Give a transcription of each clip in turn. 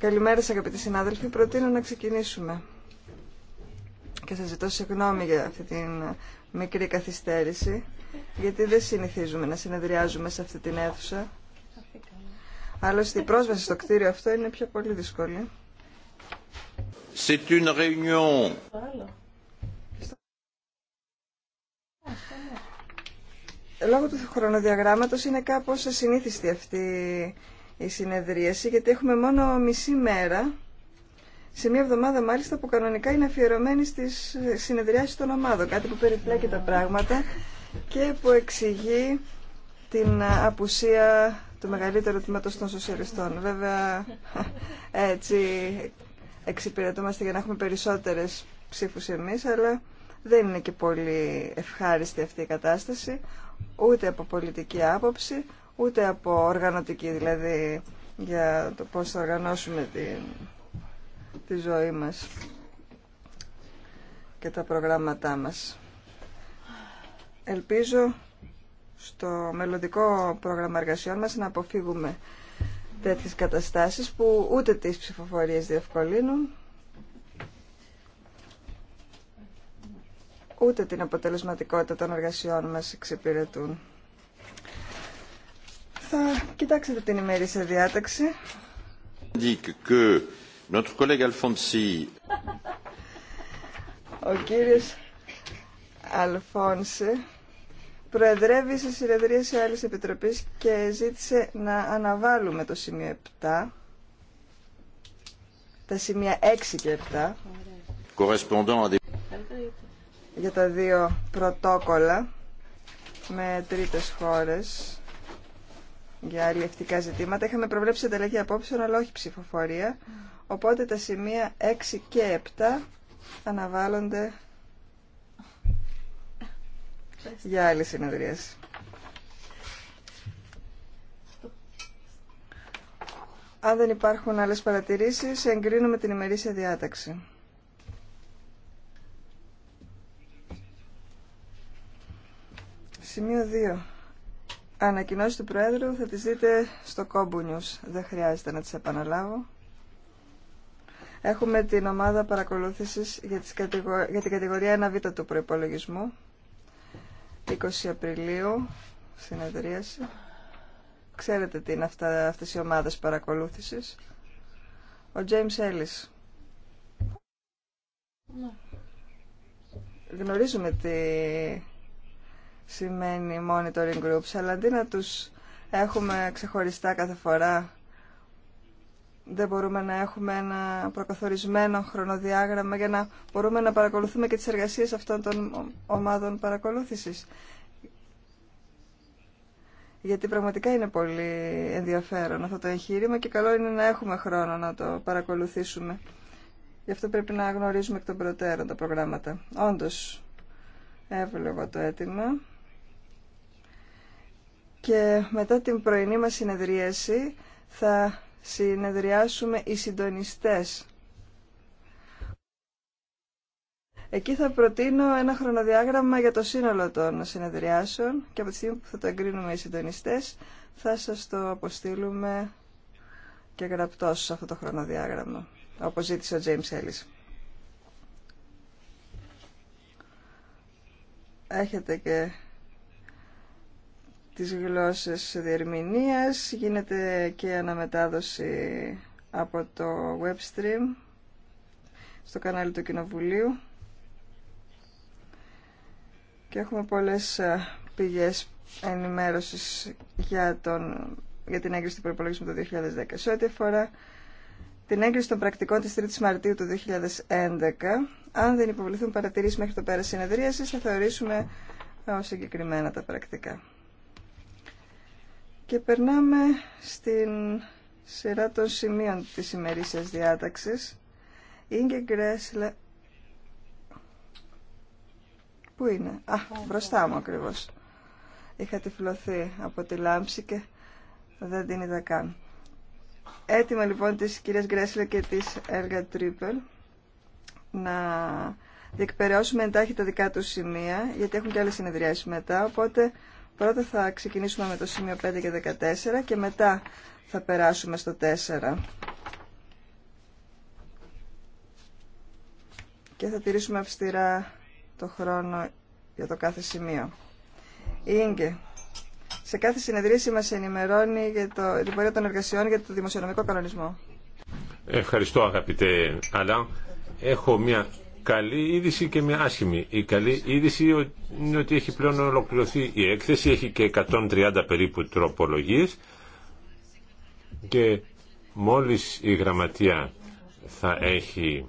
Καλημέρα σας αγαπητοί συνάδελφοι, προτείνω να ξεκινήσουμε. Και σας ζητώ συγγνώμη για αυτή την μικρή καθυστέρηση, γιατί δεν συνηθίζουμε να συνεδριάζουμε σε αυτή την αίθουσα. Άλλωστε η πρόσβαση στο κτίριο αυτό είναι πιο πολύ δύσκολη. C'est une réunion λόγω του χρονοδιαγράμματος είναι κάπως ασυνήθιστη αυτή η συνεδρίαση, γιατί έχουμε μόνο μισή μέρα, σε μια εβδομάδα μάλιστα που κανονικά είναι αφιερωμένη στις συνεδριάσεις των ομάδων, κάτι που περιπλέκει τα πράγματα και που εξηγεί την απουσία του μεγαλύτερου τμήματος των σοσιαλιστών. Βέβαια, έτσι εξυπηρετούμαστε για να έχουμε περισσότερες ψήφους εμείς, αλλά δεν είναι και πολύ ευχάριστη αυτή η κατάσταση ούτε από πολιτική άποψη, ούτε από οργανωτική, δηλαδή για το πώς θα οργανώσουμε τη, τη ζωή μας και τα προγράμματά μας. Ελπίζω στο μελλοντικό πρόγραμμα εργασιών μας να αποφύγουμε τέτοιες καταστάσεις που ούτε τις ψηφοφορίες διευκολύνουν ούτε την αποτελεσματικότητα των εργασιών μας εξυπηρετούν. Θα κοιτάξετε την σε διάταξη. Ο κύριος Αλφόνση προεδρεύει σε συνεδρία σε άλλη επιτροπή, και ζήτησε να αναβάλουμε το σημείο 7, τα σημεία 6 και 7, για τα δύο πρωτόκολλα με τρίτες χώρες για αλληλευτικά ζητήματα. Είχαμε προβλέψει ανταλλαγή απόψεων, αλλά όχι ψηφοφορία. Οπότε τα σημεία 6 και 7 αναβάλλονται για άλλη συνεδρίαση. Αν δεν υπάρχουν άλλες παρατηρήσεις, εγκρίνουμε την ημερήσια διάταξη. Σημείο 2. Ανακοινώσει του Προέδρου θα τις δείτε στο Κόμπου News. Δεν χρειάζεται να τις επαναλάβω. Έχουμε την ομάδα παρακολούθησης για, τις για την κατηγορία 1β του προϋπολογισμού. 20 Απριλίου, συνεδρίαση. Ξέρετε τι είναι αυτά, αυτές οι ομάδες παρακολούθησης. Ο James Ellis. Ναι. Γνωρίζουμε τι σημαίνει monitoring groups, αλλά αντί να τους έχουμε ξεχωριστά κάθε φορά, δεν μπορούμε να έχουμε ένα προκαθορισμένο χρονοδιάγραμμα για να μπορούμε να παρακολουθούμε και τις εργασίες αυτών των ομάδων παρακολούθησης. Γιατί πραγματικά είναι πολύ ενδιαφέρον αυτό το εγχείρημα και καλό είναι να έχουμε χρόνο να το παρακολουθήσουμε. Γι' αυτό πρέπει να γνωρίζουμε εκ των προτέρων τα προγράμματα. Όντως, έβλεπα το αίτημα και μετά την πρωινή μας συνεδρίαση θα συνεδριάσουμε οι συντονιστές. Εκεί θα προτείνω ένα χρονοδιάγραμμα για το σύνολο των συνεδριάσεων και από τη στιγμή που θα το εγκρίνουμε οι συντονιστές θα σας το αποστείλουμε και σε αυτό το χρονοδιάγραμμα, όπως ζήτησε ο James Ellis. Έχετε και τις γλώσσες διερμηνίας, γίνεται και αναμετάδοση από το web stream στο κανάλι του Κοινοβουλίου και έχουμε πολλές ε, πηγές ενημέρωσης για, τον, για την έγκριση του προπολογισμού του 2010. Σε ό,τι αφορά την έγκριση των πρακτικών της 3ης Μαρτίου του 2011, αν δεν υποβληθούν παρατηρήσεις μέχρι το πέρα συνεδρίασης, θα θεωρήσουμε ως ε, συγκεκριμένα τα πρακτικά. Και περνάμε στην σειρά των σημείων της ημερήσιας διάταξης. Ίγκε Γκρέσλε... Πού είναι? Α, μπροστά μου ακριβώς. Είχα τυφλωθεί από τη λάμψη και δεν την είδα καν. Έτοιμα λοιπόν της κυρίας Γκρέσλε και της Έργα Τρίπελ να διεκπαιρεώσουμε εντάχει τα δικά του σημεία, γιατί έχουν και άλλες συνεδριάσεις μετά, οπότε Πρώτα θα ξεκινήσουμε με το σημείο 5 και 14 και μετά θα περάσουμε στο 4. Και θα τηρήσουμε αυστηρά το χρόνο για το κάθε σημείο. Η σε κάθε συνεδρίαση μας ενημερώνει για το, την πορεία των εργασιών για το δημοσιονομικό κανονισμό. Ευχαριστώ αγαπητέ Αλά. Έχω μια καλή είδηση και μια άσχημη. Η καλή είδηση είναι ότι έχει πλέον ολοκληρωθεί η έκθεση, έχει και 130 περίπου τροπολογίες και μόλις η γραμματεία θα έχει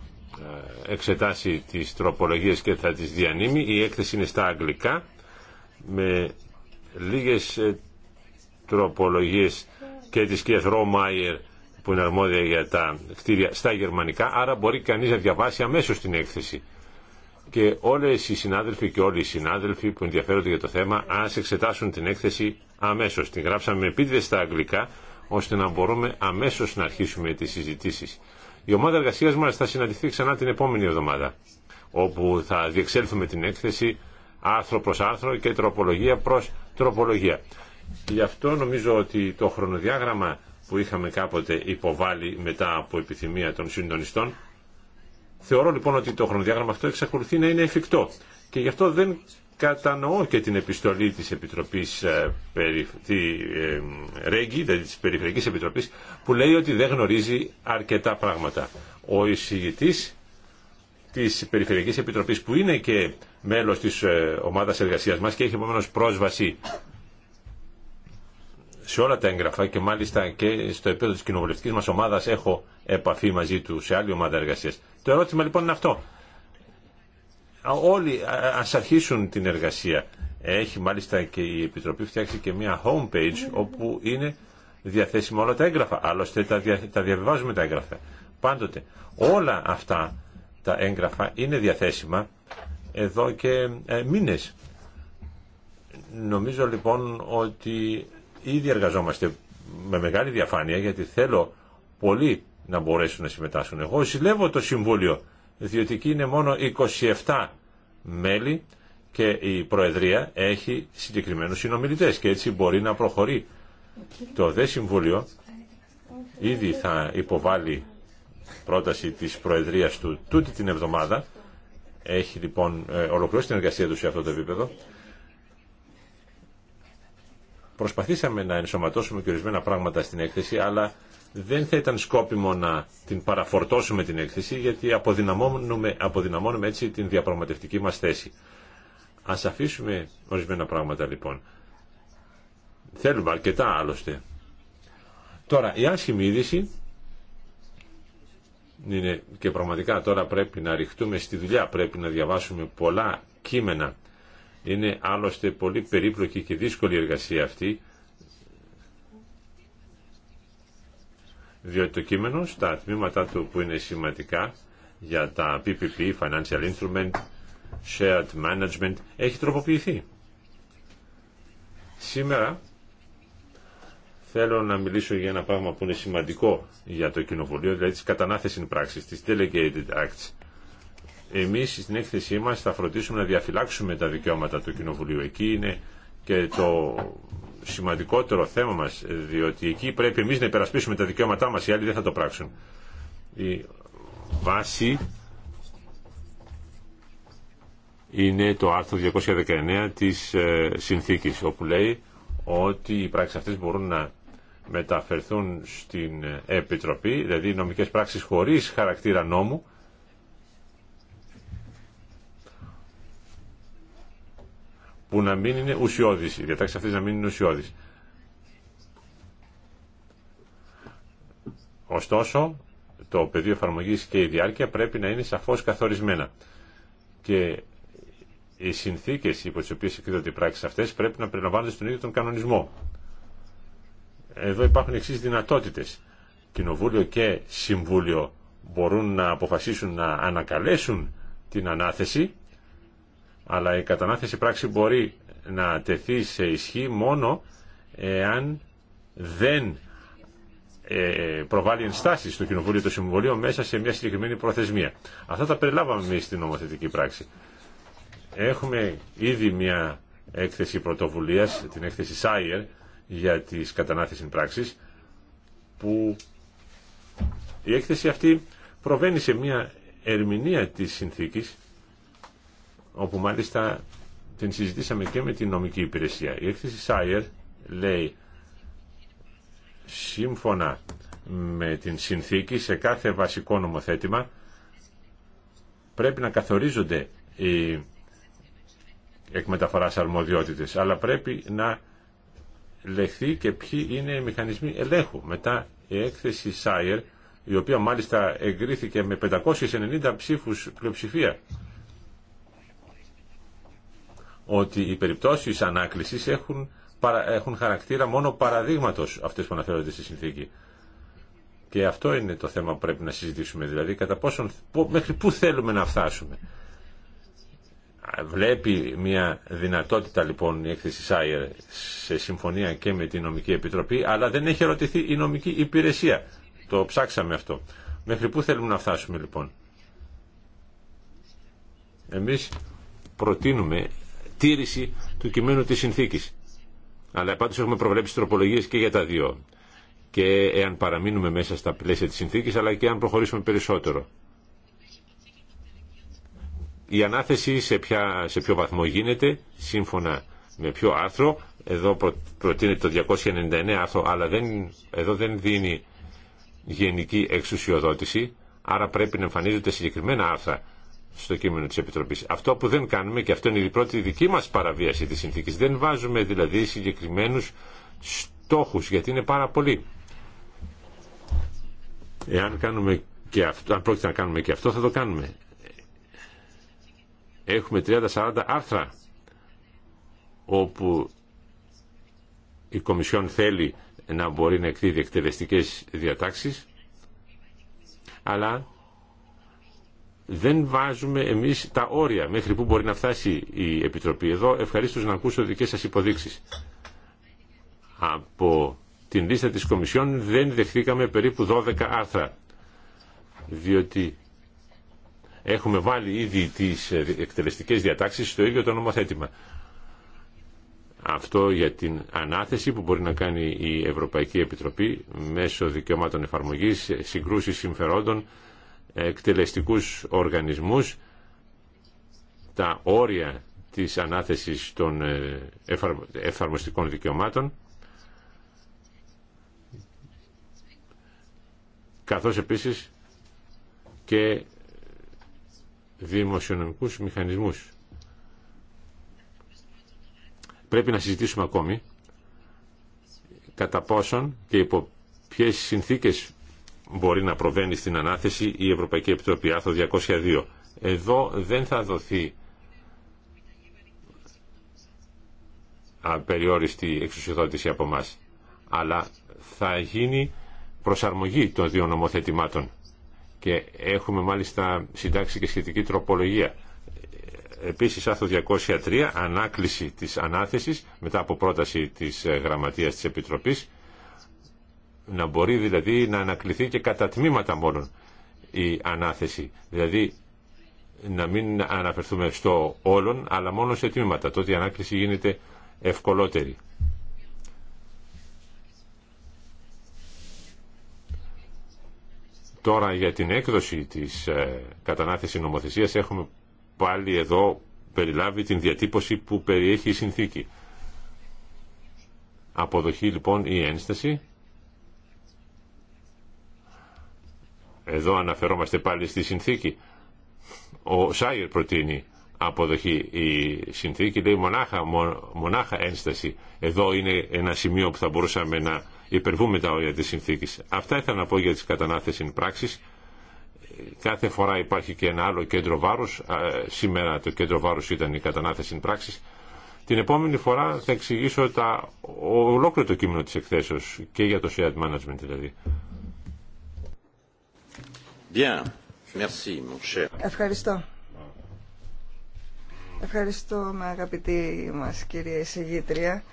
εξετάσει τις τροπολογίες και θα τις διανύμει. Η έκθεση είναι στα αγγλικά με λίγες ε, τροπολογίες και της Κιεθρό Μάιερ που είναι αρμόδια για τα κτίρια στα γερμανικά, άρα μπορεί κανείς να διαβάσει αμέσως την έκθεση. Και όλες οι συνάδελφοι και όλοι οι συνάδελφοι που ενδιαφέρονται για το θέμα, ας εξετάσουν την έκθεση αμέσως. Την γράψαμε επίτηδε στα αγγλικά, ώστε να μπορούμε αμέσως να αρχίσουμε τις συζητήσεις. Η ομάδα εργασίας μας θα συναντηθεί ξανά την επόμενη εβδομάδα, όπου θα διεξέλθουμε την έκθεση άρθρο προς άρθρο και τροπολογία προς τροπολογία. Γι' αυτό νομίζω ότι το χρονοδιάγραμμα που είχαμε κάποτε υποβάλει μετά από επιθυμία των συντονιστών. Θεωρώ λοιπόν ότι το χρονοδιάγραμμα αυτό εξακολουθεί να είναι εφικτό και γι' αυτό δεν κατανοώ και την επιστολή της Επιτροπής ε, ε, Ρέγγι, δηλαδή της Περιφερειακής Επιτροπής, που λέει ότι δεν γνωρίζει αρκετά πράγματα. Ο εισηγητής της Περιφερειακής Επιτροπής, που είναι και μέλος της ε, ομάδας εργασίας μας και έχει επομένω πρόσβαση σε όλα τα έγγραφα και μάλιστα και στο επίπεδο τη κοινοβουλευτική μας ομάδας έχω επαφή μαζί του σε άλλη ομάδα εργασία. Το ερώτημα λοιπόν είναι αυτό. Όλοι α αρχίσουν την εργασία. Έχει μάλιστα και η Επιτροπή φτιάξει και μια homepage όπου είναι διαθέσιμα όλα τα έγγραφα. Άλλωστε τα, τα διαβιβάζουμε τα έγγραφα. Πάντοτε όλα αυτά τα έγγραφα είναι διαθέσιμα εδώ και ε, μήνες. Νομίζω λοιπόν ότι Ήδη εργαζόμαστε με μεγάλη διαφάνεια γιατί θέλω πολλοί να μπορέσουν να συμμετάσχουν. Εγώ συλλέγω το Συμβούλιο, διότι εκεί είναι μόνο 27 μέλη και η Προεδρία έχει συγκεκριμένους συνομιλητές και έτσι μπορεί να προχωρεί. Το ΔΕ Συμβούλιο ήδη θα υποβάλει πρόταση της Προεδρίας του τούτη την εβδομάδα. Έχει λοιπόν ε, ολοκληρώσει την εργασία του σε αυτό το επίπεδο Προσπαθήσαμε να ενσωματώσουμε και ορισμένα πράγματα στην έκθεση, αλλά δεν θα ήταν σκόπιμο να την παραφορτώσουμε την έκθεση, γιατί αποδυναμώνουμε, αποδυναμώνουμε έτσι την διαπραγματευτική μας θέση. Ας αφήσουμε ορισμένα πράγματα λοιπόν. Θέλουμε αρκετά άλλωστε. Τώρα, η άσχημη είδηση είναι και πραγματικά τώρα πρέπει να ρηχτούμε στη δουλειά, πρέπει να διαβάσουμε πολλά κείμενα είναι άλλωστε πολύ περίπλοκη και δύσκολη εργασία αυτή, διότι το κείμενο στα τμήματα του που είναι σημαντικά για τα PPP, Financial Instrument, Shared Management, έχει τροποποιηθεί. Σήμερα θέλω να μιλήσω για ένα πράγμα που είναι σημαντικό για το Κοινοβουλίο, δηλαδή τις κατανάθεση πράξη, της Delegated Acts. Εμείς στην έκθεσή μας θα φροντίσουμε να διαφυλάξουμε τα δικαιώματα του Κοινοβουλίου. Εκεί είναι και το σημαντικότερο θέμα μας, διότι εκεί πρέπει εμείς να υπερασπίσουμε τα δικαιώματά μας, οι άλλοι δεν θα το πράξουν. Η βάση είναι το άρθρο 219 της ε, συνθήκης, όπου λέει ότι οι πράξεις αυτές μπορούν να μεταφερθούν στην Επιτροπή, δηλαδή νομικές πράξεις χωρίς χαρακτήρα νόμου, που να μην είναι ουσιώδη. οι διατάξει αυτέ να μην είναι ουσιώδη. Ωστόσο, το πεδίο εφαρμογή και η διάρκεια πρέπει να είναι σαφώ καθορισμένα. Και οι συνθήκε υπό τι οποίε εκδίδονται οι πράξεις αυτές πρέπει να περιλαμβάνονται στον ίδιο τον κανονισμό. Εδώ υπάρχουν εξή δυνατότητε. Κοινοβούλιο και Συμβούλιο μπορούν να αποφασίσουν να ανακαλέσουν την ανάθεση αλλά η κατανάθεση πράξη μπορεί να τεθεί σε ισχύ μόνο εάν δεν ε, προβάλλει ενστάσει στο Κοινοβούλιο το συμβουλίου μέσα σε μια συγκεκριμένη προθεσμία. Αυτά τα περιλάβαμε εμεί στην νομοθετική πράξη. Έχουμε ήδη μια έκθεση πρωτοβουλία, την έκθεση Σάιερ για τι κατανάθεση πράξη, που η έκθεση αυτή προβαίνει σε μια ερμηνεία της συνθήκης όπου μάλιστα την συζητήσαμε και με την νομική υπηρεσία. Η έκθεση Σάιερ λέει σύμφωνα με την συνθήκη σε κάθε βασικό νομοθέτημα πρέπει να καθορίζονται οι εκμεταφοράς αρμοδιότητες αλλά πρέπει να λεχθεί και ποιοι είναι οι μηχανισμοί ελέγχου. Μετά η έκθεση Σάιερ η οποία μάλιστα εγκρίθηκε με 590 ψήφους πλειοψηφία ότι οι περιπτώσεις ανάκλησης έχουν, έχουν χαρακτήρα μόνο παραδείγματος αυτές που αναφέρονται στη συνθήκη. Και αυτό είναι το θέμα που πρέπει να συζητήσουμε, δηλαδή κατά πόσον, μέχρι πού θέλουμε να φτάσουμε. Βλέπει μια δυνατότητα λοιπόν η έκθεση Σάιερ σε συμφωνία και με την νομική επιτροπή, αλλά δεν έχει ερωτηθεί η νομική υπηρεσία. Το ψάξαμε αυτό. Μέχρι πού θέλουμε να φτάσουμε λοιπόν. Εμείς προτείνουμε τήρηση του κειμένου της συνθήκης. Αλλά πάντως έχουμε προβλέψει τροπολογίες και για τα δύο. Και εάν παραμείνουμε μέσα στα πλαίσια της συνθήκης, αλλά και αν προχωρήσουμε περισσότερο. Η ανάθεση σε, σε ποιο βαθμό γίνεται, σύμφωνα με ποιο άρθρο, εδώ προ, προτείνεται το 299 άρθρο, αλλά δεν, εδώ δεν δίνει γενική εξουσιοδότηση, άρα πρέπει να εμφανίζονται συγκεκριμένα άρθρα στο κείμενο της Επιτροπής. Αυτό που δεν κάνουμε, και αυτό είναι η πρώτη δική μας παραβίαση της συνθήκης, δεν βάζουμε δηλαδή συγκεκριμένους στόχους, γιατί είναι πάρα πολλοί. Εάν κάνουμε και αυτό, αν πρόκειται να κάνουμε και αυτό, θα το κάνουμε. Έχουμε 30-40 άρθρα όπου η Κομισιόν θέλει να μπορεί να εκδίδει εκτελεστικές διατάξεις, αλλά δεν βάζουμε εμείς τα όρια μέχρι που μπορεί να φτάσει η Επιτροπή. Εδώ ευχαρίστω να ακούσω δικές σας υποδείξεις. Από την λίστα της Κομισιόν δεν δεχθήκαμε περίπου 12 άρθρα, διότι έχουμε βάλει ήδη τις ε, εκτελεστικές διατάξεις στο ίδιο το νομοθέτημα. Αυτό για την ανάθεση που μπορεί να κάνει η Ευρωπαϊκή Επιτροπή μέσω δικαιωμάτων εφαρμογής, ε, συγκρούσεις συμφερόντων, εκτελεστικούς οργανισμούς τα όρια της ανάθεσης των ε, εφαρμοστικών δικαιωμάτων καθώς επίσης και δημοσιονομικούς μηχανισμούς. Πρέπει να συζητήσουμε ακόμη κατά πόσον και υπό ποιες συνθήκες μπορεί να προβαίνει στην ανάθεση η Ευρωπαϊκή Επιτροπή, άρθρο 202. Εδώ δεν θα δοθεί απεριόριστη εξουσιοδότηση από εμά, αλλά θα γίνει προσαρμογή των δύο νομοθετημάτων και έχουμε μάλιστα συντάξει και σχετική τροπολογία. Επίσης, άρθρο 203, ανάκληση της ανάθεσης μετά από πρόταση της ε, Γραμματείας της Επιτροπής να μπορεί δηλαδή να ανακληθεί και κατά τμήματα μόνο η ανάθεση. Δηλαδή να μην αναφερθούμε στο όλον, αλλά μόνο σε τμήματα. Τότε η ανάκληση γίνεται ευκολότερη. Τώρα για την έκδοση της ε, κατανάθεσης νομοθεσίας έχουμε πάλι εδώ περιλάβει την διατύπωση που περιέχει η συνθήκη. Αποδοχή λοιπόν η ένσταση Εδώ αναφερόμαστε πάλι στη συνθήκη. Ο Σάιερ προτείνει αποδοχή η συνθήκη, λέει μονάχα, μονάχα ένσταση. Εδώ είναι ένα σημείο που θα μπορούσαμε να υπερβούμε τα όρια της συνθήκης. Αυτά ήθελα να πω για τις κατανάθεσεις πράξεις. Κάθε φορά υπάρχει και ένα άλλο κέντρο βάρους. Σήμερα το κέντρο βάρους ήταν η κατανάθεση πράξεις. Την επόμενη φορά θα εξηγήσω τα, ολόκληρο το κείμενο της εκθέσεως και για το shared management δηλαδή. Ευχαριστώ. Ευχαριστούμε αγαπητή μας κυρία εισηγήτρια.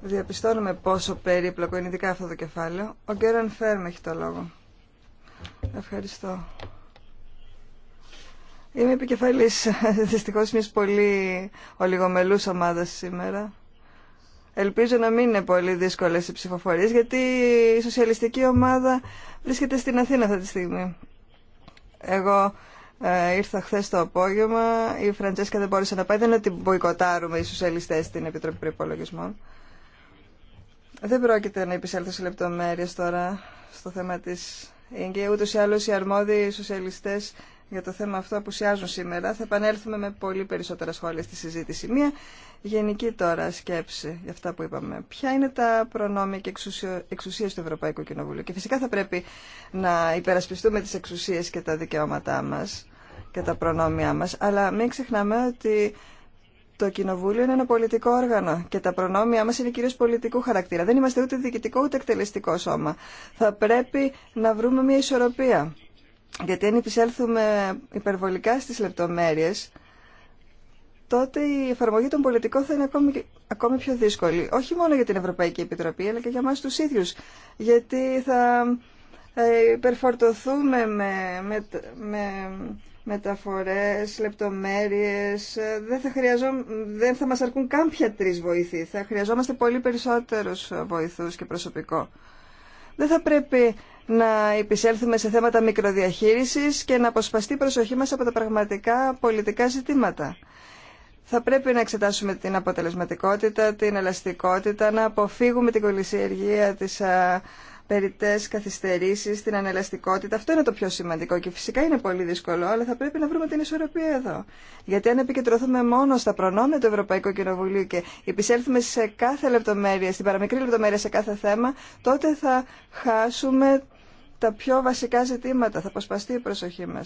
Διαπιστώνουμε πόσο περίπλοκο είναι ειδικά αυτό το κεφάλαιο. Ο Γκέραν Φέρμ έχει το λόγο. Ευχαριστώ. Είμαι επικεφαλής δυστυχώς μιας πολύ ολιγομελούς ομάδας σήμερα. Ελπίζω να μην είναι πολύ δύσκολε οι ψηφοφορίε γιατί η σοσιαλιστική ομάδα βρίσκεται στην Αθήνα αυτή τη στιγμή. Εγώ ε, ήρθα χθε το απόγευμα, η Φραντσέσκα δεν μπόρεσε να πάει, δεν είναι ότι μποϊκοτάρουμε οι σοσιαλιστές στην Επιτροπή Προπολογισμών. Δεν πρόκειται να επισέλθω σε λεπτομέρειες τώρα στο θέμα τη ούτω ή άλλω οι αρμόδιοι σοσιαλιστές για το θέμα αυτό που σιάζουν σήμερα. Θα επανέλθουμε με πολύ περισσότερα σχόλια στη συζήτηση. Μία γενική τώρα σκέψη για αυτά που είπαμε. Ποια είναι τα προνόμια και εξουσίες του Ευρωπαϊκού Κοινοβουλίου. Και φυσικά θα πρέπει να υπερασπιστούμε τις εξουσίες και τα δικαιώματά μας και τα προνόμια μας. Αλλά μην ξεχνάμε ότι το Κοινοβούλιο είναι ένα πολιτικό όργανο και τα προνόμια μας είναι κυρίως πολιτικού χαρακτήρα. Δεν είμαστε ούτε διοικητικό ούτε εκτελεστικό σώμα. Θα πρέπει να βρούμε μια ισορροπία. Γιατί αν επισέλθουμε υπερβολικά στις λεπτομέρειες, τότε η εφαρμογή των πολιτικών θα είναι ακόμη, ακόμη πιο δύσκολη. Όχι μόνο για την Ευρωπαϊκή Επιτροπή, αλλά και για εμάς τους ίδιους. Γιατί θα ε, υπερφορτωθούμε με, με, με μεταφορές, λεπτομέρειες. Ε, δεν θα, χρειαζό, δεν θα μας αρκούν κάποια τρεις βοηθοί. Θα χρειαζόμαστε πολύ περισσότερους βοηθούς και προσωπικό. Δεν θα πρέπει να επισέλθουμε σε θέματα μικροδιαχείρισης και να αποσπαστεί η προσοχή μας από τα πραγματικά πολιτικά ζητήματα. Θα πρέπει να εξετάσουμε την αποτελεσματικότητα, την ελαστικότητα, να αποφύγουμε την κολυσιεργία της περίτες καθυστερήσει, την ανελαστικότητα. Αυτό είναι το πιο σημαντικό και φυσικά είναι πολύ δύσκολο, αλλά θα πρέπει να βρούμε την ισορροπία εδώ. Γιατί αν επικεντρωθούμε μόνο στα προνόμια του Ευρωπαϊκού Κοινοβουλίου και επισέλθουμε σε κάθε λεπτομέρεια, στην παραμικρή λεπτομέρεια σε κάθε θέμα, τότε θα χάσουμε τα πιο βασικά ζητήματα. Θα αποσπαστεί η προσοχή μα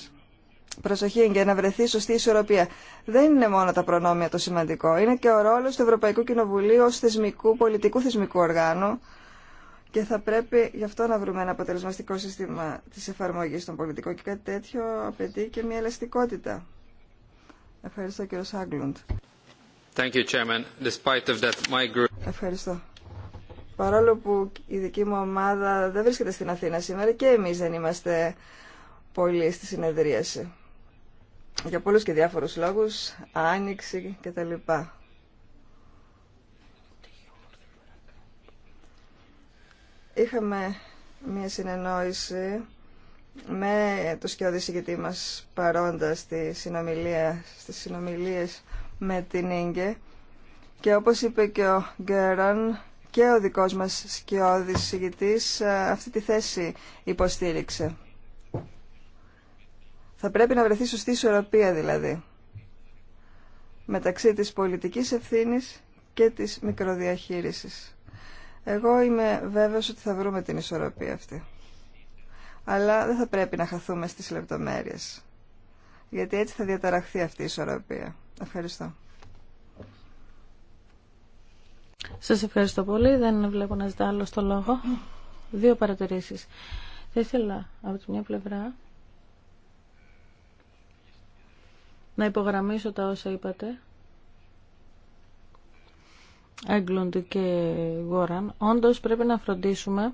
Προσοχή για να βρεθεί σωστή ισορροπία. Δεν είναι μόνο τα προνόμια το σημαντικό. Είναι και ο ρόλο του Ευρωπαϊκού Κοινοβουλίου ω θεσμικού, πολιτικού θεσμικού οργάνου και θα πρέπει γι' αυτό να βρούμε ένα αποτελεσματικό σύστημα τη εφαρμογή των πολιτικών και κάτι τέτοιο απαιτεί και μια ελαστικότητα. Ευχαριστώ κύριο Σάγκλουντ. Thank you, Chairman. Ευχαριστώ παρόλο που η δική μου ομάδα δεν βρίσκεται στην Αθήνα σήμερα και εμείς δεν είμαστε πολύ στη συνεδρίαση. Για πολλούς και διάφορους λόγους, άνοιξη και λοιπά Είχαμε μία συνεννόηση με το σκιώδη μας παρόντα στη συνομιλία, στις συνομιλίες με την Ίγκε και όπως είπε και ο Γκέραν και ο δικός μας σκιώδης συγητής ε, αυτή τη θέση υποστήριξε. Θα πρέπει να βρεθεί σωστή ισορροπία δηλαδή μεταξύ της πολιτικής ευθύνης και της μικροδιαχείρισης. Εγώ είμαι βέβαιος ότι θα βρούμε την ισορροπία αυτή. Αλλά δεν θα πρέπει να χαθούμε στις λεπτομέρειες. Γιατί έτσι θα διαταραχθεί αυτή η ισορροπία. Ευχαριστώ. Σας ευχαριστώ πολύ. Δεν βλέπω να ζητά άλλο το λόγο. Δύο παρατηρήσεις. Θα ήθελα από τη μια πλευρά να υπογραμμίσω τα όσα είπατε. Έγκλοντι και Γόραν. Όντως πρέπει να φροντίσουμε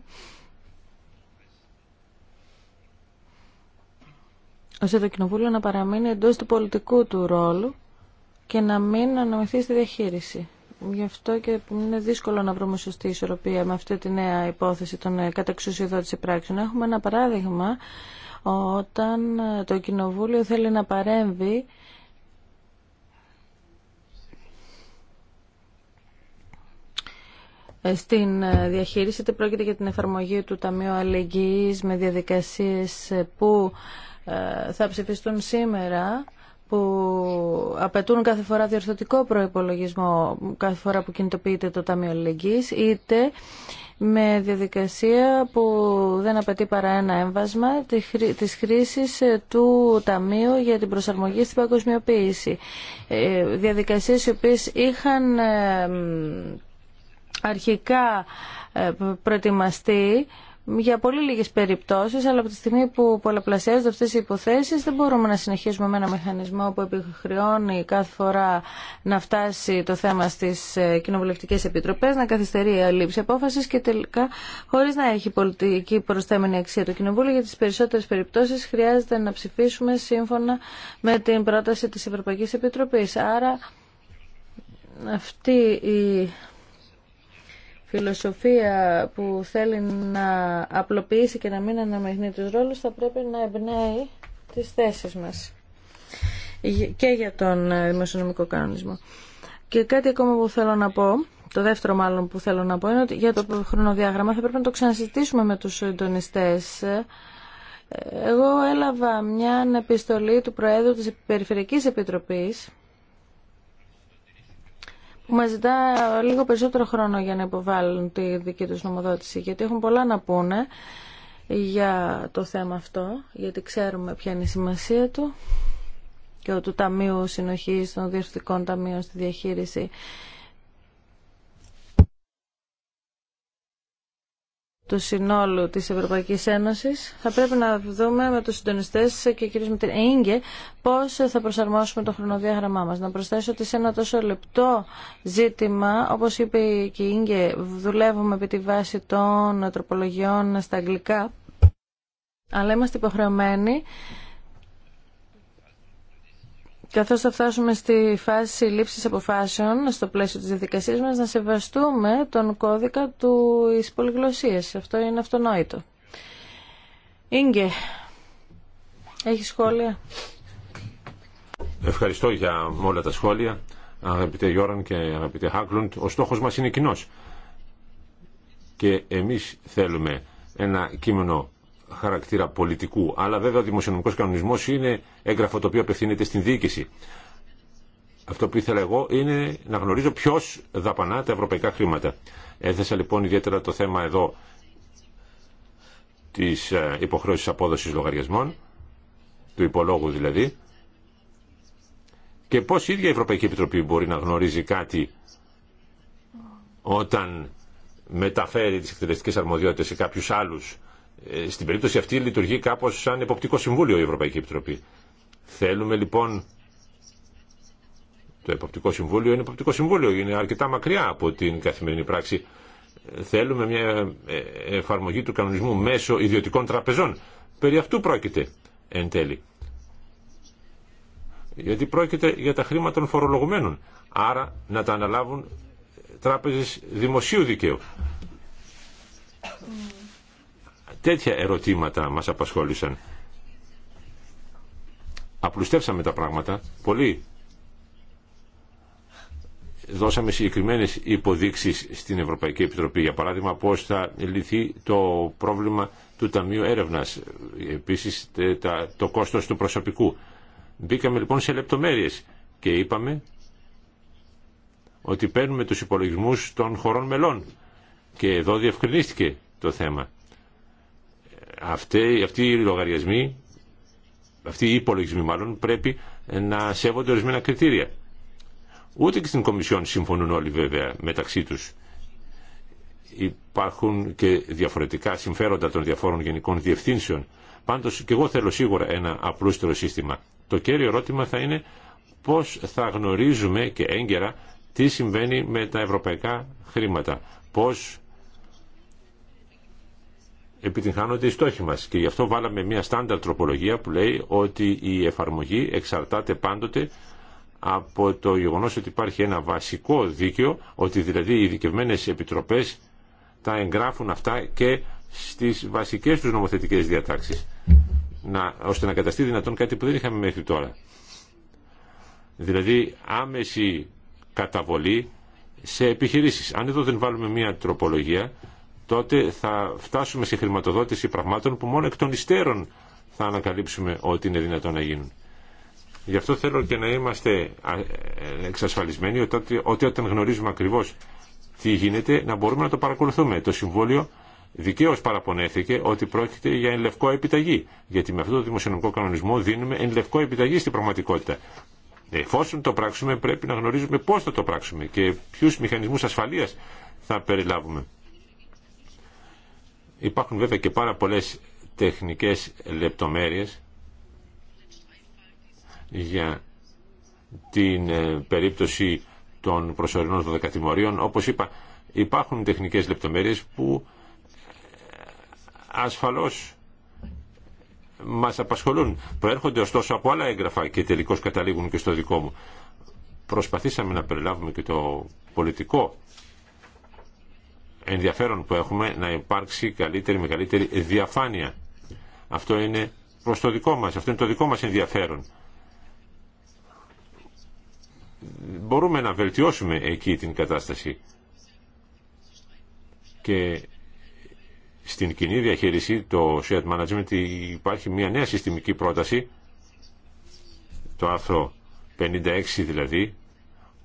ώστε το Κοινοβούλιο να παραμείνει εντός του πολιτικού του ρόλου και να μην αναμεθεί στη διαχείριση. Γι' αυτό και είναι δύσκολο να βρούμε σωστή ισορροπία με αυτή τη νέα υπόθεση των ε, καταξουσιοδότηση πράξεων. Έχουμε ένα παράδειγμα όταν ε, το Κοινοβούλιο θέλει να παρέμβει στην ε, διαχείριση, είτε πρόκειται για την εφαρμογή του Ταμείου Αλληλεγγύης με διαδικασίες που θα ψηφιστούν σήμερα που απαιτούν κάθε φορά διορθωτικό προϋπολογισμό κάθε φορά που κινητοποιείται το Ταμείο Αλληλεγγύης, είτε με διαδικασία που δεν απαιτεί παρά ένα έμβασμα της χρήσης ε, του Ταμείου για την προσαρμογή στην παγκοσμιοποίηση. Ε, διαδικασίες οι οποίες είχαν ε, αρχικά προετοιμαστεί για πολύ λίγε περιπτώσει, αλλά από τη στιγμή που πολλαπλασιάζονται αυτέ οι υποθέσει, δεν μπορούμε να συνεχίσουμε με ένα μηχανισμό που επιχρεώνει κάθε φορά να φτάσει το θέμα στι ε, κοινοβουλευτικέ επιτροπέ, να καθυστερεί η λήψη απόφαση και τελικά χωρί να έχει πολιτική προσθέμενη αξία το Κοινοβούλιο για τι περισσότερε περιπτώσει, χρειάζεται να ψηφίσουμε σύμφωνα με την πρόταση τη Ευρωπαϊκή Επιτροπή. Άρα αυτή η φιλοσοφία που θέλει να απλοποιήσει και να μην αναμειγνύει τους ρόλους θα πρέπει να εμπνέει τις θέσεις μας και για τον ε, δημοσιονομικό κανονισμό. Και κάτι ακόμα που θέλω να πω, το δεύτερο μάλλον που θέλω να πω, είναι ότι για το χρονοδιάγραμμα θα πρέπει να το ξανασυζητήσουμε με τους συντονιστές. Ε, εγώ έλαβα μια επιστολή του Προέδρου της Περιφερειακής Επιτροπής Μα ζητά λίγο περισσότερο χρόνο για να υποβάλουν τη δική τους νομοδότηση, γιατί έχουν πολλά να πούνε για το θέμα αυτό, γιατί ξέρουμε ποια είναι η σημασία του και του Ταμείου Συνοχής των Διευθυντικών Ταμείων στη διαχείριση του συνόλου της Ευρωπαϊκής Ένωσης. Θα πρέπει να δούμε με τους συντονιστές και κυρίως με την ΕΙΝΚΕ πώς θα προσαρμόσουμε το χρονοδιάγραμμά μας. Να προσθέσω ότι σε ένα τόσο λεπτό ζήτημα, όπως είπε και η ΕΙΝΚΕ, δουλεύουμε επί τη βάση των τροπολογιών στα αγγλικά, αλλά είμαστε υποχρεωμένοι καθώς θα φτάσουμε στη φάση λήψης αποφάσεων στο πλαίσιο της διαδικασίας μας να σεβαστούμε τον κώδικα του πολυγλωσίας. Αυτό είναι αυτονόητο. Ίγκε, έχει σχόλια. Ευχαριστώ για όλα τα σχόλια, αγαπητέ Γιώραν και αγαπητέ Χάκλουντ. Ο στόχος μας είναι κοινό. Και εμείς θέλουμε ένα κείμενο χαρακτήρα πολιτικού, αλλά βέβαια ο δημοσιονομικός κανονισμός είναι έγγραφο το οποίο απευθύνεται στην διοίκηση. Αυτό που ήθελα εγώ είναι να γνωρίζω ποιο δαπανά τα ευρωπαϊκά χρήματα. Έθεσα λοιπόν ιδιαίτερα το θέμα εδώ της ε, υποχρέωσης απόδοσης λογαριασμών, του υπολόγου δηλαδή, και πώς η ίδια η Ευρωπαϊκή Επιτροπή μπορεί να γνωρίζει κάτι όταν μεταφέρει τις εκτελεστικές αρμοδιότητες σε κάποιους άλλους ε, στην περίπτωση αυτή λειτουργεί κάπως σαν εποπτικό συμβούλιο η Ευρωπαϊκή Επιτροπή. Θέλουμε λοιπόν το εποπτικό συμβούλιο είναι εποπτικό συμβούλιο, είναι αρκετά μακριά από την καθημερινή πράξη. Θέλουμε μια ε, εφαρμογή του κανονισμού μέσω ιδιωτικών τραπεζών. Περί αυτού πρόκειται εν τέλει. Γιατί πρόκειται για τα χρήματα των φορολογουμένων. Άρα να τα αναλάβουν τράπεζες δημοσίου δικαίου. Mm. Τέτοια ερωτήματα μας απασχόλησαν. Απλουστεύσαμε τα πράγματα πολύ. Δώσαμε συγκεκριμένες υποδείξεις στην Ευρωπαϊκή Επιτροπή, για παράδειγμα πώς θα λυθεί το πρόβλημα του Ταμείου Έρευνας, επίσης το κόστος του προσωπικού. Μπήκαμε λοιπόν σε λεπτομέρειες και είπαμε ότι παίρνουμε τους υπολογισμούς των χωρών μελών. Και εδώ διευκρινίστηκε το θέμα. Αυτοί, αυτοί οι λογαριασμοί, αυτοί οι υπολογισμοί μάλλον πρέπει να σέβονται ορισμένα κριτήρια. Ούτε και στην Κομισιόν συμφωνούν όλοι βέβαια μεταξύ τους. Υπάρχουν και διαφορετικά συμφέροντα των διαφόρων γενικών διευθύνσεων. Πάντως και εγώ θέλω σίγουρα ένα απλούστερο σύστημα. Το κέριο ερώτημα θα είναι πώς θα γνωρίζουμε και έγκαιρα τι συμβαίνει με τα ευρωπαϊκά χρήματα. Πώς επιτυγχάνονται οι στόχοι μας και γι' αυτό βάλαμε μια στάνταρ τροπολογία που λέει ότι η εφαρμογή εξαρτάται πάντοτε από το γεγονός ότι υπάρχει ένα βασικό δίκαιο, ότι δηλαδή οι ειδικευμένε επιτροπές τα εγγράφουν αυτά και στις βασικές τους νομοθετικές διατάξεις, να, ώστε να καταστεί δυνατόν κάτι που δεν είχαμε μέχρι τώρα. Δηλαδή άμεση καταβολή σε επιχειρήσεις. Αν εδώ δεν βάλουμε μια τροπολογία, τότε θα φτάσουμε σε χρηματοδότηση πραγμάτων που μόνο εκ των υστέρων θα ανακαλύψουμε ότι είναι δυνατόν να γίνουν. Γι' αυτό θέλω και να είμαστε ε, εξασφαλισμένοι ότι, ότι όταν γνωρίζουμε ακριβώ τι γίνεται να μπορούμε να το παρακολουθούμε. Το Συμβούλιο δικαίω παραπονέθηκε ότι πρόκειται για ενλευκό επιταγή. Γιατί με αυτό το δημοσιονομικό κανονισμό δίνουμε ενλευκό επιταγή στην πραγματικότητα. Εφόσον το πράξουμε πρέπει να γνωρίζουμε πώ θα το πράξουμε και ποιου μηχανισμού ασφαλεία θα περιλάβουμε. Υπάρχουν βέβαια και πάρα πολλές τεχνικές λεπτομέρειες για την ε, περίπτωση των προσωρινών δωδεκατημωρίων. Όπως είπα, υπάρχουν τεχνικές λεπτομέρειες που ε, ασφαλώς μας απασχολούν. Προέρχονται ωστόσο από άλλα έγγραφα και τελικώς καταλήγουν και στο δικό μου. Προσπαθήσαμε να περιλάβουμε και το πολιτικό ενδιαφέρον που έχουμε να υπάρξει καλύτερη, μεγαλύτερη διαφάνεια. Αυτό είναι προς το δικό μας, αυτό είναι το δικό μας ενδιαφέρον. Μπορούμε να βελτιώσουμε εκεί την κατάσταση και στην κοινή διαχείριση, το shared management, υπάρχει μια νέα συστημική πρόταση, το άρθρο 56 δηλαδή,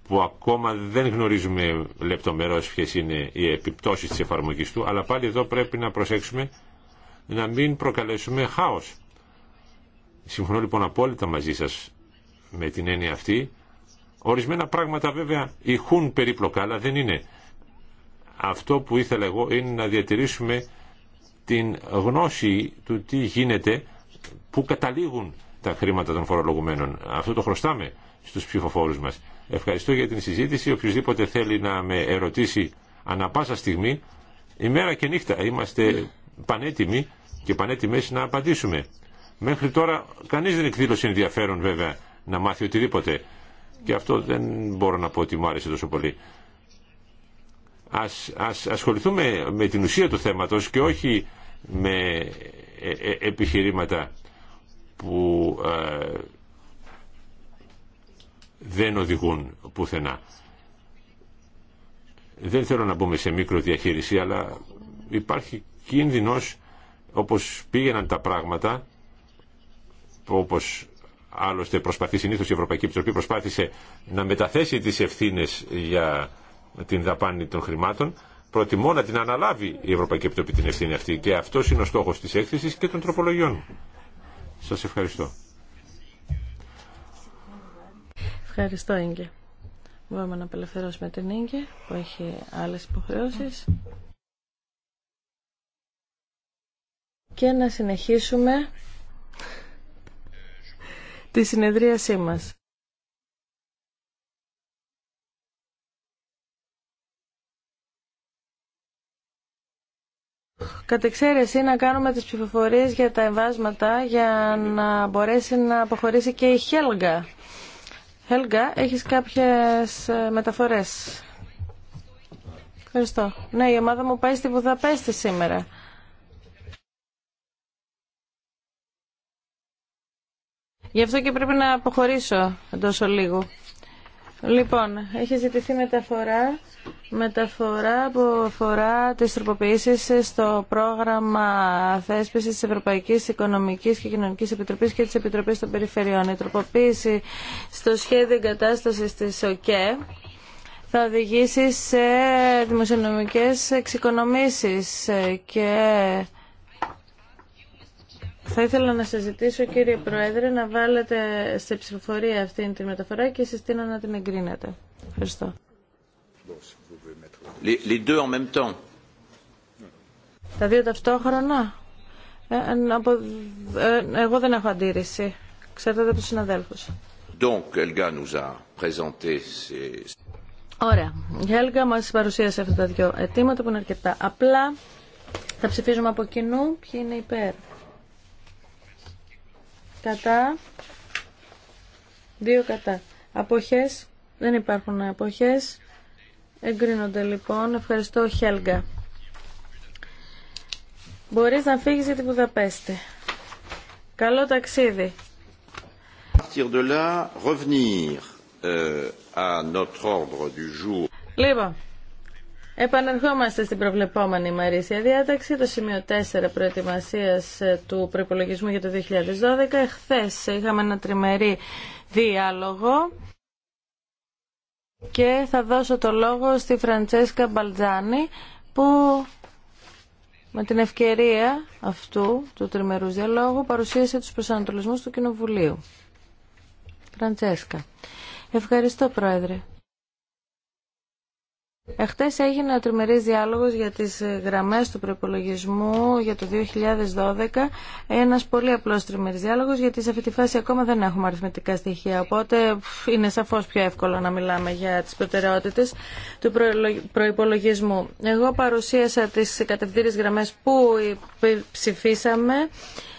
που ακόμα δεν γνωρίζουμε λεπτομερώς ποιες είναι οι επιπτώσεις της εφαρμογής του, αλλά πάλι εδώ πρέπει να προσέξουμε να μην προκαλέσουμε χάος. Συμφωνώ λοιπόν απόλυτα μαζί σας με την έννοια αυτή. Ορισμένα πράγματα βέβαια ηχούν περίπλοκα, αλλά δεν είναι. Αυτό που ήθελα εγώ είναι να διατηρήσουμε την γνώση του τι γίνεται, που καταλήγουν τα χρήματα των φορολογουμένων. Αυτό το χρωστάμε στους ψηφοφόρους μας. Ευχαριστώ για την συζήτηση. Οποιουσδήποτε θέλει να με ερωτήσει ανα πάσα στιγμή, ημέρα και νύχτα είμαστε πανέτοιμοι και πανέτοιμες να απαντήσουμε. Μέχρι τώρα κανείς δεν εκδήλωσε ενδιαφέρον βέβαια να μάθει οτιδήποτε. Και αυτό δεν μπορώ να πω ότι μου άρεσε τόσο πολύ. Ας, ασχοληθούμε με την ουσία του θέματος και όχι με ε, ε, επιχειρήματα που ε, δεν οδηγούν πουθενά. Δεν θέλω να μπούμε σε μικροδιαχείριση, αλλά υπάρχει κίνδυνος όπως πήγαιναν τα πράγματα, όπως άλλωστε προσπαθεί συνήθως η Ευρωπαϊκή Επιτροπή, προσπάθησε να μεταθέσει τις ευθύνες για την δαπάνη των χρημάτων, προτιμώ να την αναλάβει η Ευρωπαϊκή Επιτροπή την ευθύνη αυτή και αυτός είναι ο στόχος της έκθεσης και των τροπολογιών. Σας ευχαριστώ. Ευχαριστώ, Ίγκε. Μπορούμε να απελευθερώσουμε την Ίγκε που έχει άλλες υποχρεώσεις. Και να συνεχίσουμε τη συνεδρίασή μας. Κατ' εξαίρεση να κάνουμε τις ψηφοφορίες για τα εμβάσματα για να μπορέσει να αποχωρήσει και η Χέλγα. Helga, έχεις κάποιες ε, μεταφορές. Ευχαριστώ. Ναι, η ομάδα μου πάει στη Βουδαπέστη σήμερα. Γι' αυτό και πρέπει να αποχωρήσω εντός ολίγου. Λοιπόν, έχει ζητηθεί μεταφορά, μεταφορά που αφορά τις τροποποιήσεις στο πρόγραμμα θέσπισης της Ευρωπαϊκής Οικονομικής και Κοινωνικής Επιτροπής και της Επιτροπής των Περιφερειών. Η τροποποίηση στο σχέδιο εγκατάστασης της ΟΚΕ θα οδηγήσει σε δημοσιονομικές εξοικονομήσεις και θα ήθελα να σας ζητήσω κύριε Πρόεδρε να βάλετε σε ψηφοφορία αυτήν τη μεταφορά και συστήνω να την εγκρίνετε. Ευχαριστώ. Τα δύο ταυτόχρονα. Ε, ε, ε, εγώ δεν έχω αντίρρηση. Ξέρετε από τους συναδέλφους. Donc, nous a présenté Ωραία. Η Έλγα μας παρουσίασε αυτά τα δύο αιτήματα που είναι αρκετά απλά. Θα ψηφίζουμε από κοινού ποιοι είναι υπέρ. Κατά. Δύο κατά. Αποχές. Δεν υπάρχουν αποχές. Εγκρίνονται λοιπόν. Ευχαριστώ Χέλγα. Μπορείς να φύγεις για την Βουδαπέστη. Καλό ταξίδι. Λοιπόν, Επαναρχόμαστε στην προβλεπόμενη ημερήσια διάταξη, το σημείο 4 προετοιμασία ε, του προπολογισμού για το 2012. Εχθές είχαμε ένα τριμερή διάλογο και θα δώσω το λόγο στη Φραντσέσκα Μπαλτζάνη που με την ευκαιρία αυτού του τριμερούς διαλόγου παρουσίασε τους προσανατολισμούς του Κοινοβουλίου. Φραντσέσκα. Ευχαριστώ Πρόεδρε. Εχθέ έγινε ο τριμερής διάλογος για τις γραμμές του προπολογισμού για το 2012. Ένας πολύ απλός τριμερής διάλογος γιατί σε αυτή τη φάση ακόμα δεν έχουμε αριθμητικά στοιχεία. Οπότε είναι σαφώς πιο εύκολο να μιλάμε για τις προτεραιότητε του προπολογισμού. Εγώ παρουσίασα τις κατευθύνες γραμμέ που ψηφίσαμε.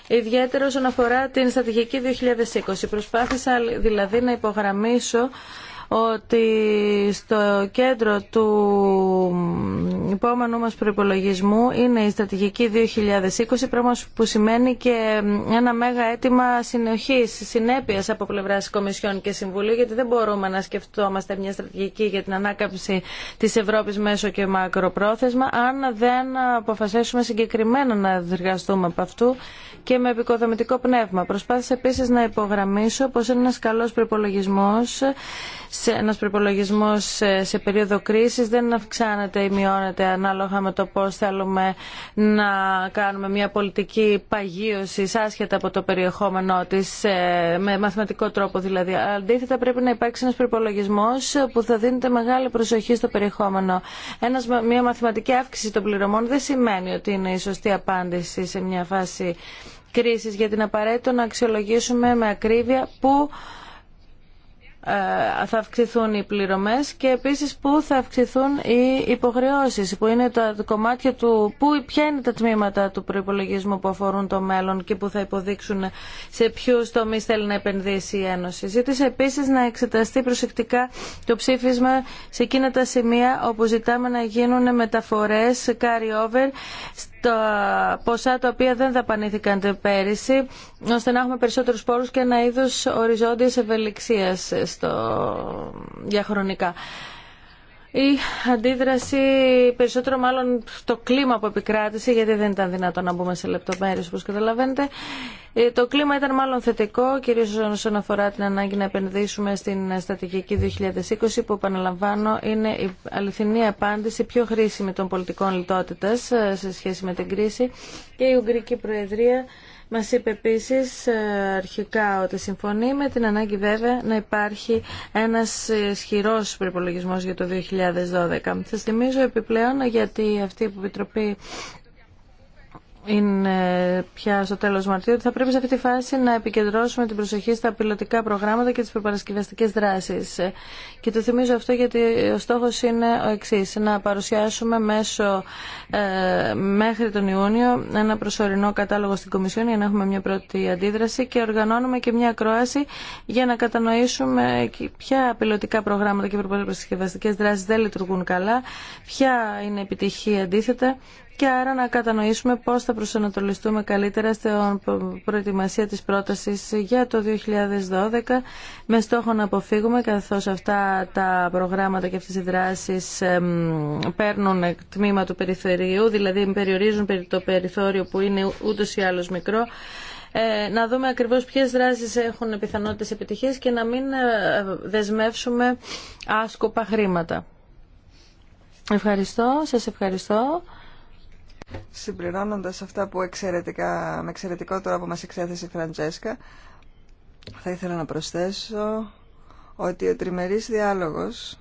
Ιδιαίτερα όσον αφορά την στρατηγική 2020. Προσπάθησα δηλαδή να υπογραμμίσω ότι στο κέντρο του επόμενου μας προϋπολογισμού είναι η στρατηγική 2020, πράγμα που σημαίνει και ένα μέγα αίτημα συνοχής, συνέπειας από πλευράς Κομισιόν και Συμβουλίου, γιατί δεν μπορούμε να σκεφτόμαστε μια στρατηγική για την ανάκαμψη της Ευρώπης μέσω και μακροπρόθεσμα, αν δεν αποφασίσουμε συγκεκριμένα να εργαστούμε από αυτού και με επικοδομητικό πνεύμα. Προσπάθησα επίσης να υπογραμμίσω πως είναι ένας καλός προπολογισμό σε ένας προπολογισμό ε, σε περίοδο κρίσης δεν αυξάνεται ή μειώνεται ανάλογα με το πώς θέλουμε να κάνουμε μια πολιτική παγίωση άσχετα από το περιεχόμενό της ε, με μαθηματικό τρόπο δηλαδή. Αντίθετα πρέπει να υπάρξει ένας προπολογισμό που θα δίνεται μεγάλη προσοχή στο περιεχόμενο. Ένας, μια μαθηματική αύξηση των πληρωμών δεν σημαίνει ότι είναι η σωστή απάντηση σε μια φάση κρίσης γιατί είναι απαραίτητο να αξιολογήσουμε με ακρίβεια που ε, θα αυξηθούν οι πληρωμές και επίσης πού θα αυξηθούν οι υποχρεώσεις, που είναι τα κομμάτια του, που, ποια είναι τα τμήματα του προϋπολογισμού που αφορούν το μέλλον και που θα υποδείξουν σε ποιου τομεί θέλει να επενδύσει η Ένωση. Ζήτησε επίσης να εξεταστεί προσεκτικά το ψήφισμα σε εκείνα τα σημεία όπου ζητάμε να γίνουν μεταφορές carry over τα ποσά τα οποία δεν δαπανήθηκαν πέρυσι, ώστε να έχουμε περισσότερους πόρους και ένα είδος οριζόντιας ευελιξίας στο διαχρονικά η αντίδραση περισσότερο μάλλον το κλίμα που επικράτησε γιατί δεν ήταν δυνατόν να μπούμε σε λεπτομέρειες όπω καταλαβαίνετε ε, το κλίμα ήταν μάλλον θετικό κυρίως όσον αφορά την ανάγκη να επενδύσουμε στην στρατηγική 2020 που επαναλαμβάνω είναι η αληθινή απάντηση πιο χρήσιμη των πολιτικών λιτότητα ε, σε σχέση με την κρίση και η Ουγγρική Προεδρία Μα είπε επίση ε, αρχικά ότι συμφωνεί με την ανάγκη βέβαια να υπάρχει ένας ισχυρό προπολογισμό για το 2012. Σα θυμίζω επιπλέον γιατί αυτή η Επιτροπή είναι πια στο τέλο Μαρτίου ότι θα πρέπει σε αυτή τη φάση να επικεντρώσουμε την προσοχή στα πιλωτικά προγράμματα και τι προπαρασκευαστικέ δράσει. Και το θυμίζω αυτό γιατί ο στόχο είναι ο εξή. να παρουσιάσουμε μέσω ε, μέχρι τον Ιούνιο ένα προσωρινό κατάλογο στην Κομισιόν για να έχουμε μια πρώτη αντίδραση και οργανώνουμε και μια ακρόαση για να κατανοήσουμε ποια πιλωτικά προγράμματα και προπαρασκευαστικέ δράσει δεν λειτουργούν καλά, ποια είναι επιτυχία αντίθετα και άρα να κατανοήσουμε πώς θα προσανατολιστούμε καλύτερα στην προετοιμασία της πρότασης για το 2012 με στόχο να αποφύγουμε καθώς αυτά τα προγράμματα και αυτές οι δράσεις παίρνουν τμήμα του περιθωρίου, δηλαδή περιορίζουν το περιθώριο που είναι ούτως ή άλλως μικρό ε, να δούμε ακριβώς ποιες δράσεις έχουν πιθανότητες επιτυχίας και να μην ε, δεσμεύσουμε άσκοπα χρήματα. Ευχαριστώ, σας ευχαριστώ. Συμπληρώνοντας αυτά που εξαιρετικά, με εξαιρετικό τρόπο μας εξέθεσε η Φραντζέσκα, θα ήθελα να προσθέσω ότι ο τριμερής διάλογος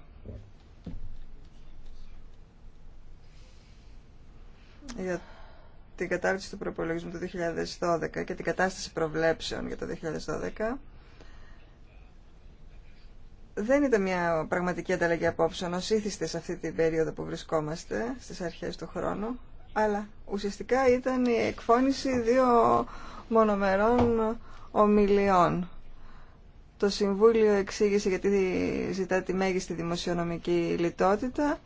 για την κατάρτιση του προπολογισμού του 2012 και την κατάσταση προβλέψεων για το 2012 δεν ήταν μια πραγματική ανταλλαγή απόψεων ως ήθιστε σε αυτή την περίοδο που βρισκόμαστε στις αρχές του χρόνου αλλά ουσιαστικά ήταν η εκφώνηση δύο μονομερών ομιλιών. Το Συμβούλιο εξήγησε γιατί ζητά τη μέγιστη δημοσιονομική λιτότητα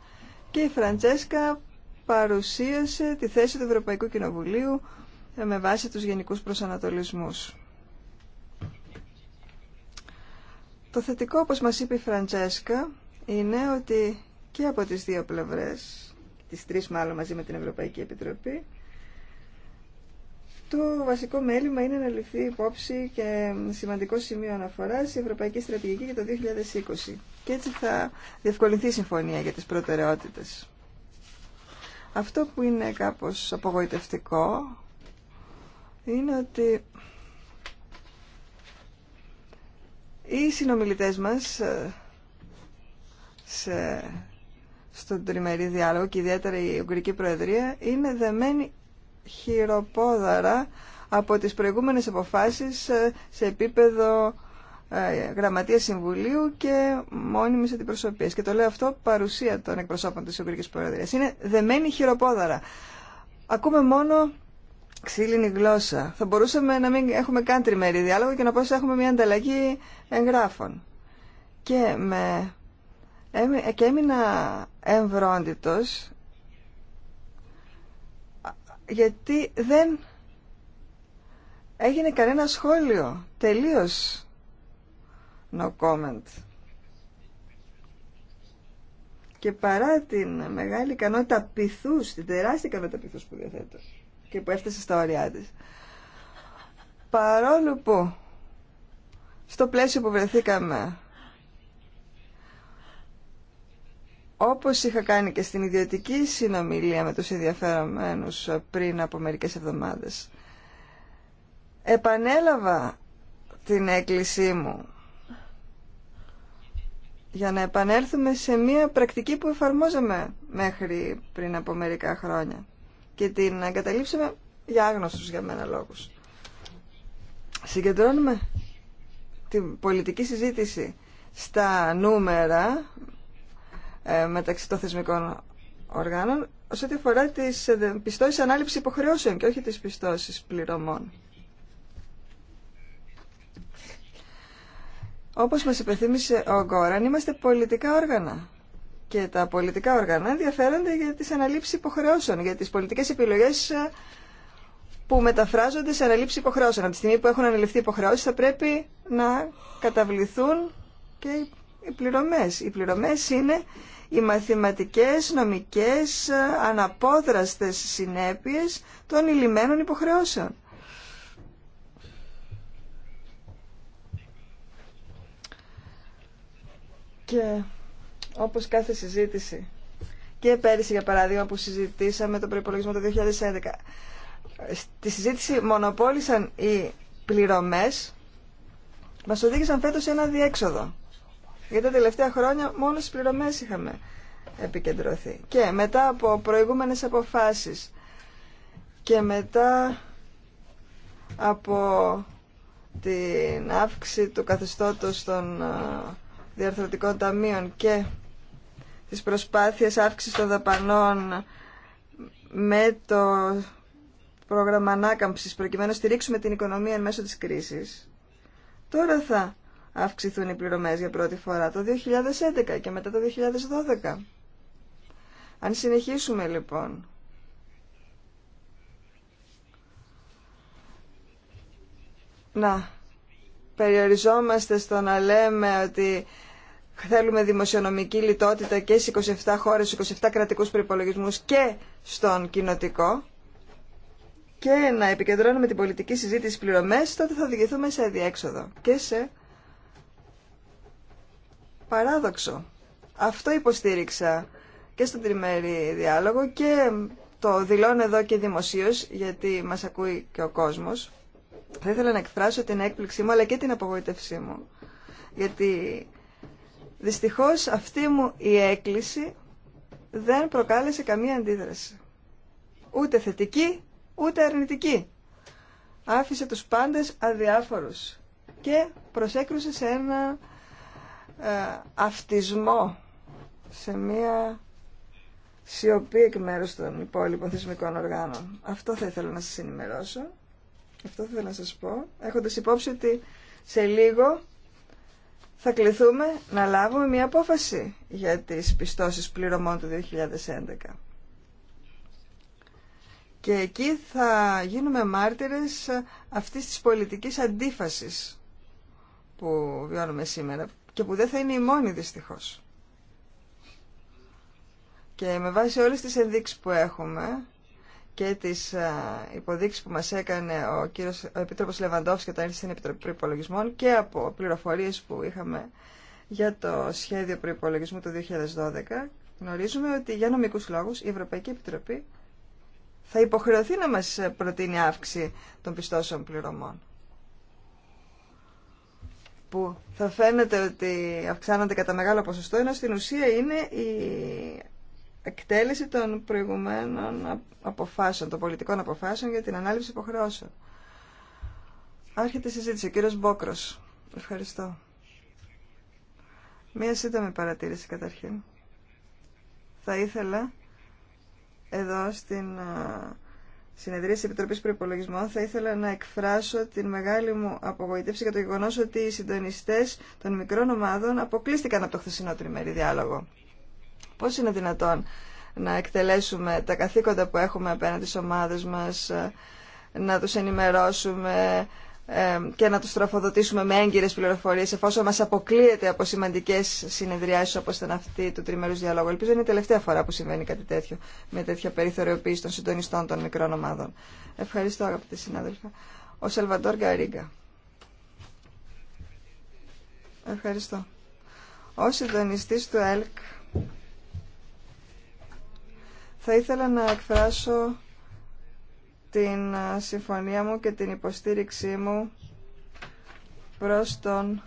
και η Φραντσέσκα παρουσίασε τη θέση του Ευρωπαϊκού Κοινοβουλίου με βάση τους γενικούς προσανατολισμούς. Το θετικό, όπως μας είπε η Φραντσέσκα, είναι ότι και από τις δύο πλευρές τις τρεις μάλλον μαζί με την Ευρωπαϊκή Επιτροπή, το βασικό μέλημα είναι να ληφθεί υπόψη και σημαντικό σημείο αναφοράς η Ευρωπαϊκή Στρατηγική για το 2020. Και έτσι θα διευκολυνθεί η συμφωνία για τις προτεραιότητες. Αυτό που είναι κάπως απογοητευτικό είναι ότι οι συνομιλητές μας ε, σε στον τριμερή διάλογο και ιδιαίτερα η Ουγγρική Προεδρία είναι δεμένη χειροπόδαρα από τις προηγούμενες αποφάσεις ε, σε επίπεδο ε, γραμματεία συμβουλίου και μόνιμης αντιπροσωπείας. Και το λέω αυτό παρουσία των εκπροσώπων της Ουγγρικής Προεδρίας. Είναι δεμένη χειροπόδαρα. Ακούμε μόνο ξύλινη γλώσσα. Θα μπορούσαμε να μην έχουμε καν τριμερή διάλογο και να πώ έχουμε μια ανταλλαγή εγγράφων. Και με ε, και έμεινα εμβρόντιτος γιατί δεν έγινε κανένα σχόλιο. Τελείως no comment. Και παρά την μεγάλη ικανότητα πυθού, την τεράστια ικανότητα πυθού που διαθέτω και που έφτασε στα ωριά τη. παρόλο που στο πλαίσιο που βρεθήκαμε Όπως είχα κάνει και στην ιδιωτική συνομιλία με τους ενδιαφερομένους πριν από μερικές εβδομάδες, επανέλαβα την έκκλησή μου για να επανέλθουμε σε μια πρακτική που εφαρμόζαμε μέχρι πριν από μερικά χρόνια και την εγκαταλείψαμε για άγνωστους για μένα λόγους. Συγκεντρώνουμε την πολιτική συζήτηση στα νούμερα ε, μεταξύ των θεσμικών οργάνων σε ό,τι αφορά τις ε, πιστώσεις ανάληψη υποχρεώσεων και όχι τις πιστώσεις πληρωμών. Όπως μας υπενθύμησε ο Γκόραν, είμαστε πολιτικά όργανα. Και τα πολιτικά όργανα ενδιαφέρονται για τις αναλήψεις υποχρεώσεων, για τις πολιτικές επιλογές ε, που μεταφράζονται σε αναλήψη υποχρεώσεων. Από τη στιγμή που έχουν αναλυφθεί υποχρεώσεις θα πρέπει να καταβληθούν και οι πληρωμές. Οι πληρωμές είναι οι μαθηματικές, νομικές, αναπόδραστες συνέπειες των ηλυμένων υποχρεώσεων. Και όπως κάθε συζήτηση, και πέρυσι για παράδειγμα που συζητήσαμε το προϋπολογισμό το 2011, στη συζήτηση μονοπόλησαν οι πληρωμές, μας οδήγησαν φέτος σε ένα διέξοδο. Γιατί τα τελευταία χρόνια μόνο στι πληρωμές είχαμε επικεντρωθεί. Και μετά από προηγούμενες αποφάσεις και μετά από την αύξηση του καθεστώτος των ε, διαρθρωτικών ταμείων και τις προσπάθειες αύξησης των δαπανών με το πρόγραμμα ανάκαμψης προκειμένου να στηρίξουμε την οικονομία εν μέσω της κρίσης. Τώρα θα αυξηθούν οι πληρωμές για πρώτη φορά το 2011 και μετά το 2012. Αν συνεχίσουμε λοιπόν να περιοριζόμαστε στο να λέμε ότι θέλουμε δημοσιονομική λιτότητα και στις 27 χώρες, 27 κρατικούς προϋπολογισμούς και στον κοινοτικό και να επικεντρώνουμε την πολιτική συζήτηση πληρωμές, τότε θα οδηγηθούμε σε διέξοδο και σε παράδοξο. Αυτό υποστήριξα και στον τριμερή διάλογο και το δηλώνω εδώ και δημοσίω γιατί μας ακούει και ο κόσμος. Θα ήθελα να εκφράσω την έκπληξή μου αλλά και την απογοήτευσή μου. Γιατί δυστυχώς αυτή μου η έκκληση δεν προκάλεσε καμία αντίδραση. Ούτε θετική, ούτε αρνητική. Άφησε τους πάντες αδιάφορους και προσέκρουσε σε ένα ε, αυτισμό, σε μία σιωπή εκ μέρους των υπόλοιπων θεσμικών οργάνων. Αυτό θα ήθελα να σας ενημερώσω. Αυτό θα ήθελα να σας πω. Έχοντας υπόψη ότι σε λίγο θα κληθούμε να λάβουμε μία απόφαση για τις πιστώσεις πληρωμών του 2011. Και εκεί θα γίνουμε μάρτυρες αυτής της πολιτικής αντίφασης που βιώνουμε σήμερα, και που δεν θα είναι η μόνη δυστυχώς. Και με βάση όλες τις ενδείξεις που έχουμε και τις υποδείξεις που μας έκανε ο, κύριος, ο Επίτροπος και όταν ήρθε στην Επιτροπή Προϋπολογισμών και από πληροφορίες που είχαμε για το σχέδιο προϋπολογισμού του 2012 γνωρίζουμε ότι για νομικούς λόγους η Ευρωπαϊκή Επιτροπή θα υποχρεωθεί να μας προτείνει αύξηση των πιστώσεων πληρωμών που θα φαίνεται ότι αυξάνονται κατά μεγάλο ποσοστό, ενώ στην ουσία είναι η εκτέλεση των προηγουμένων αποφάσεων, των πολιτικών αποφάσεων για την ανάληψη υποχρεώσεων. Άρχεται η συζήτηση. Ο κύριος Μπόκρος. Ευχαριστώ. Μία σύντομη παρατήρηση καταρχήν. Θα ήθελα εδώ στην συνεδρία τη Επιτροπή Προπολογισμών, θα ήθελα να εκφράσω την μεγάλη μου απογοήτευση για το γεγονό ότι οι συντονιστές των μικρών ομάδων αποκλείστηκαν από το χθεσινό τριμερή διάλογο. Πώς είναι δυνατόν να εκτελέσουμε τα καθήκοντα που έχουμε απέναντι στι ομάδες μας, να τους ενημερώσουμε, και να τους τροφοδοτήσουμε με έγκυρες πληροφορίες εφόσον μας αποκλείεται από σημαντικές συνεδριάσεις όπως ήταν αυτή του τριμερούς διαλόγου. Ελπίζω είναι η τελευταία φορά που συμβαίνει κάτι τέτοιο με τέτοια περιθωριοποίηση των συντονιστών των μικρών ομάδων. Ευχαριστώ αγαπητή συνάδελφα. Ο Σελβαντόρ Γκαρίγκα. Ευχαριστώ. Ο συντονιστής του ΕΛΚ θα ήθελα να εκφράσω την ε, συμφωνία μου και την υποστήριξή μου προς τον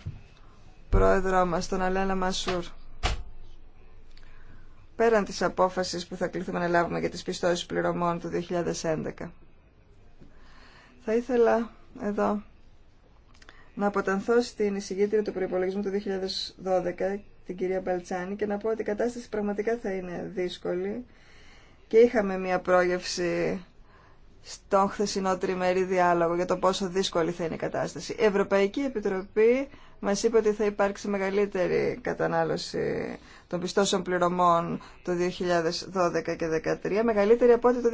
πρόεδρό μας, τον Αλένα Μασούρ. Πέραν της απόφασης που θα κληθούμε να λάβουμε για τις πιστώσεις πληρωμών του 2011. Θα ήθελα εδώ να αποτανθώ στην εισηγήτρια του προϋπολογισμού του 2012, την κυρία Μπαλτσάνη, και να πω ότι η κατάσταση πραγματικά θα είναι δύσκολη και είχαμε μια πρόγευση στον χθεσινό τριμερή διάλογο για το πόσο δύσκολη θα είναι η κατάσταση. Η Ευρωπαϊκή Επιτροπή μας είπε ότι θα υπάρξει μεγαλύτερη κατανάλωση των πιστώσεων πληρωμών το 2012 και 2013, μεγαλύτερη από ό,τι το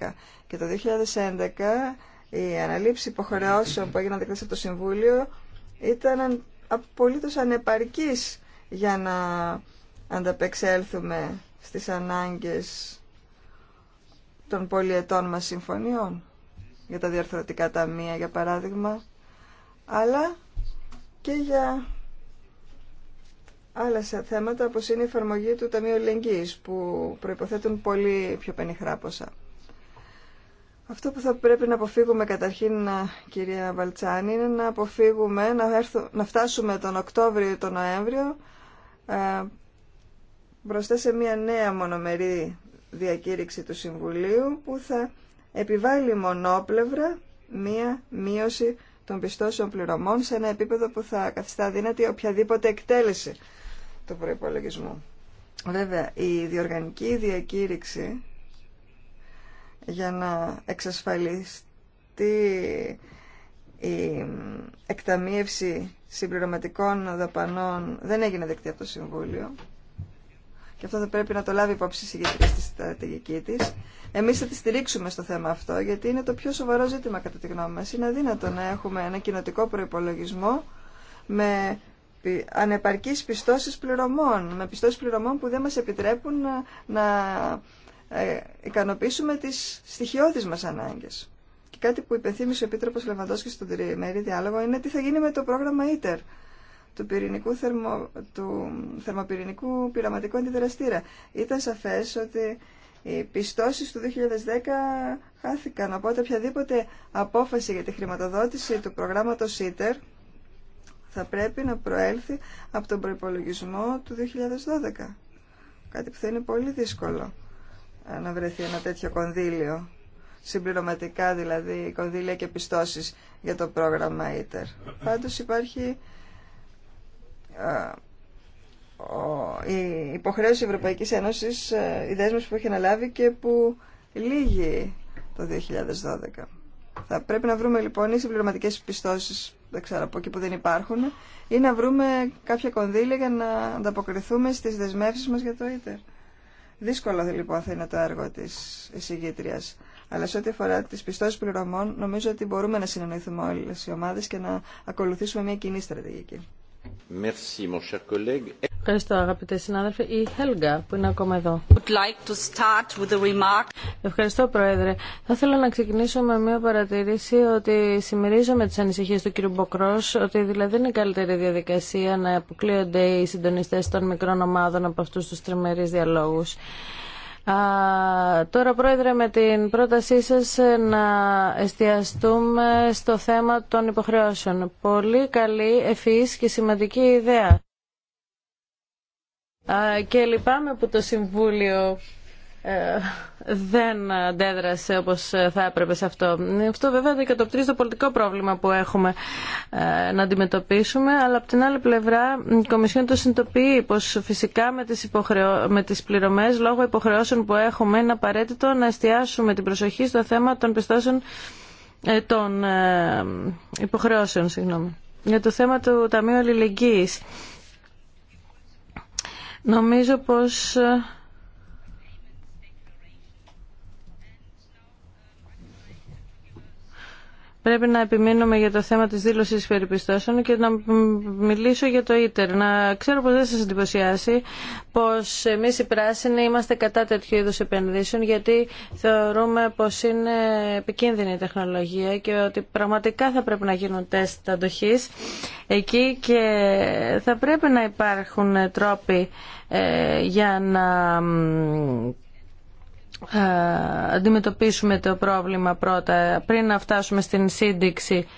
2011. Και το 2011 η αναλήψη υποχρεώσεων που έγιναν δεκτές από το Συμβούλιο ήταν απολύτως ανεπαρκής για να ανταπεξέλθουμε στις ανάγκες των πολιετών μας συμφωνιών για τα διαρθρωτικά ταμεία για παράδειγμα αλλά και για άλλα θέματα όπως είναι η εφαρμογή του Ταμείου Ελεγγύης που προϋποθέτουν πολύ πιο πενιχρά Αυτό που θα πρέπει να αποφύγουμε καταρχήν, ε, κυρία Βαλτσάνη, είναι να αποφύγουμε να, να φτάσουμε τον Οκτώβριο ή τον Νοέμβριο ε, μπροστά σε μια νέα μονομερή διακήρυξη του Συμβουλίου που θα επιβάλλει μονόπλευρα μία μείωση των πιστώσεων πληρωμών σε ένα επίπεδο που θα καθιστά δύνατη οποιαδήποτε εκτέλεση του προϋπολογισμού. Βέβαια, η διοργανική διακήρυξη για να εξασφαλιστεί η εκταμείευση συμπληρωματικών δαπανών δεν έγινε δεκτή από το Συμβούλιο και αυτό θα πρέπει να το λάβει υπόψη η συγκεκριμένη στη στρατηγική τη. Εμεί θα τη στηρίξουμε στο θέμα αυτό, γιατί είναι το πιο σοβαρό ζήτημα κατά τη γνώμη μα. Είναι αδύνατο να έχουμε ένα κοινοτικό προπολογισμό με ανεπαρκείς πιστώσεις πληρωμών, με πιστώσει πληρωμών που δεν μα επιτρέπουν να, να ε, ικανοποιήσουμε τι στοιχειώδεις μα ανάγκε. Και κάτι που υπενθύμησε ο Επίτροπο Λεβαντό και στον τριμερή διάλογο είναι τι θα γίνει με το πρόγραμμα ITER του, πυρηνικού θερμο, του θερμοπυρηνικού πειραματικού αντιδραστήρα. Ήταν σαφές ότι οι πιστώσει του 2010 χάθηκαν, οπότε οποιαδήποτε απόφαση για τη χρηματοδότηση του προγράμματος ITER θα πρέπει να προέλθει από τον προϋπολογισμό του 2012. Κάτι που θα είναι πολύ δύσκολο ε, να βρεθεί ένα τέτοιο κονδύλιο, συμπληρωματικά δηλαδή κονδύλια και πιστώσεις για το πρόγραμμα ITER. Πάντως υπάρχει ε, η υποχρέωση Ευρωπαϊκής Ένωσης, ε, η δέσμευση που έχει αναλάβει και που λύγει το 2012. Θα πρέπει να βρούμε λοιπόν ή συμπληρωματικέ πιστώσει, δεν ξέρω από εκεί που δεν υπάρχουν, ή να βρούμε κάποια κονδύλια για να ανταποκριθούμε στις δεσμεύσεις μας για το ίτερ. Δύσκολο λοιπόν θα είναι το έργο τη εισηγήτρια. Αλλά σε ό,τι αφορά τι πιστώσει πληρωμών, νομίζω ότι μπορούμε να συνεννοηθούμε όλε οι ομάδε και να ακολουθήσουμε μια κοινή στρατηγική. Ευχαριστώ αγαπητέ συνάδελφοι. Η Χέλγα που είναι ακόμα εδώ. Ευχαριστώ Πρόεδρε. Θα ήθελα να ξεκινήσω με μια παρατηρήση ότι συμμερίζομαι τις ανησυχίες του κ. Μποκρός ότι δηλαδή είναι η καλύτερη διαδικασία να αποκλείονται οι συντονιστές των μικρών ομάδων από αυτούς τους τριμερείς διαλόγους. Α, τώρα, Πρόεδρε, με την πρότασή σας ε, να εστιαστούμε στο θέμα των υποχρεώσεων. Πολύ καλή, ευφυής και σημαντική ιδέα. Α, και λυπάμαι που το Συμβούλιο ε, δεν αντέδρασε όπως θα έπρεπε σε αυτό. Αυτό βέβαια κατοπτρίζει το πολιτικό πρόβλημα που έχουμε ε, να αντιμετωπίσουμε, αλλά από την άλλη πλευρά η Κομισιόν το συνειδητοποιεί πως φυσικά με τις, υποχρεω... με τις πληρωμές λόγω υποχρεώσεων που έχουμε είναι απαραίτητο να εστιάσουμε την προσοχή στο θέμα των πιστώσεων ε, των υποχρεώσεων για το θέμα του Ταμείου Αλληλεγγύης. Νομίζω πως Πρέπει να επιμείνουμε για το θέμα της δήλωσης περιπιστώσεων και να μιλήσω για το ίτερ. Να ξέρω πως δεν σας εντυπωσιάσει πως εμείς οι πράσινοι είμαστε κατά τέτοιου είδους επενδύσεων γιατί θεωρούμε πως είναι επικίνδυνη η τεχνολογία και ότι πραγματικά θα πρέπει να γίνουν τεστ αντοχής εκεί και θα πρέπει να υπάρχουν τρόποι ε, για να ε, αντιμετωπίσουμε το πρόβλημα πρώτα, πριν να φτάσουμε στην σύνδεξη.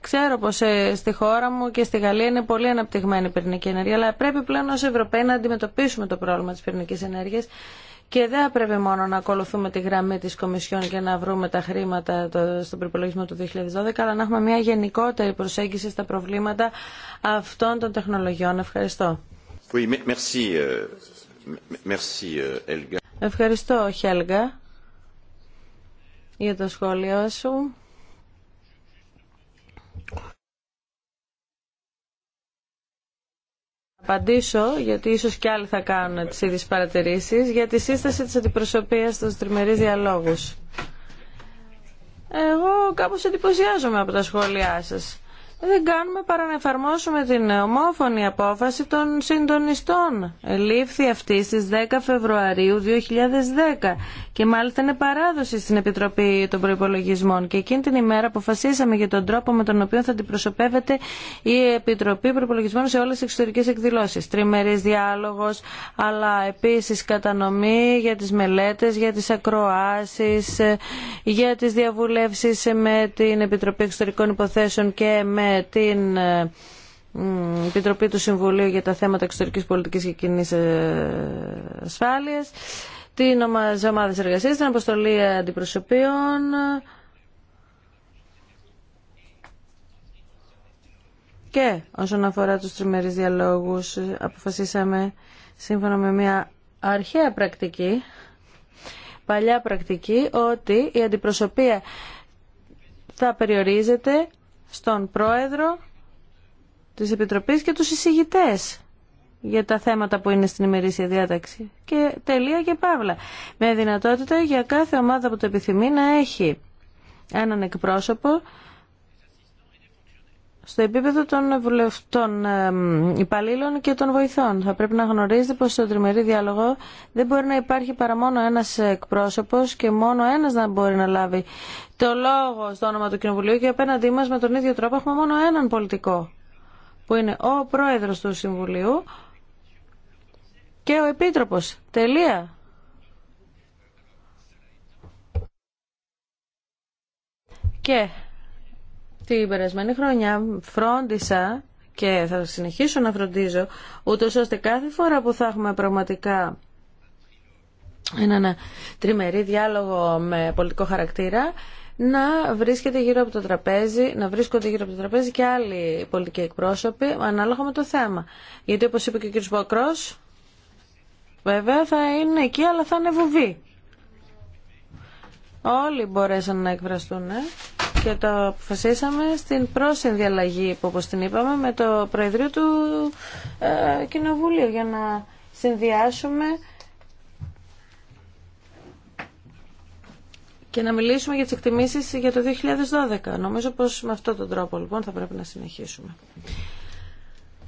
Ξέρω πως ε, στη χώρα μου και στη Γαλλία είναι πολύ αναπτυγμένη η πυρηνική ενέργεια, αλλά πρέπει πλέον ως Ευρωπαίοι να αντιμετωπίσουμε το πρόβλημα της πυρηνικής ενέργειας και δεν πρέπει μόνο να ακολουθούμε τη γραμμή της Κομισιόν και να βρούμε τα χρήματα στον προπολογισμό του 2012, αλλά να έχουμε μια γενικότερη προσέγγιση στα προβλήματα αυτών των τεχνολογιών. Ευχαριστώ. Euh, euh, Ευχαριστώ, Χέλγα, για το σχόλιο σου. απαντήσω, γιατί ίσως και άλλοι θα κάνουν τις ίδιες παρατηρήσεις, για τη σύσταση της αντιπροσωπείας στους τριμερείς διαλόγους. Εγώ κάπως εντυπωσιάζομαι από τα σχόλιά σας δεν κάνουμε παρά να εφαρμόσουμε την ομόφωνη απόφαση των συντονιστών. Λήφθη αυτή στις 10 Φεβρουαρίου 2010 και μάλιστα είναι παράδοση στην Επιτροπή των Προϋπολογισμών και εκείνη την ημέρα αποφασίσαμε για τον τρόπο με τον οποίο θα αντιπροσωπεύεται η Επιτροπή Προϋπολογισμών σε όλες τις εξωτερικές εκδηλώσεις. Τριμερής διάλογος, αλλά επίσης κατανομή για τις μελέτες, για τις ακροάσεις, ε, για τις διαβουλεύσεις με την Επιτροπή Εξωτερικών Υποθέσεων και με την ε, Επιτροπή του Συμβουλίου για τα θέματα εξωτερικής πολιτικής και κοινή ε, ασφάλειας, την ομάδα εργασία, την αποστολή αντιπροσωπείων, Και όσον αφορά τους τριμερείς διαλόγους αποφασίσαμε σύμφωνα με μια αρχαία πρακτική, παλιά πρακτική, ότι η αντιπροσωπεία θα περιορίζεται στον Πρόεδρο της Επιτροπής και τους εισηγητές για τα θέματα που είναι στην ημερήσια διάταξη. Και τελεία και παύλα. Με δυνατότητα για κάθε ομάδα που το επιθυμεί να έχει έναν εκπρόσωπο στο επίπεδο των βουλευτών υπαλλήλων και των βοηθών. Θα πρέπει να γνωρίζετε πως στον τριμερή διάλογο δεν μπορεί να υπάρχει παρά μόνο ένας εκπρόσωπος και μόνο ένας να μπορεί να λάβει το λόγο στο όνομα του Κοινοβουλίου και απέναντί μας με τον ίδιο τρόπο έχουμε μόνο έναν πολιτικό που είναι ο Πρόεδρος του Συμβουλίου και ο Επίτροπος. Τελεία. Και την περασμένη χρονιά φρόντισα και θα συνεχίσω να φροντίζω ούτως ώστε κάθε φορά που θα έχουμε πραγματικά έναν τριμερή διάλογο με πολιτικό χαρακτήρα να βρίσκεται γύρω από το τραπέζι, να βρίσκονται γύρω από το τραπέζι και άλλοι πολιτικοί εκπρόσωποι ανάλογα με το θέμα. Γιατί όπως είπε και ο κ. Ποκρός, βέβαια θα είναι εκεί αλλά θα είναι βουβή. Όλοι μπορέσαν να εκφραστούν, ε? και το αποφασίσαμε στην προσυνδιαλλαγή που όπως την είπαμε με το Προεδρείο του ε, Κοινοβουλίου για να συνδυάσουμε και να μιλήσουμε για τις εκτιμήσεις για το 2012. Νομίζω πως με αυτόν τον τρόπο λοιπόν θα πρέπει να συνεχίσουμε.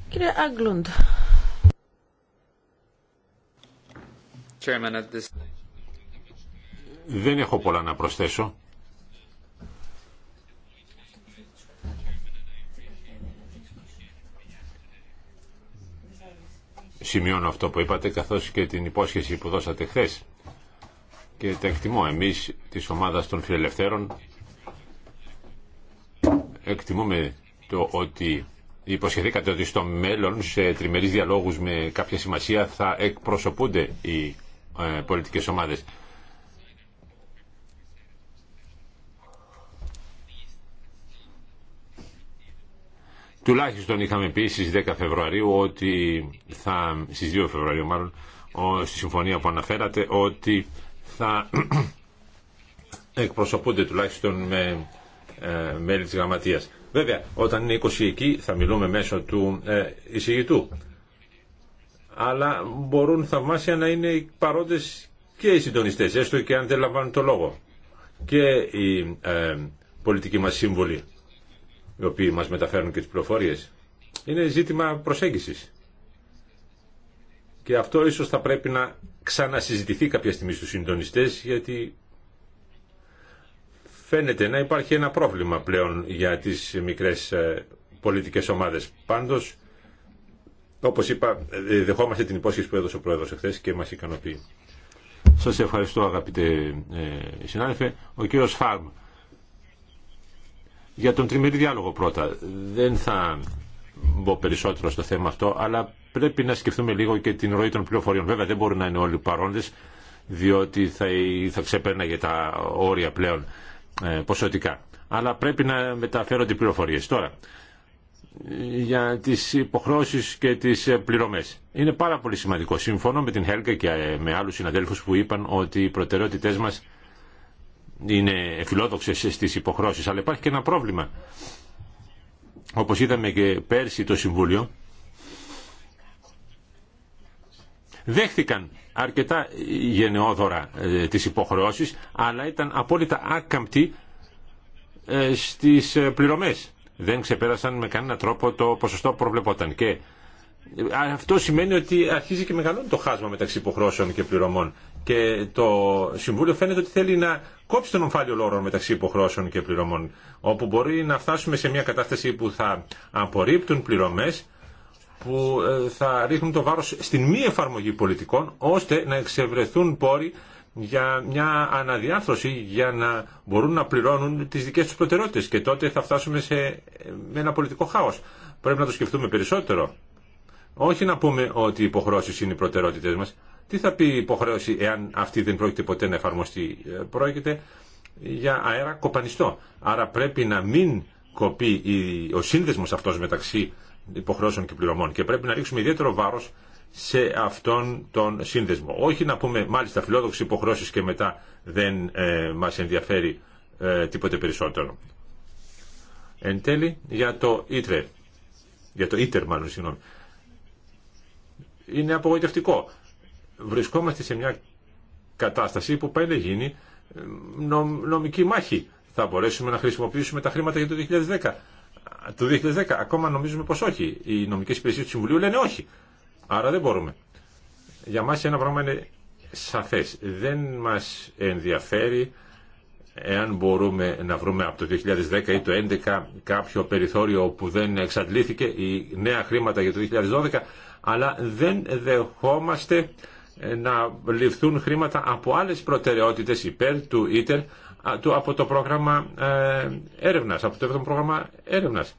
Κύριε Αγγλούντ. Δεν έχω πολλά να προσθέσω. σημειώνω αυτό που είπατε καθώς και την υπόσχεση που δώσατε χθε. και τα εκτιμώ εμείς της ομάδας των φιλελευθέρων εκτιμούμε το ότι υποσχεθήκατε ότι στο μέλλον σε τριμερείς διαλόγους με κάποια σημασία θα εκπροσωπούνται οι ε, πολιτικές ομάδες Τουλάχιστον είχαμε πει στις 10 Φεβρουαρίου ότι θα, στις 2 Φεβρουαρίου μάλλον, στη συμφωνία που αναφέρατε, ότι θα εκπροσωπούνται τουλάχιστον με ε, μέλη της γραμματείας. Βέβαια, όταν είναι 20 εκεί θα μιλούμε μέσω του ε, εισηγητού. Αλλά μπορούν θαυμάσια να είναι παρόντες και οι συντονιστές, έστω και αν δεν λαμβάνουν το λόγο. Και οι ε, πολιτικοί μας σύμβολοι οι οποίοι μας μεταφέρουν και τις πληροφορίες. Είναι ζήτημα προσέγγισης. Και αυτό ίσως θα πρέπει να ξανασυζητηθεί κάποια στιγμή στους συντονιστές γιατί φαίνεται να υπάρχει ένα πρόβλημα πλέον για τις μικρές ε, πολιτικές ομάδες. Πάντως, όπως είπα, ε, δεχόμαστε την υπόσχεση που έδωσε ο Πρόεδρος εχθές και μας ικανοποιεί. Σας ευχαριστώ αγαπητέ ε, συνάδελφε. Ο κύριος Φάρμ. Για τον τριμερή διάλογο πρώτα. Δεν θα μπω περισσότερο στο θέμα αυτό, αλλά πρέπει να σκεφτούμε λίγο και την ροή των πληροφοριών. Βέβαια δεν μπορούν να είναι όλοι παρόντες, διότι θα, θα ξεπέρναγε τα όρια πλέον ε, ποσοτικά. Αλλά πρέπει να μεταφέρονται οι πληροφορίες. Τώρα, για τις υποχρώσεις και τις πληρωμές. Είναι πάρα πολύ σημαντικό. Σύμφωνο με την Χέλκα και ε, με άλλους συναδέλφους που είπαν ότι οι προτεραιότητές μας είναι φιλόδοξε στι υποχρώσεις, αλλά υπάρχει και ένα πρόβλημα. Όπως είδαμε και πέρσι το Συμβούλιο, δέχθηκαν αρκετά γενναιόδωρα ε, τις υποχρεώσεις, αλλά ήταν απόλυτα άκαμπτοι ε, στις ε, πληρωμές. Δεν ξεπέρασαν με κανένα τρόπο το ποσοστό που προβλεπόταν. Και αυτό σημαίνει ότι αρχίζει και μεγαλώνει το χάσμα μεταξύ υποχρώσεων και πληρωμών. Και το Συμβούλιο φαίνεται ότι θέλει να κόψει τον ομφάλιο λόγο μεταξύ υποχρώσεων και πληρωμών. Όπου μπορεί να φτάσουμε σε μια κατάσταση που θα απορρίπτουν πληρωμέ, που ε, θα ρίχνουν το βάρο στην μη εφαρμογή πολιτικών, ώστε να εξευρεθούν πόροι για μια αναδιάρθρωση για να μπορούν να πληρώνουν τις δικές τους προτεραιότητες και τότε θα φτάσουμε σε ε, ένα πολιτικό χάο. Πρέπει να το σκεφτούμε περισσότερο όχι να πούμε ότι οι υποχρεώσει είναι οι προτεραιότητε μα. Τι θα πει η υποχρέωση εάν αυτή δεν πρόκειται ποτέ να εφαρμοστεί. Ε, πρόκειται για αέρα κοπανιστό. Άρα πρέπει να μην κοπεί ο σύνδεσμο αυτό μεταξύ υποχρεώσεων και πληρωμών και πρέπει να ρίξουμε ιδιαίτερο βάρος σε αυτόν τον σύνδεσμο. Όχι να πούμε μάλιστα φιλόδοξη υποχρεώσει και μετά δεν ε, μας ενδιαφέρει ε, τίποτε περισσότερο. Εν τέλει για το ΙΤΡΕ, για το ΙΤΕΡ μάλλον συγγνώμη είναι απογοητευτικό. Βρισκόμαστε σε μια κατάσταση που πάει να γίνει ε, νομική μάχη. Θα μπορέσουμε να χρησιμοποιήσουμε τα χρήματα για το 2010. Το 2010 ακόμα νομίζουμε πως όχι. Οι νομικές υπηρεσίες του Συμβουλίου λένε όχι. Άρα δεν μπορούμε. Για μας ένα πράγμα είναι σαφές. Δεν μας ενδιαφέρει εάν μπορούμε να βρούμε από το 2010 ή το 2011 κάποιο περιθώριο που δεν εξαντλήθηκε ή νέα χρήματα για το 2012 αλλά δεν δεχόμαστε ε, να ληφθούν χρήματα από άλλες προτεραιότητες υπέρ του ΙΤΕΡ από το πρόγραμμα ε, έρευνας, από το πρόγραμμα έρευνας.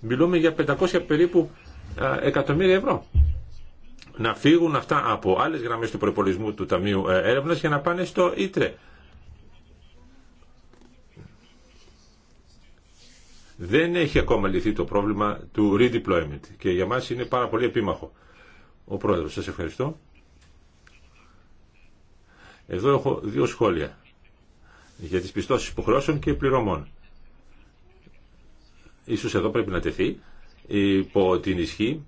Μιλούμε για 500 περίπου ε, εκατομμύρια ευρώ. Να φύγουν αυτά από άλλες γραμμές του προπολισμού του Ταμείου Έρευνας για να πάνε στο ΙΤΡΕ. δεν έχει ακόμα λυθεί το πρόβλημα του redeployment και για μας είναι πάρα πολύ επίμαχο. Ο Πρόεδρος, σας ευχαριστώ. Εδώ έχω δύο σχόλια για τις πιστώσεις υποχρεώσεων και πληρωμών. Ίσως εδώ πρέπει να τεθεί υπό την ισχύ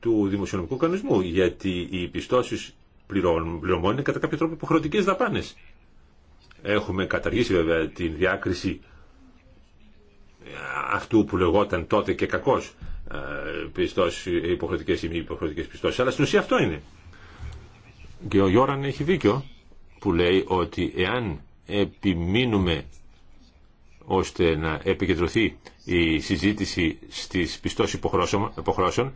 του δημοσιονομικού κανονισμού, γιατί οι πιστώσεις πληρωμών είναι κατά κάποιο τρόπο υποχρεωτικές δαπάνες. Έχουμε καταργήσει βέβαια την διάκριση αυτού που λεγόταν τότε και κακός ε, πιστός, υποχρεωτικές ή μη υποχρεωτικέ πιστώσεις. Αλλά στην ουσία αυτό είναι. Και ο Γιώραν έχει δίκιο που λέει ότι εάν επιμείνουμε ώστε να επικεντρωθεί η συζήτηση στις πιστώσεις υποχρώσεων,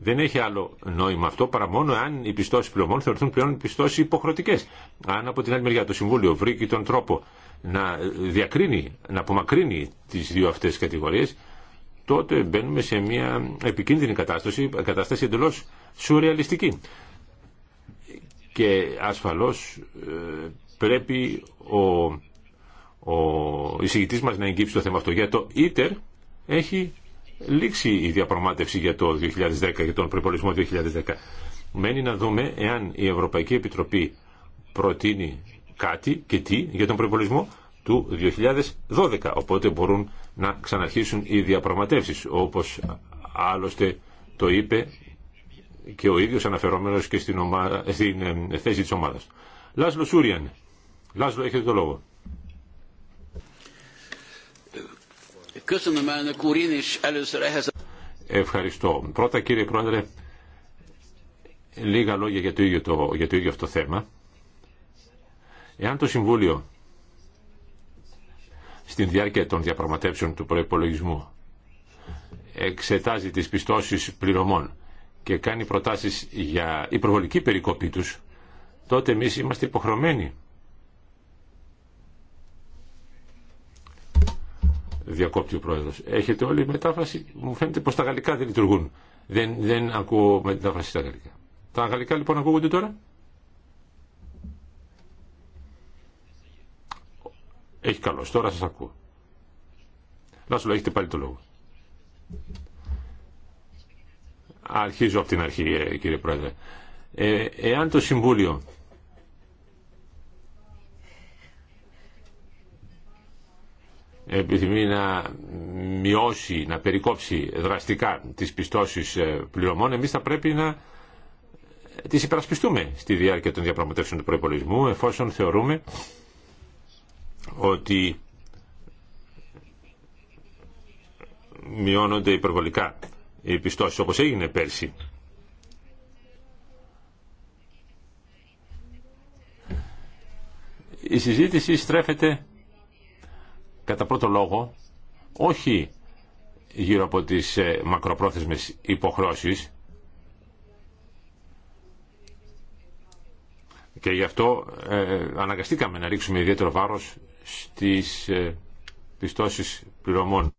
δεν έχει άλλο νόημα αυτό παρά μόνο εάν οι πιστώσει πληρωμών θεωρηθούν πλέον πιστώσει υποχρεωτικέ. Αν από την άλλη μεριά το Συμβούλιο βρήκε τον τρόπο να διακρίνει, να απομακρύνει τις δύο αυτές κατηγορίες, τότε μπαίνουμε σε μια επικίνδυνη κατάσταση, κατάσταση εντελώς σουρεαλιστική. Και ασφαλώς ε, πρέπει ο, ο εισηγητής μας να εγγύψει το θέμα αυτό. Για το ΙΤΕΡ έχει λήξει η διαπραγμάτευση για το 2010, για τον προπολογισμό 2010. Μένει να δούμε εάν η Ευρωπαϊκή Επιτροπή προτείνει κάτι και τι για τον προπολογισμό του 2012. Οπότε μπορούν να ξαναρχίσουν οι διαπραγματεύσεις, όπως άλλωστε το είπε και ο ίδιος αναφερόμενος και στην, ε, θέση της ομάδας. Λάσλο Σούριαν. Λάσλο, έχετε το λόγο. Ευχαριστώ. Πρώτα κύριε Πρόεδρε, λίγα λόγια για το ίδιο, το, για το ίδιο αυτό θέμα. Εάν το Συμβούλιο στην διάρκεια των διαπραγματεύσεων του προϋπολογισμού εξετάζει τις πιστώσεις πληρωμών και κάνει προτάσεις για υπερβολική περικοπή τους, τότε εμείς είμαστε υποχρεωμένοι. Διακόπτει ο Πρόεδρος. Έχετε όλη η μετάφραση. Μου φαίνεται πως τα γαλλικά δεν λειτουργούν. Δεν, δεν ακούω μετάφραση στα γαλλικά. Τα γαλλικά λοιπόν ακούγονται τώρα. Έχει καλώ. Τώρα σα ακούω. Λάσουλα, έχετε πάλι το λόγο. Αρχίζω από την αρχή, ε, κύριε Πρόεδρε. Ε, εάν το Συμβούλιο επιθυμεί να μειώσει, να περικόψει δραστικά τις πιστώσεις ε, πληρωμών, εμείς θα πρέπει να τις υπερασπιστούμε στη διάρκεια των διαπραγματεύσεων του προϋπολογισμού, εφόσον θεωρούμε ότι μειώνονται υπερβολικά οι πιστώσεις όπως έγινε πέρσι. Η συζήτηση στρέφεται κατά πρώτο λόγο όχι γύρω από τις ε, μακροπρόθεσμες υποχρώσεις και γι' αυτό ε, ε, αναγκαστήκαμε να ρίξουμε ιδιαίτερο βάρος στις ε, πιστώσεις πληρωμών.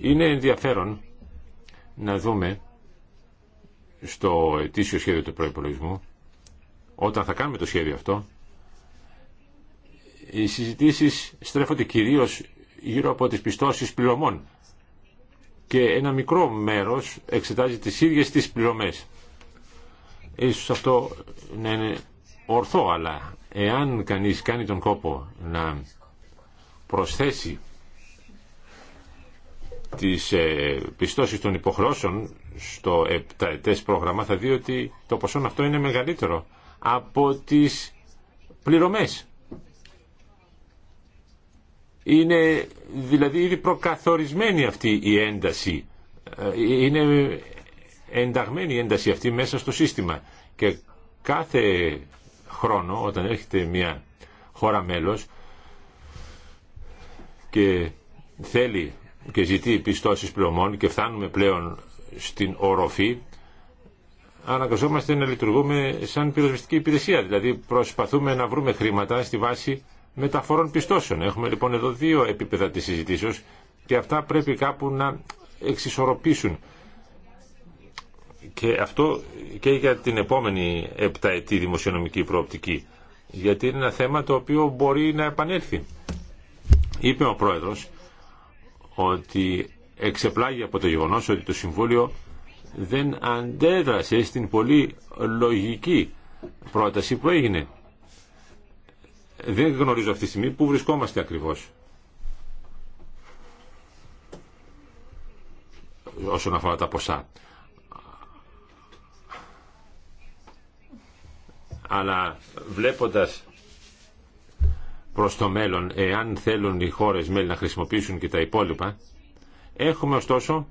Είναι ενδιαφέρον να δούμε στο ετήσιο σχέδιο του προϋπολογισμού όταν θα κάνουμε το σχέδιο αυτό οι συζητήσεις στρέφονται κυρίως γύρω από τις πιστώσεις πληρωμών και ένα μικρό μέρος εξετάζει τις ίδιες τις πληρωμές. Ίσως αυτό να είναι ορθό, αλλά εάν κανείς κάνει τον κόπο να προσθέσει τις ε, πιστώσεις των υποχρώσεων στο επταετές πρόγραμμα θα δει ότι το ποσό αυτό είναι μεγαλύτερο από τις πληρωμές. Είναι δηλαδή ήδη προκαθορισμένη αυτή η ένταση. Ε, είναι ενταγμένη η ένταση αυτή μέσα στο σύστημα και κάθε χρόνο όταν έχετε μια χώρα μέλος και θέλει και ζητεί πιστώσεις πλωμών και φτάνουμε πλέον στην οροφή αναγκαζόμαστε να λειτουργούμε σαν πυροσβεστική υπηρεσία δηλαδή προσπαθούμε να βρούμε χρήματα στη βάση μεταφορών πιστώσεων έχουμε λοιπόν εδώ δύο επίπεδα της συζητήσεως και αυτά πρέπει κάπου να εξισορροπήσουν και αυτό και για την επόμενη επταετή δημοσιονομική προοπτική. Γιατί είναι ένα θέμα το οποίο μπορεί να επανέλθει. Είπε ο Πρόεδρος ότι εξεπλάγει από το γεγονός ότι το Συμβούλιο δεν αντέδρασε στην πολύ λογική πρόταση που έγινε. Δεν γνωρίζω αυτή τη στιγμή που βρισκόμαστε ακριβώς. όσον αφορά τα ποσά. αλλά βλέποντας προς το μέλλον, εάν θέλουν οι χώρες μέλη να χρησιμοποιήσουν και τα υπόλοιπα, έχουμε ωστόσο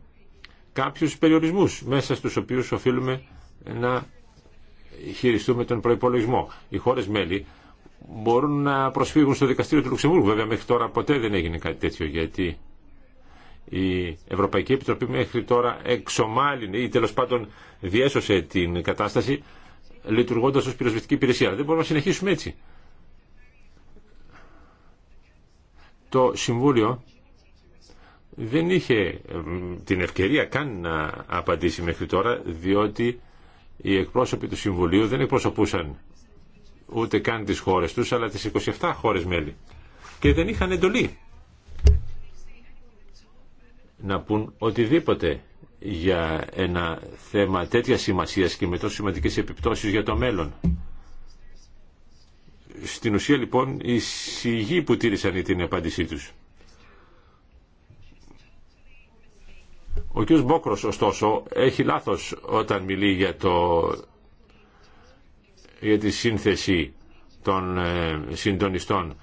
κάποιους περιορισμούς μέσα στους οποίους οφείλουμε να χειριστούμε τον προϋπολογισμό. Οι χώρες μέλη μπορούν να προσφύγουν στο δικαστήριο του Λουξεμβούργου. Βέβαια μέχρι τώρα ποτέ δεν έγινε κάτι τέτοιο γιατί η Ευρωπαϊκή Επιτροπή μέχρι τώρα εξομάλυνε ή τέλος πάντων διέσωσε την κατάσταση λειτουργώντας ως πυροσβεστική υπηρεσία. Δεν μπορούμε να συνεχίσουμε έτσι. Το Συμβούλιο δεν είχε την ευκαιρία καν να απαντήσει μέχρι τώρα, διότι οι εκπρόσωποι του Συμβουλίου δεν εκπροσωπούσαν ούτε καν τις χώρες τους, αλλά τις 27 χώρες μέλη. Και δεν είχαν εντολή να πούν οτιδήποτε για ένα θέμα τέτοια σημασίας και με τόσο σημαντικέ επιπτώσει για το μέλλον. Στην ουσία λοιπόν οι συγγύοι που τήρησαν την απάντησή τους. Ο κ. Μπόκρος ωστόσο έχει λάθος όταν μιλεί για, το, για τη σύνθεση των ε, συντονιστών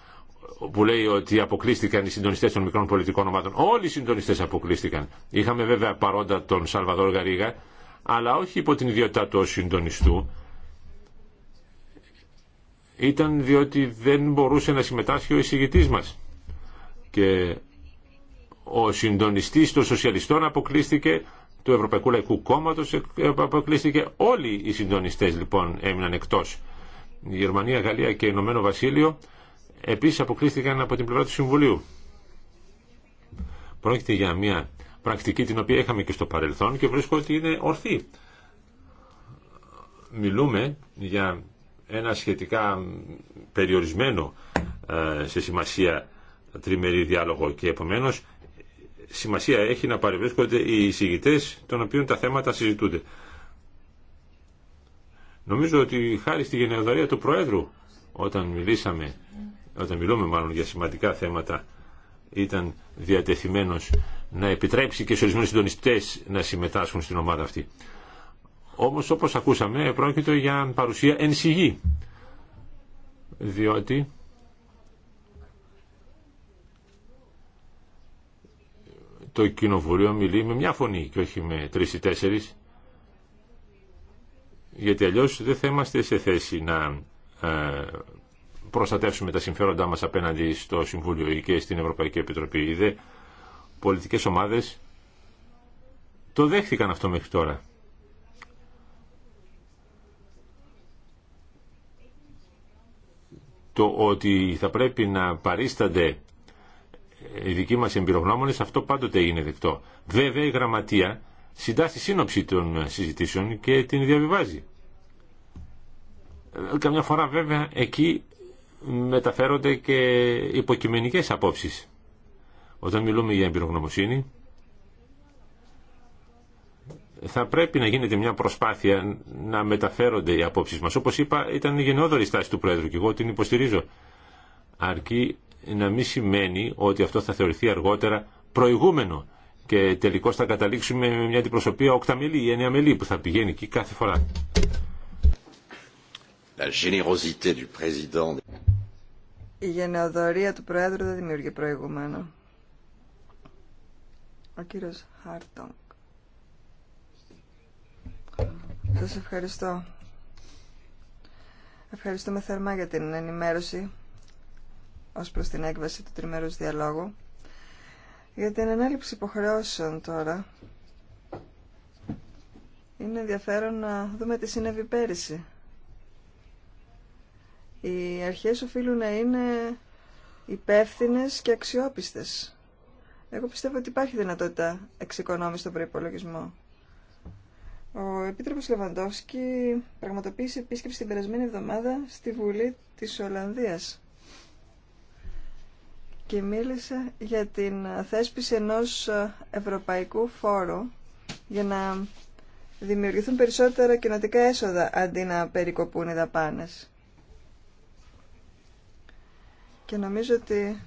που λέει ότι αποκλείστηκαν οι συντονιστές των μικρών πολιτικών ομάδων. Όλοι οι συντονιστές αποκλείστηκαν. Είχαμε βέβαια παρόντα τον Σαλβαδόρ Γαρίγα, αλλά όχι υπό την ιδιότητά του συντονιστού. Ήταν διότι δεν μπορούσε να συμμετάσχει ο εισηγητής μας. Και ο συντονιστής των σοσιαλιστών αποκλείστηκε, του Ευρωπαϊκού Λαϊκού Κόμματος ε, αποκλείστηκε. Όλοι οι συντονιστές λοιπόν έμειναν εκτός. Η Γερμανία, Γαλλία και Ηνωμένο Βασίλειο επίσης αποκλείστηκαν από την πλευρά του Συμβουλίου. Πρόκειται για μια πρακτική την οποία είχαμε και στο παρελθόν και βρίσκω ότι είναι ορθή. Μιλούμε για ένα σχετικά περιορισμένο ε, σε σημασία τριμερή διάλογο και επομένως σημασία έχει να παρευρίσκονται οι εισηγητές των οποίων τα θέματα συζητούνται. Νομίζω ότι χάρη στη γενεοδορία του Προέδρου όταν μιλήσαμε όταν μιλούμε μάλλον για σημαντικά θέματα, ήταν διατεθειμένος να επιτρέψει και σε ορισμένους συντονιστές να συμμετάσχουν στην ομάδα αυτή. Όμως όπως ακούσαμε πρόκειται για παρουσία σιγή διότι το κοινοβουλίο μιλεί με μια φωνή και όχι με τρεις ή τέσσερις, γιατί αλλιώς δεν θα είμαστε σε θέση να ε, προστατεύσουμε τα συμφέροντά μας απέναντι στο Συμβούλιο και στην Ευρωπαϊκή Επιτροπή. Οι δε πολιτικές ομάδες το δέχθηκαν αυτό μέχρι τώρα. Το ότι θα πρέπει να παρίστανται οι δικοί μας εμπειρογνώμονες, αυτό πάντοτε είναι δεκτό. Βέβαια η γραμματεία συντάσσει σύνοψη των συζητήσεων και την διαβιβάζει. Ε, καμιά φορά βέβαια εκεί μεταφέρονται και υποκειμενικές απόψεις. Όταν μιλούμε για εμπειρογνωμοσύνη, θα πρέπει να γίνεται μια προσπάθεια να μεταφέρονται οι απόψεις μας. Όπως είπα, ήταν η γενναιόδορη στάση του Πρόεδρου και εγώ την υποστηρίζω. Αρκεί να μην σημαίνει ότι αυτό θα θεωρηθεί αργότερα προηγούμενο και τελικώς θα καταλήξουμε με μια αντιπροσωπεία οκταμελή ή εννιαμελή που θα πηγαίνει εκεί κάθε φορά. Η γενεοδορία του Προέδρου δεν δημιούργησε προηγούμενο. Ο κύριος Χάρτονγκ. Σας ευχαριστώ. Ευχαριστούμε θερμά για την ενημέρωση ως προς την έκβαση του τριμερούς διαλόγου. Για την ανάληψη υποχρεώσεων τώρα, είναι ενδιαφέρον να δούμε τι συνέβη πέρυσι. Οι αρχές οφείλουν να είναι υπεύθυνε και αξιόπιστες. Εγώ πιστεύω ότι υπάρχει δυνατότητα εξοικονόμηση στον προπολογισμό. Ο Επίτροπο Λεβαντόφσκι πραγματοποίησε επίσκεψη την περασμένη εβδομάδα στη Βουλή τη Ολλανδία και μίλησε για την θέσπιση ενό ευρωπαϊκού φόρου για να δημιουργηθούν περισσότερα κοινοτικά έσοδα αντί να περικοπούν οι δαπάνες και νομίζω ότι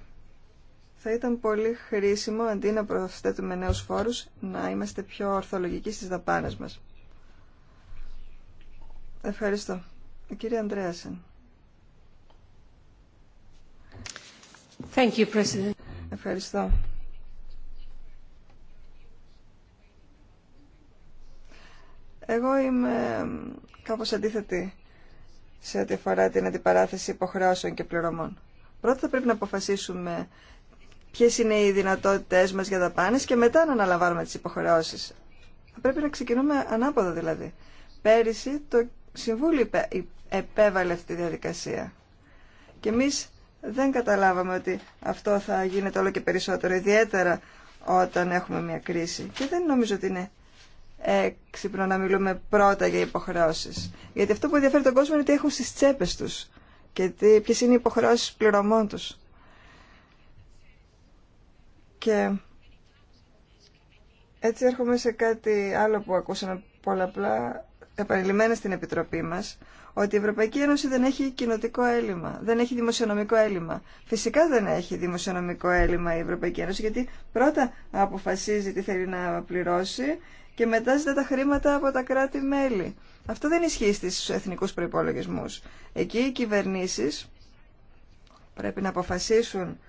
θα ήταν πολύ χρήσιμο αντί να προσθέτουμε νέους φόρους να είμαστε πιο ορθολογικοί στις δαπάνες μας. Ευχαριστώ. κύριε Ανδρέασεν. Ευχαριστώ. Εγώ είμαι κάπως αντίθετη σε ό,τι αφορά την αντιπαράθεση υποχρεώσεων και πληρωμών. Πρώτα θα πρέπει να αποφασίσουμε ποιε είναι οι δυνατότητέ μα για δαπάνε και μετά να αναλαμβάνουμε τι υποχρεώσει. Θα πρέπει να ξεκινούμε ανάποδα δηλαδή. Πέρυσι το Συμβούλιο επέβαλε αυτή τη διαδικασία. Και εμεί δεν καταλάβαμε ότι αυτό θα γίνεται όλο και περισσότερο, ιδιαίτερα όταν έχουμε μια κρίση. Και δεν νομίζω ότι είναι έξυπνο να μιλούμε πρώτα για υποχρεώσει. Γιατί αυτό που ενδιαφέρει τον κόσμο είναι ότι έχουν στι τσέπε του και ποιε είναι οι υποχρεώσει πληρωμών τους. Και έτσι έρχομαι σε κάτι άλλο που ακούσαμε πολλαπλά επανειλημμένα στην Επιτροπή μας, ότι η Ευρωπαϊκή Ένωση δεν έχει κοινοτικό έλλειμμα, δεν έχει δημοσιονομικό έλλειμμα. Φυσικά δεν έχει δημοσιονομικό έλλειμμα η Ευρωπαϊκή Ένωση, γιατί πρώτα αποφασίζει τι θέλει να πληρώσει και μετά ζητά τα χρήματα από τα κράτη-μέλη. Αυτό δεν ισχύει στις εθνικούς προϋπολογισμούς. Εκεί οι κυβερνήσεις πρέπει να αποφασίσουν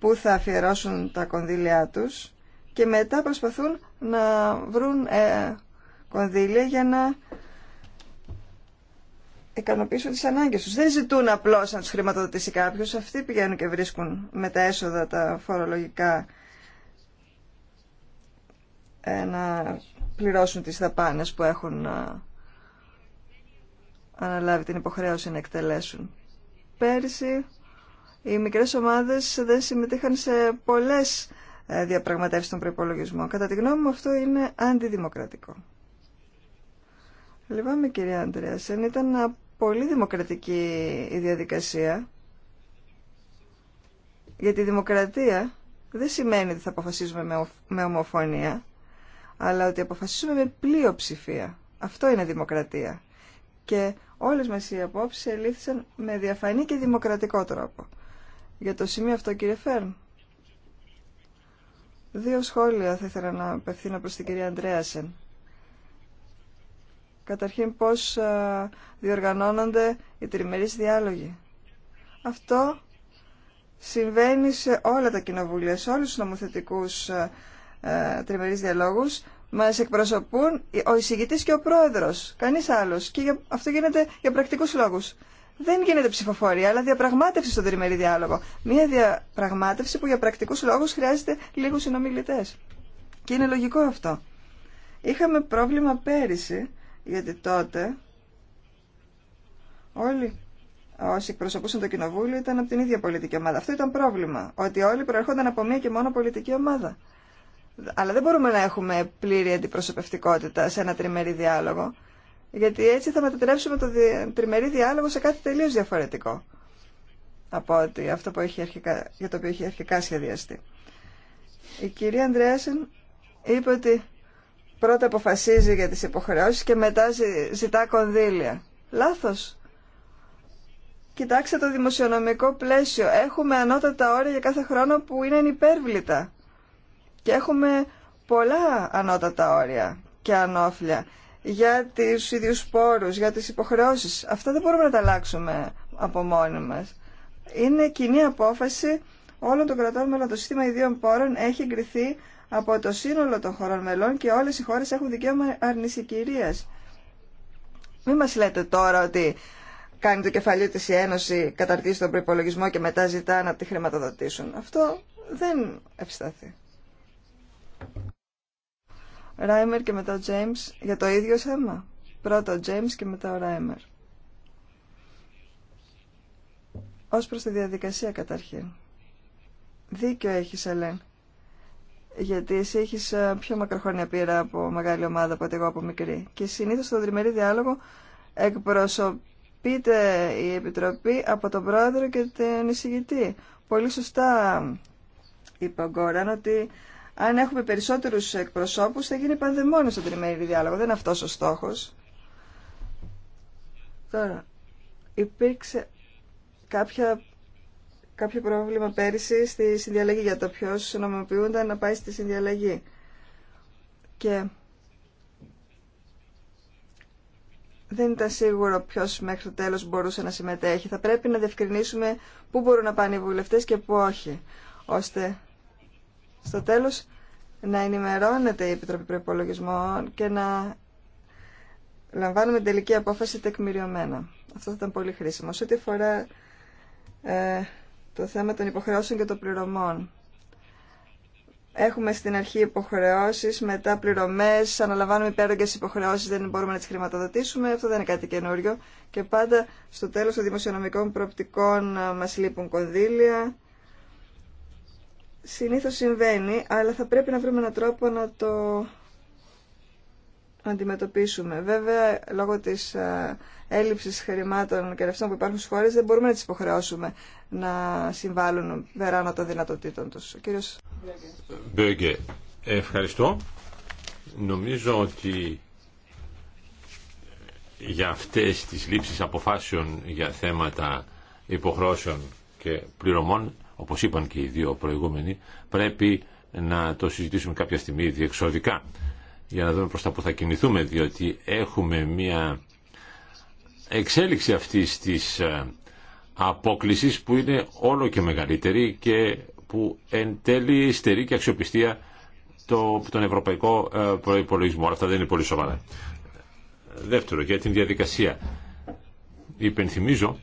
πού θα αφιερώσουν τα κονδύλια τους και μετά προσπαθούν να βρουν ε, κονδύλια για να ικανοποιήσουν τις ανάγκες τους. Δεν ζητούν απλώς να τους χρηματοδοτήσει κάποιο. Αυτοί πηγαίνουν και βρίσκουν με τα έσοδα τα φορολογικά ένα πληρώσουν τις δαπάνες που έχουν ε, αναλάβει την υποχρέωση να εκτελέσουν. πέρσι οι μικρές ομάδες δεν συμμετείχαν σε πολλές ε, διαπραγματεύσεις των προϋπολογισμών. Κατά τη γνώμη μου αυτό είναι αντιδημοκρατικό. Λυπάμαι κυρία Αντρέασεν, ήταν πολύ δημοκρατική η διαδικασία. Γιατί η δημοκρατία δεν σημαίνει ότι θα αποφασίζουμε με ομοφωνία αλλά ότι αποφασίσουμε με πλειοψηφία. Αυτό είναι δημοκρατία. Και όλες μας οι απόψεις ελήφθησαν με διαφανή και δημοκρατικό τρόπο. Για το σημείο αυτό, κύριε Φέρν, δύο σχόλια θα ήθελα να απευθύνω προς την κυρία Αντρέασεν. Καταρχήν, πώς διοργανώνονται οι τριμερείς διάλογοι. Αυτό συμβαίνει σε όλα τα κοινοβούλια, σε όλους τους νομοθετικούς ε, τριμερείς διαλόγους μας εκπροσωπούν ο εισηγητής και ο πρόεδρος, κανείς άλλος. Και αυτό γίνεται για πρακτικούς λόγους. Δεν γίνεται ψηφοφορία, αλλά διαπραγμάτευση στον τριμερή διάλογο. Μία διαπραγμάτευση που για πρακτικούς λόγους χρειάζεται λίγους συνομιλητές. Και είναι λογικό αυτό. Είχαμε πρόβλημα πέρυσι, γιατί τότε όλοι όσοι εκπροσωπούσαν το κοινοβούλιο ήταν από την ίδια πολιτική ομάδα. Αυτό ήταν πρόβλημα, ότι όλοι προερχόνταν από μία και μόνο πολιτική ομάδα. Αλλά δεν μπορούμε να έχουμε πλήρη αντιπροσωπευτικότητα σε ένα τριμερή διάλογο, γιατί έτσι θα μετατρέψουμε το τριμερή διάλογο σε κάτι τελείως διαφορετικό από ότι αυτό που έχει αρχικά, για το οποίο έχει αρχικά σχεδιαστεί. Η κυρία Ανδρέασεν είπε ότι πρώτα αποφασίζει για τις υποχρεώσεις και μετά ζητά κονδύλια. Λάθος. Κοιτάξτε το δημοσιονομικό πλαίσιο. Έχουμε ανώτατα όρια για κάθε χρόνο που είναι ανυπέρβλητα. Και έχουμε πολλά ανώτατα όρια και ανώφλια για τους ίδιους πόρους, για τις υποχρεώσεις. Αυτά δεν μπορούμε να τα αλλάξουμε από μόνοι μας. Είναι κοινή απόφαση όλων των κρατών μελών. Το σύστημα ιδίων πόρων έχει εγκριθεί από το σύνολο των χωρών μελών και όλες οι χώρες έχουν δικαίωμα αρνησικυρίας. Μην μας λέτε τώρα ότι κάνει το κεφαλίο της η Ένωση, καταρτίζει τον προπολογισμό και μετά ζητά να τη χρηματοδοτήσουν. Αυτό δεν ευσταθεί. Ράιμερ και μετά ο James για το ίδιο θέμα. Πρώτα ο James και μετά ο Ράιμερ. Ως προς τη διαδικασία καταρχήν. Δίκιο έχεις, Ελέν. Γιατί εσύ έχεις ε, πιο μακροχρόνια πείρα από μεγάλη ομάδα από ότι εγώ από μικρή. Και συνήθως στον τριμερή διάλογο εκπροσωπείται η Επιτροπή από τον πρόεδρο και τον εισηγητή. Πολύ σωστά είπε ο Γκόραν ότι αν έχουμε περισσότερους εκπροσώπους θα γίνει πανδεμόνο στον τριμερή διάλογο. Δεν είναι αυτός ο στόχος. Τώρα, υπήρξε κάποια, κάποιο πρόβλημα πέρυσι στη συνδιαλέγη για το ποιος νομιμοποιούνταν να πάει στη συνδιαλέγη. Και δεν ήταν σίγουρο ποιο μέχρι το τέλο μπορούσε να συμμετέχει. Θα πρέπει να διευκρινίσουμε πού μπορούν να πάνε οι βουλευτέ και πού όχι, ώστε στο τέλος να ενημερώνεται η Επιτροπή Προπολογισμών και να λαμβάνουμε τελική απόφαση τεκμηριωμένα. Αυτό θα ήταν πολύ χρήσιμο. Σε ό,τι αφορά ε, το θέμα των υποχρεώσεων και των πληρωμών. Έχουμε στην αρχή υποχρεώσεις, μετά πληρωμές, αναλαμβάνουμε υπέρογγες υποχρεώσεις, δεν μπορούμε να τις χρηματοδοτήσουμε, αυτό δεν είναι κάτι καινούριο. Και πάντα στο τέλος των δημοσιονομικών προοπτικών ε, μας λείπουν κονδύλια συνήθως συμβαίνει, αλλά θα πρέπει να βρούμε έναν τρόπο να το αντιμετωπίσουμε. Βέβαια, λόγω της έλλειψης χρημάτων και ρευστών που υπάρχουν στις χώρες, δεν μπορούμε να τις υποχρεώσουμε να συμβάλλουν περάνω των δυνατοτήτων τους. κύριος Μπέγκε, ευχαριστώ. Νομίζω ότι για αυτές τις λήψεις αποφάσεων για θέματα υποχρώσεων και πληρωμών όπως είπαν και οι δύο προηγούμενοι, πρέπει να το συζητήσουμε κάποια στιγμή διεξοδικά για να δούμε προς τα που θα κινηθούμε, διότι έχουμε μια εξέλιξη αυτής της ε, απόκλησης που είναι όλο και μεγαλύτερη και που εν τέλει στερεί και αξιοπιστία το, τον ευρωπαϊκό ε, προϋπολογισμό. αυτά δεν είναι πολύ σοβαρά. Δεύτερο, για την διαδικασία. Υπενθυμίζω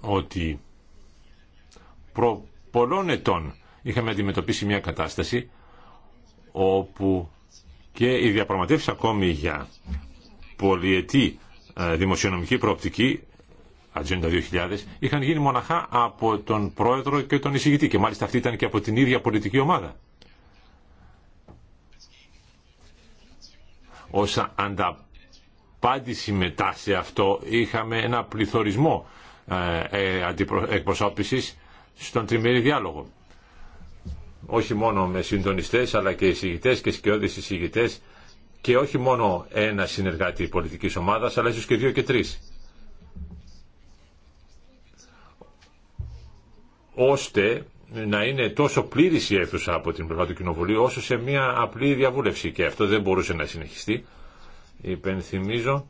ότι Προ πολλών ετών είχαμε αντιμετωπίσει μια κατάσταση όπου και οι διαπραγματεύσει ακόμη για πολυετή ε, δημοσιονομική προοπτική Ατζέντα 2000 είχαν γίνει μοναχά από τον πρόεδρο και τον εισηγητή και μάλιστα αυτή ήταν και από την ίδια πολιτική ομάδα. Όσα ανταπάντηση μετά σε αυτό είχαμε ένα πληθωρισμό ε, ε, εκπροσώπησης στον τριμερή διάλογο. Όχι μόνο με συντονιστές αλλά και εισηγητές και σκιώδεις εισηγητές και όχι μόνο ένα συνεργάτη πολιτικής ομάδας αλλά ίσως και δύο και τρεις. Ώστε να είναι τόσο πλήρης η αίθουσα από την πλευρά του Κοινοβουλίου όσο σε μια απλή διαβούλευση και αυτό δεν μπορούσε να συνεχιστεί. Υπενθυμίζω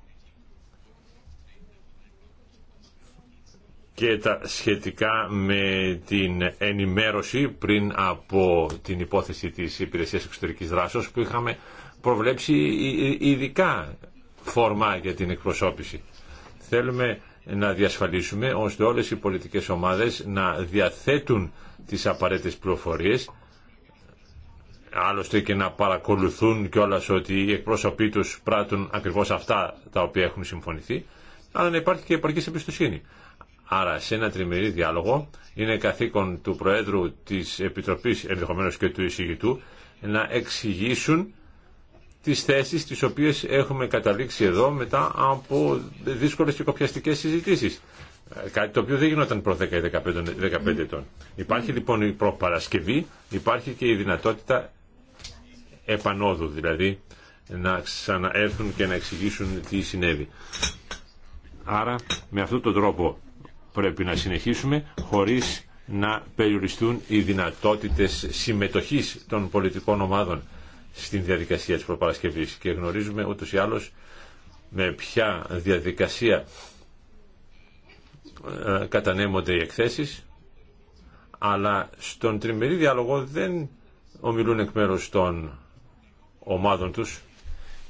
και τα σχετικά με την ενημέρωση πριν από την υπόθεση της Υπηρεσίας Εξωτερικής Δράσεως που είχαμε προβλέψει ειδικά φόρμα για την εκπροσώπηση. Θέλουμε να διασφαλίσουμε ώστε όλες οι πολιτικές ομάδες να διαθέτουν τις απαραίτητες πληροφορίες άλλωστε και να παρακολουθούν κιόλα ότι οι εκπρόσωποι τους πράττουν ακριβώς αυτά τα οποία έχουν συμφωνηθεί αλλά να υπάρχει και επαρκής εμπιστοσύνη. Άρα σε ένα τριμερή διάλογο είναι καθήκον του Προέδρου της Επιτροπής ενδεχομένως και του εισηγητού να εξηγήσουν τις θέσεις τις οποίες έχουμε καταλήξει εδώ μετά από δύσκολες και κοπιαστικές συζητήσεις. Ε, κάτι το οποίο δεν γινόταν προ 10 ή 15 ετών. Υπάρχει λοιπόν η προπαρασκευή, υπάρχει και η δυνατότητα επανόδου δηλαδή να ξαναέρθουν και να εξηγήσουν τι συνέβη. Άρα με αυτόν τον τρόπο πρέπει να συνεχίσουμε χωρίς να περιοριστούν οι δυνατότητες συμμετοχής των πολιτικών ομάδων στην διαδικασία της προπαρασκευής και γνωρίζουμε ούτως ή άλλως με ποια διαδικασία ε, κατανέμονται οι εκθέσεις αλλά στον τριμερή διάλογο δεν ομιλούν εκ μέρους των ομάδων τους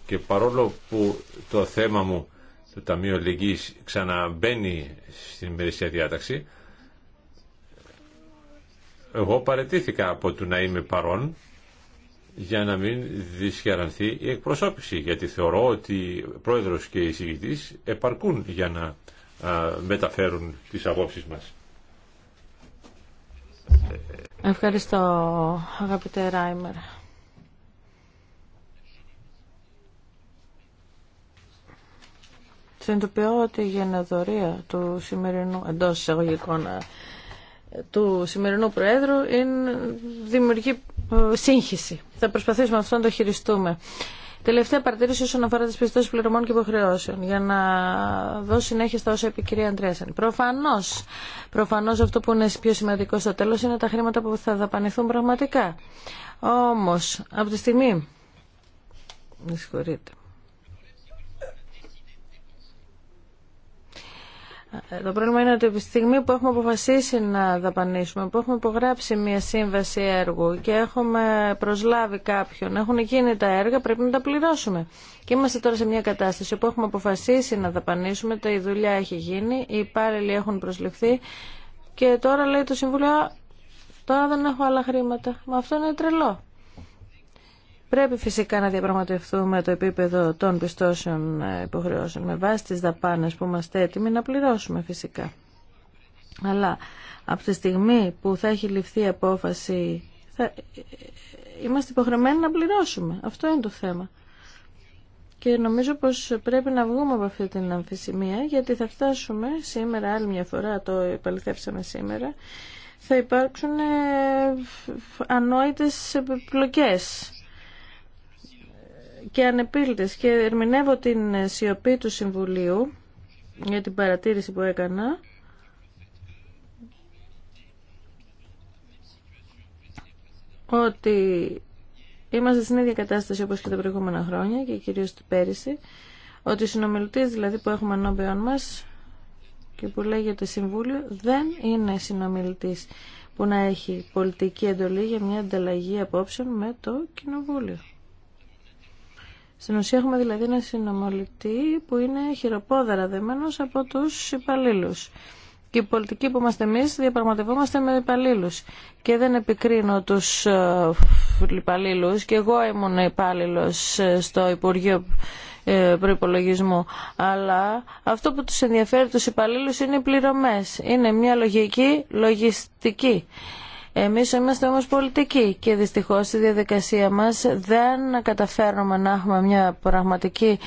και παρόλο που το θέμα μου το Ταμείο Λεγγύης ξαναμπαίνει στην ημερησία διάταξη. Εγώ παρετήθηκα από το να είμαι παρόν για να μην δυσχερανθεί η εκπροσώπηση, γιατί θεωρώ ότι πρόεδρος και εισηγητής επαρκούν για να μεταφέρουν τις απόψεις μας. Ευχαριστώ αγαπητέ Ράιμερ. Συνειδητοποιώ ότι η γενεδορία του σημερινού εντό εισαγωγικών ε, του σημερινού Προέδρου είναι, δημιουργεί ε, σύγχυση. Θα προσπαθήσουμε αυτό να το χειριστούμε. Τελευταία παρατήρηση όσον αφορά τις πιστώσεις πληρωμών και υποχρεώσεων, για να δω συνέχεια στα όσα είπε η κυρία Αντρέσεν. Προφανώ προφανώς αυτό που είναι πιο σημαντικό στο τέλος είναι τα χρήματα που θα δαπανηθούν πραγματικά. Όμω, από τη στιγμή. Με συγχωρείτε. Ε, το πρόβλημα είναι ότι από τη στιγμή που έχουμε αποφασίσει να δαπανίσουμε, που έχουμε υπογράψει μια σύμβαση έργου και έχουμε προσλάβει κάποιον, έχουν γίνει τα έργα, πρέπει να τα πληρώσουμε. Και είμαστε τώρα σε μια κατάσταση που έχουμε αποφασίσει να δαπανίσουμε, η δουλειά έχει γίνει, οι υπάλληλοι έχουν προσληφθεί και τώρα λέει το Συμβούλιο, τώρα δεν έχω άλλα χρήματα. Μα αυτό είναι τρελό. Πρέπει φυσικά να διαπραγματευτούμε το επίπεδο των πιστώσεων ε, υποχρεώσεων με βάση τις δαπάνες που είμαστε έτοιμοι να πληρώσουμε φυσικά. Αλλά από τη στιγμή που θα έχει ληφθεί η απόφαση θα... Ε, ε, είμαστε υποχρεωμένοι να πληρώσουμε. Αυτό είναι το θέμα. Και νομίζω πως πρέπει να βγούμε από αυτή την αμφισημία γιατί θα φτάσουμε σήμερα άλλη μια φορά, το επαληθεύσαμε σήμερα, θα υπάρξουν ανόητες επιπλοκές και ανεπίλητες και ερμηνεύω την σιωπή του Συμβουλίου για την παρατήρηση που έκανα ότι είμαστε στην ίδια κατάσταση όπως και τα προηγούμενα χρόνια και κυρίως την πέρυσι ότι οι συνομιλητές δηλαδή που έχουμε ενώπιον μας και που λέγεται Συμβούλιο δεν είναι συνομιλητής που να έχει πολιτική εντολή για μια ανταλλαγή απόψεων με το Κοινοβούλιο. Στην ουσία έχουμε δηλαδή ένα συνομολητή που είναι χειροπόδαρα δεμένος από τους υπαλλήλους. Και η πολιτική που είμαστε εμείς διαπραγματευόμαστε με υπαλλήλου. Και δεν επικρίνω τους ε, υπαλλήλου. Και εγώ ήμουν υπάλληλο ε, στο Υπουργείο ε, Προϋπολογισμού. Αλλά αυτό που τους ενδιαφέρει τους υπαλλήλου είναι οι πληρωμές. Είναι μια λογική λογιστική. Εμείς είμαστε όμως πολιτικοί και δυστυχώς στη διαδικασία μας δεν καταφέρνουμε να έχουμε μια πραγματική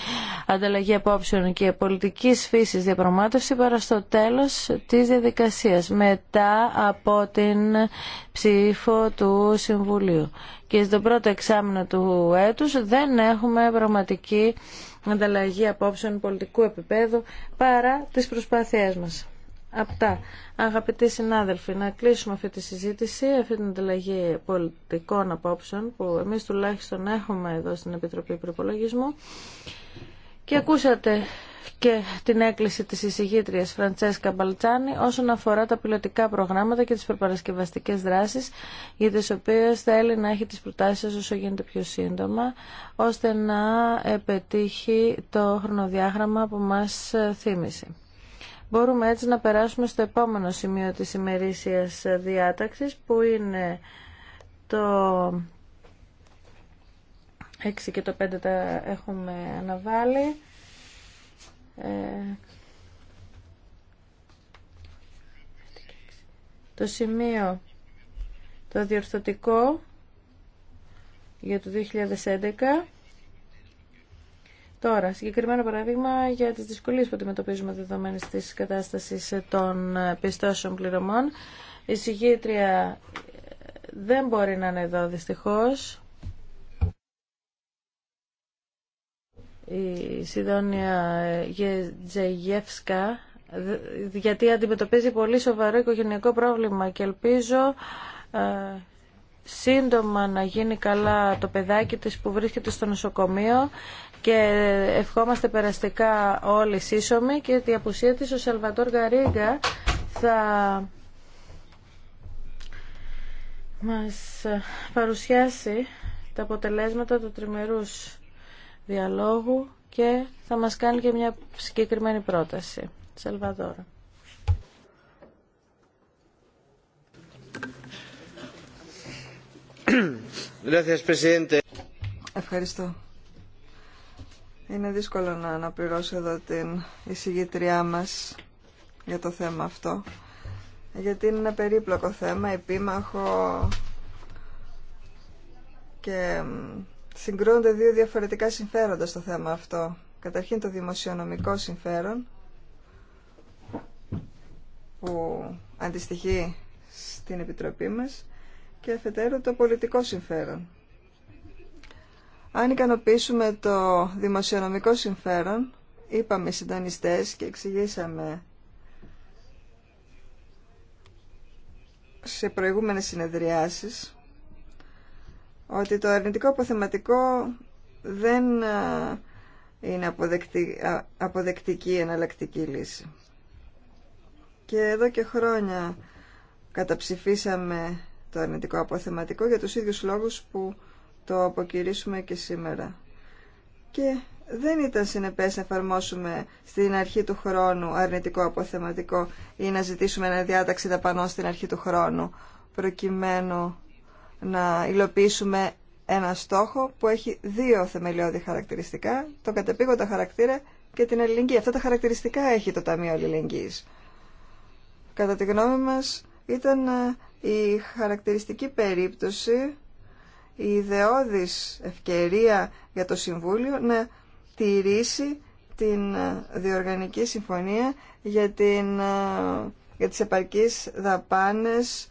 ανταλλαγή απόψεων και πολιτικής φύσης διαπραγμάτευση παρά στο τέλος της διαδικασίας μετά από την ψήφο του Συμβουλίου. Και στο πρώτο εξάμεινο του έτους δεν έχουμε πραγματική ανταλλαγή απόψεων πολιτικού επίπεδου παρά τις προσπάθειές μας. Απτά, αγαπητοί συνάδελφοι, να κλείσουμε αυτή τη συζήτηση, αυτή την ανταλλαγή πολιτικών απόψεων που εμείς τουλάχιστον έχουμε εδώ στην Επιτροπή Προπολογισμού. Και ακούσατε και την έκκληση της εισηγήτριας Φραντσέσκα Μπαλτσάνη όσον αφορά τα πιλωτικά προγράμματα και τις προπαρασκευαστικές δράσεις για τις οποίες θέλει να έχει τις προτάσεις όσο γίνεται πιο σύντομα ώστε να πετύχει το χρονοδιάγραμμα που μας θύμισε. Μπορούμε έτσι να περάσουμε στο επόμενο σημείο της ημερήσιας διάταξης που είναι το 6 και το 5 τα έχουμε αναβάλει. Ε, το σημείο το διορθωτικό για το 2011 Τώρα, συγκεκριμένο παράδειγμα για τις δυσκολίες που αντιμετωπίζουμε δεδομένες της κατάστασης των πιστώσεων πληρωμών. Η συγγήτρια δεν μπορεί να είναι εδώ δυστυχώς. Η Σιδόνια Τζεγεύσκα γιατί αντιμετωπίζει πολύ σοβαρό οικογενειακό πρόβλημα και ελπίζω ε, σύντομα να γίνει καλά το παιδάκι της που βρίσκεται στο νοσοκομείο και ευχόμαστε περαστικά όλοι σύσσωμοι και ότι η απουσία της ο Σαλβατόρ Γαρίγκα θα μας παρουσιάσει τα αποτελέσματα του τριμερούς διαλόγου και θα μας κάνει και μια συγκεκριμένη πρόταση. Σαλβατόρ. Ευχαριστώ. Είναι δύσκολο να αναπληρώσω εδώ την εισηγήτριά μας για το θέμα αυτό. Γιατί είναι ένα περίπλοκο θέμα, επίμαχο και συγκρούνται δύο διαφορετικά συμφέροντα στο θέμα αυτό. Καταρχήν το δημοσιονομικό συμφέρον που αντιστοιχεί στην Επιτροπή μας και αφετέρου το πολιτικό συμφέρον αν ικανοποιήσουμε το δημοσιονομικό συμφέρον, είπαμε συντονιστές και εξηγήσαμε σε προηγούμενες συνεδριάσεις ότι το αρνητικό αποθεματικό δεν ε, είναι αποδεκτική, εναλλακτική λύση. Και εδώ και χρόνια καταψηφίσαμε το αρνητικό αποθεματικό για τους ίδιους λόγους που το αποκηρύσουμε και σήμερα. Και δεν ήταν συνεπές να εφαρμόσουμε στην αρχή του χρόνου αρνητικό αποθεματικό ή να ζητήσουμε ένα διάταξη δαπανών στην αρχή του χρόνου προκειμένου να υλοποιήσουμε ένα στόχο που έχει δύο θεμελιώδη χαρακτηριστικά, το κατεπήγοντα χαρακτήρα και την αλληλεγγύη. Αυτά τα χαρακτηριστικά έχει το Ταμείο Αλληλεγγύης. Κατά τη γνώμη μας ήταν ε, η χαρακτηριστική περίπτωση η ιδεώδης ευκαιρία για το Συμβούλιο να τηρήσει την ε, διοργανική συμφωνία για, την, ε, για τις επαρκείς δαπάνες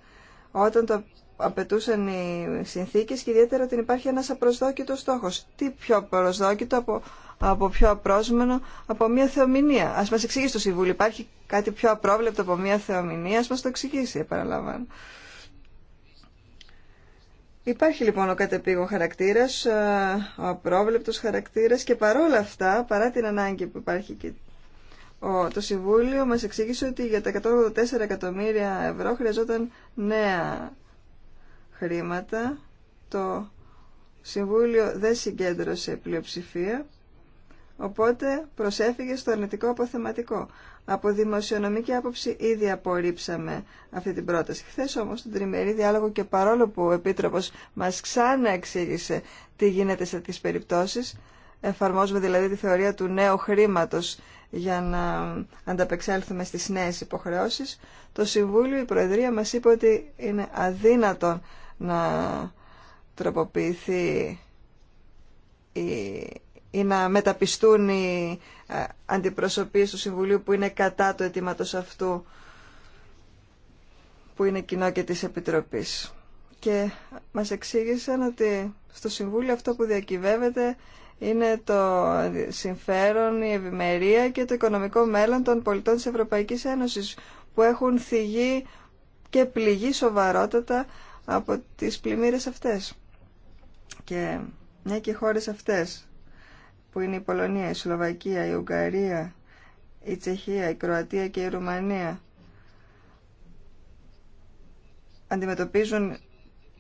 όταν το απαιτούσαν οι συνθήκες και ιδιαίτερα ότι υπάρχει ένας απροσδόκητος στόχος. Τι πιο απροσδόκητο από, από πιο απρόσμενο από μια θεομηνία. Ας μας εξηγήσει το Συμβούλιο. Υπάρχει κάτι πιο απρόβλεπτο από μια θεομηνία. Ας μας το εξηγήσει, επαναλαμβάνω. Υπάρχει λοιπόν ο κατεπήγον χαρακτήρας, ε, ο απρόβλεπτος χαρακτήρας και παρόλα αυτά, παρά την ανάγκη που υπάρχει και το Συμβούλιο μας εξήγησε ότι για τα 184 εκατομμύρια ευρώ χρειαζόταν νέα χρήματα. Το Συμβούλιο δεν συγκέντρωσε πλειοψηφία Οπότε προσέφυγε στο αρνητικό αποθεματικό. Από δημοσιονομική άποψη ήδη απορρίψαμε αυτή την πρόταση. Χθε όμω τον τριμερή διάλογο και παρόλο που ο Επίτροπο μα ξανά εξήγησε τι γίνεται σε τέτοιε περιπτώσει, εφαρμόζουμε δηλαδή τη θεωρία του νέου χρήματο για να ανταπεξέλθουμε στις νέε υποχρεώσει. το Συμβούλιο, η Προεδρία μα είπε ότι είναι αδύνατο να τροποποιηθεί η ή να μεταπιστούν οι ε, αντιπροσωπείς του Συμβουλίου που είναι κατά του αιτήματο αυτού που είναι κοινό και της Επιτροπής. Και μας εξήγησαν ότι στο Συμβούλιο αυτό που διακυβεύεται είναι το συμφέρον, η ευημερία και το οικονομικό μέλλον των πολιτών της ευρωπαϊκή Ένωσης που έχουν θυγεί και πληγεί σοβαρότατα από τις πλημμύρες αυτές. Και μια και χώρες αυτές που είναι η Πολωνία, η Σλοβακία, η Ουγγαρία, η Τσεχία, η Κροατία και η Ρουμανία αντιμετωπίζουν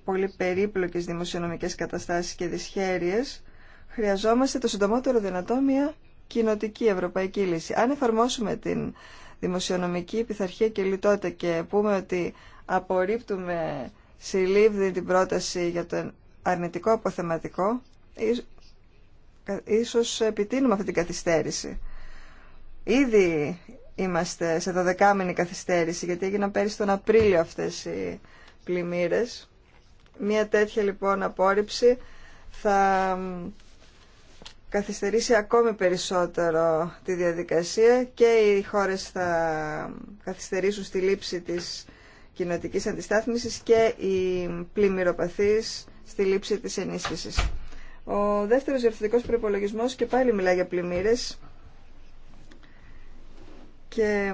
πολύ περίπλοκες δημοσιονομικές καταστάσεις και δυσχέρειες, χρειαζόμαστε το συντομότερο δυνατό μια κοινοτική ευρωπαϊκή λύση. Αν εφαρμόσουμε την δημοσιονομική πειθαρχία και λιτότητα και πούμε ότι απορρίπτουμε συλλήβδη την πρόταση για το αρνητικό αποθεματικό, ίσως επιτείνουμε αυτή την καθυστέρηση. Ήδη είμαστε σε δωδεκάμινη καθυστέρηση, γιατί έγιναν πέρυσι τον Απρίλιο αυτές οι πλημμύρες. Μία τέτοια λοιπόν απόρριψη θα καθυστερήσει ακόμη περισσότερο τη διαδικασία και οι χώρες θα καθυστερήσουν στη λήψη της κοινοτικής αντιστάθμισης και οι πλημμυροπαθείς στη λήψη της ενίσχυσης. Ο δεύτερος διορθωτικός προϋπολογισμός και πάλι μιλά για πλημμύρες και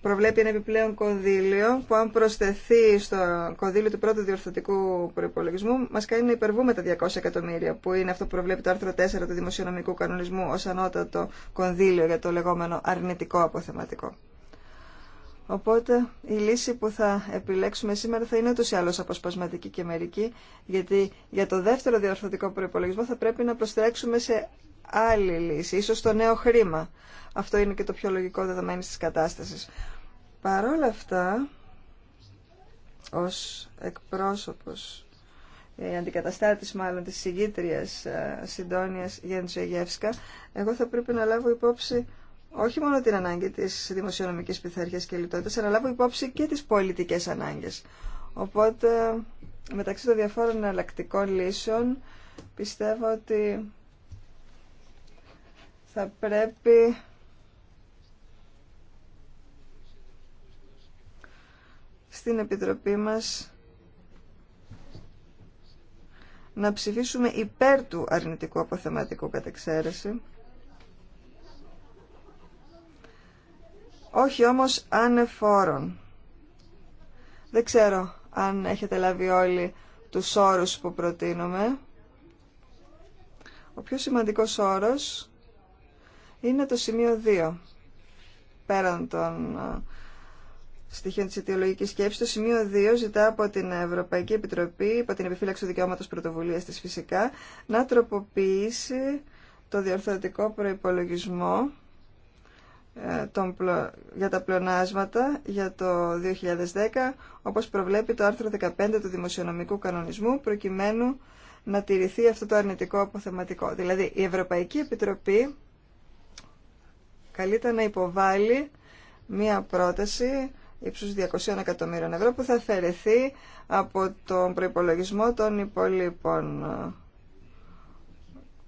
προβλέπει ένα επιπλέον κονδύλιο που αν προσθεθεί στο κονδύλιο του πρώτου διορθωτικού προϋπολογισμού μας κάνει να υπερβούμε τα 200 εκατομμύρια που είναι αυτό που προβλέπει το άρθρο 4 του Δημοσιονομικού Κανονισμού ως ανώτατο κονδύλιο για το λεγόμενο αρνητικό αποθεματικό. Οπότε η λύση που θα επιλέξουμε σήμερα θα είναι ούτως ή άλλως αποσπασματική και μερική, γιατί για το δεύτερο διορθωτικό προϋπολογισμό θα πρέπει να προστρέξουμε σε άλλη λύση, ίσως το νέο χρήμα. Αυτό είναι και το πιο λογικό δεδομένη της κατάστασης. Παρ' όλα αυτά, ως εκπρόσωπος, η ε, αντικαταστάτης μάλλον της συγκίτριας ε, Συντόνιας Γέντζο εγώ θα πρέπει να λάβω υπόψη όχι μόνο την ανάγκη τη δημοσιονομική πειθαρχία και λιτότητα, αλλά λάβω υπόψη και τι πολιτικές ανάγκε. Οπότε, μεταξύ των διαφόρων εναλλακτικών λύσεων, πιστεύω ότι θα πρέπει στην Επιτροπή μας να ψηφίσουμε υπέρ του αρνητικού αποθεματικού κατεξαίρεση. όχι όμως ανεφόρων. Δεν ξέρω αν έχετε λάβει όλοι τους όρους που προτείνουμε. Ο πιο σημαντικός όρος είναι το σημείο 2. Πέραν των στοιχείων της αιτιολογικής σκέψης, το σημείο 2 ζητά από την Ευρωπαϊκή Επιτροπή, από την επιφύλαξη του δικαιώματος πρωτοβουλίας της φυσικά, να τροποποιήσει το διορθωτικό προϋπολογισμό ε, για τα πλονάσματα για το 2010, όπως προβλέπει το άρθρο 15 του Δημοσιονομικού Κανονισμού, προκειμένου να τηρηθεί αυτό το αρνητικό αποθεματικό. Δηλαδή, η Ευρωπαϊκή Επιτροπή καλείται να υποβάλει μία πρόταση ύψους 200 εκατομμύρων ευρώ που θα αφαιρεθεί από τον προϋπολογισμό των υπολείπων ε,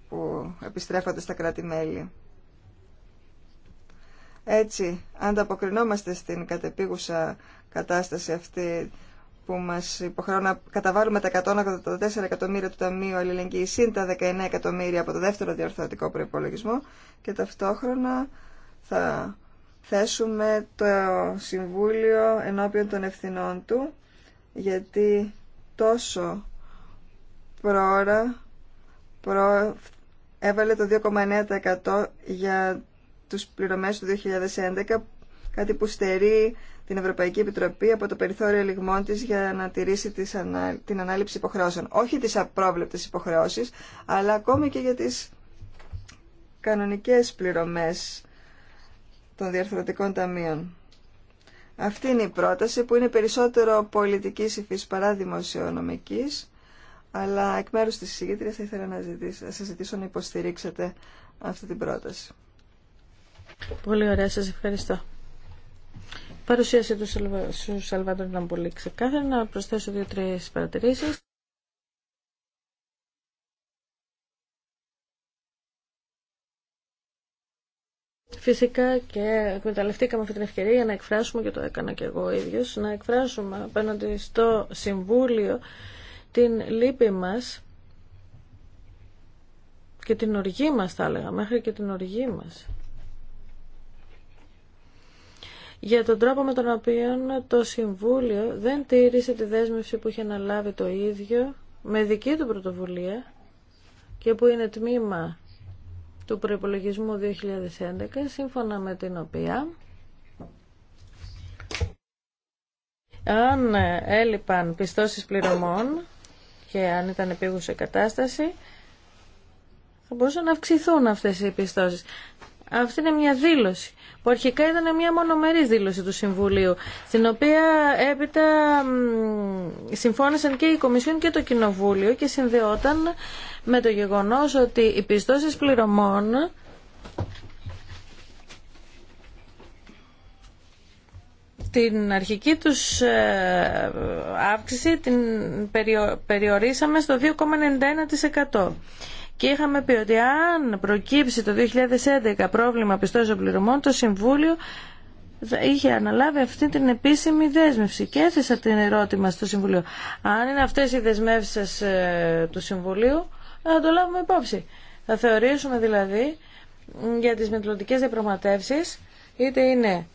που επιστρέφονται στα κράτη-μέλη. Έτσι, ανταποκρινόμαστε στην κατεπίγουσα κατάσταση αυτή που μας υποχρεώνει να καταβάλουμε τα 184 εκατομμύρια του Ταμείου Αλληλεγγύη συν τα 19 εκατομμύρια από το δεύτερο διορθωτικό προπολογισμό και ταυτόχρονα θα θέσουμε το Συμβούλιο ενώπιον των ευθυνών του γιατί τόσο πρόωρα προ... έβαλε το 2,9% για τους πληρωμές του 2011, κάτι που στερεί την Ευρωπαϊκή Επιτροπή από το περιθώριο λιγμών της για να τηρήσει την ανάληψη υποχρεώσεων. Όχι τις απρόβλεπτες υποχρεώσεις, αλλά ακόμη και για τις κανονικές πληρωμές των διαρθρωτικών ταμείων. Αυτή είναι η πρόταση που είναι περισσότερο πολιτικής υφής παρά δημοσιονομικής, αλλά εκ μέρους της συζήτησης θα ήθελα να σας ζητήσω να υποστηρίξετε αυτή την πρόταση. Πολύ ωραία, σας ευχαριστώ. Η παρουσίαση του Σαλβάντορ ήταν πολύ ξεκάθαρη. Να προσθέσω δύο-τρεις παρατηρήσεις. Φυσικά και εκμεταλλευτήκαμε αυτή την ευκαιρία να εκφράσουμε, και το έκανα και εγώ ίδιο, να εκφράσουμε απέναντι στο Συμβούλιο την λύπη μας και την οργή μας θα έλεγα, μέχρι και την οργή μας για τον τρόπο με τον οποίο το Συμβούλιο δεν τήρησε τη δέσμευση που είχε αναλάβει το ίδιο με δική του πρωτοβουλία και που είναι τμήμα του προϋπολογισμού 2011, σύμφωνα με την οποία αν έλειπαν πιστώσεις πληρωμών και αν ήταν επίγουσα κατάσταση, θα μπορούσαν να αυξηθούν αυτές οι πιστώσεις. Αυτή είναι μια δήλωση που αρχικά ήταν μια μονομερή δήλωση του Συμβουλίου, στην οποία έπειτα συμφώνησαν και η Κομισιόν και το Κοινοβούλιο και συνδεόταν με το γεγονός ότι οι πιστώσεις πληρωμών την αρχική τους ε, αύξηση την περιορίσαμε στο 2,91% και είχαμε πει ότι αν προκύψει το 2011 πρόβλημα πιστώσεων πληρωμών, το Συμβούλιο είχε αναλάβει αυτή την επίσημη δέσμευση και έθεσα την ερώτημα στο Συμβουλίο. Αν είναι αυτές οι δεσμεύσεις ε, του Συμβουλίου, θα το λάβουμε υπόψη. Θα θεωρήσουμε δηλαδή για τις μετλωτικέ διαπραγματεύσει, είτε είναι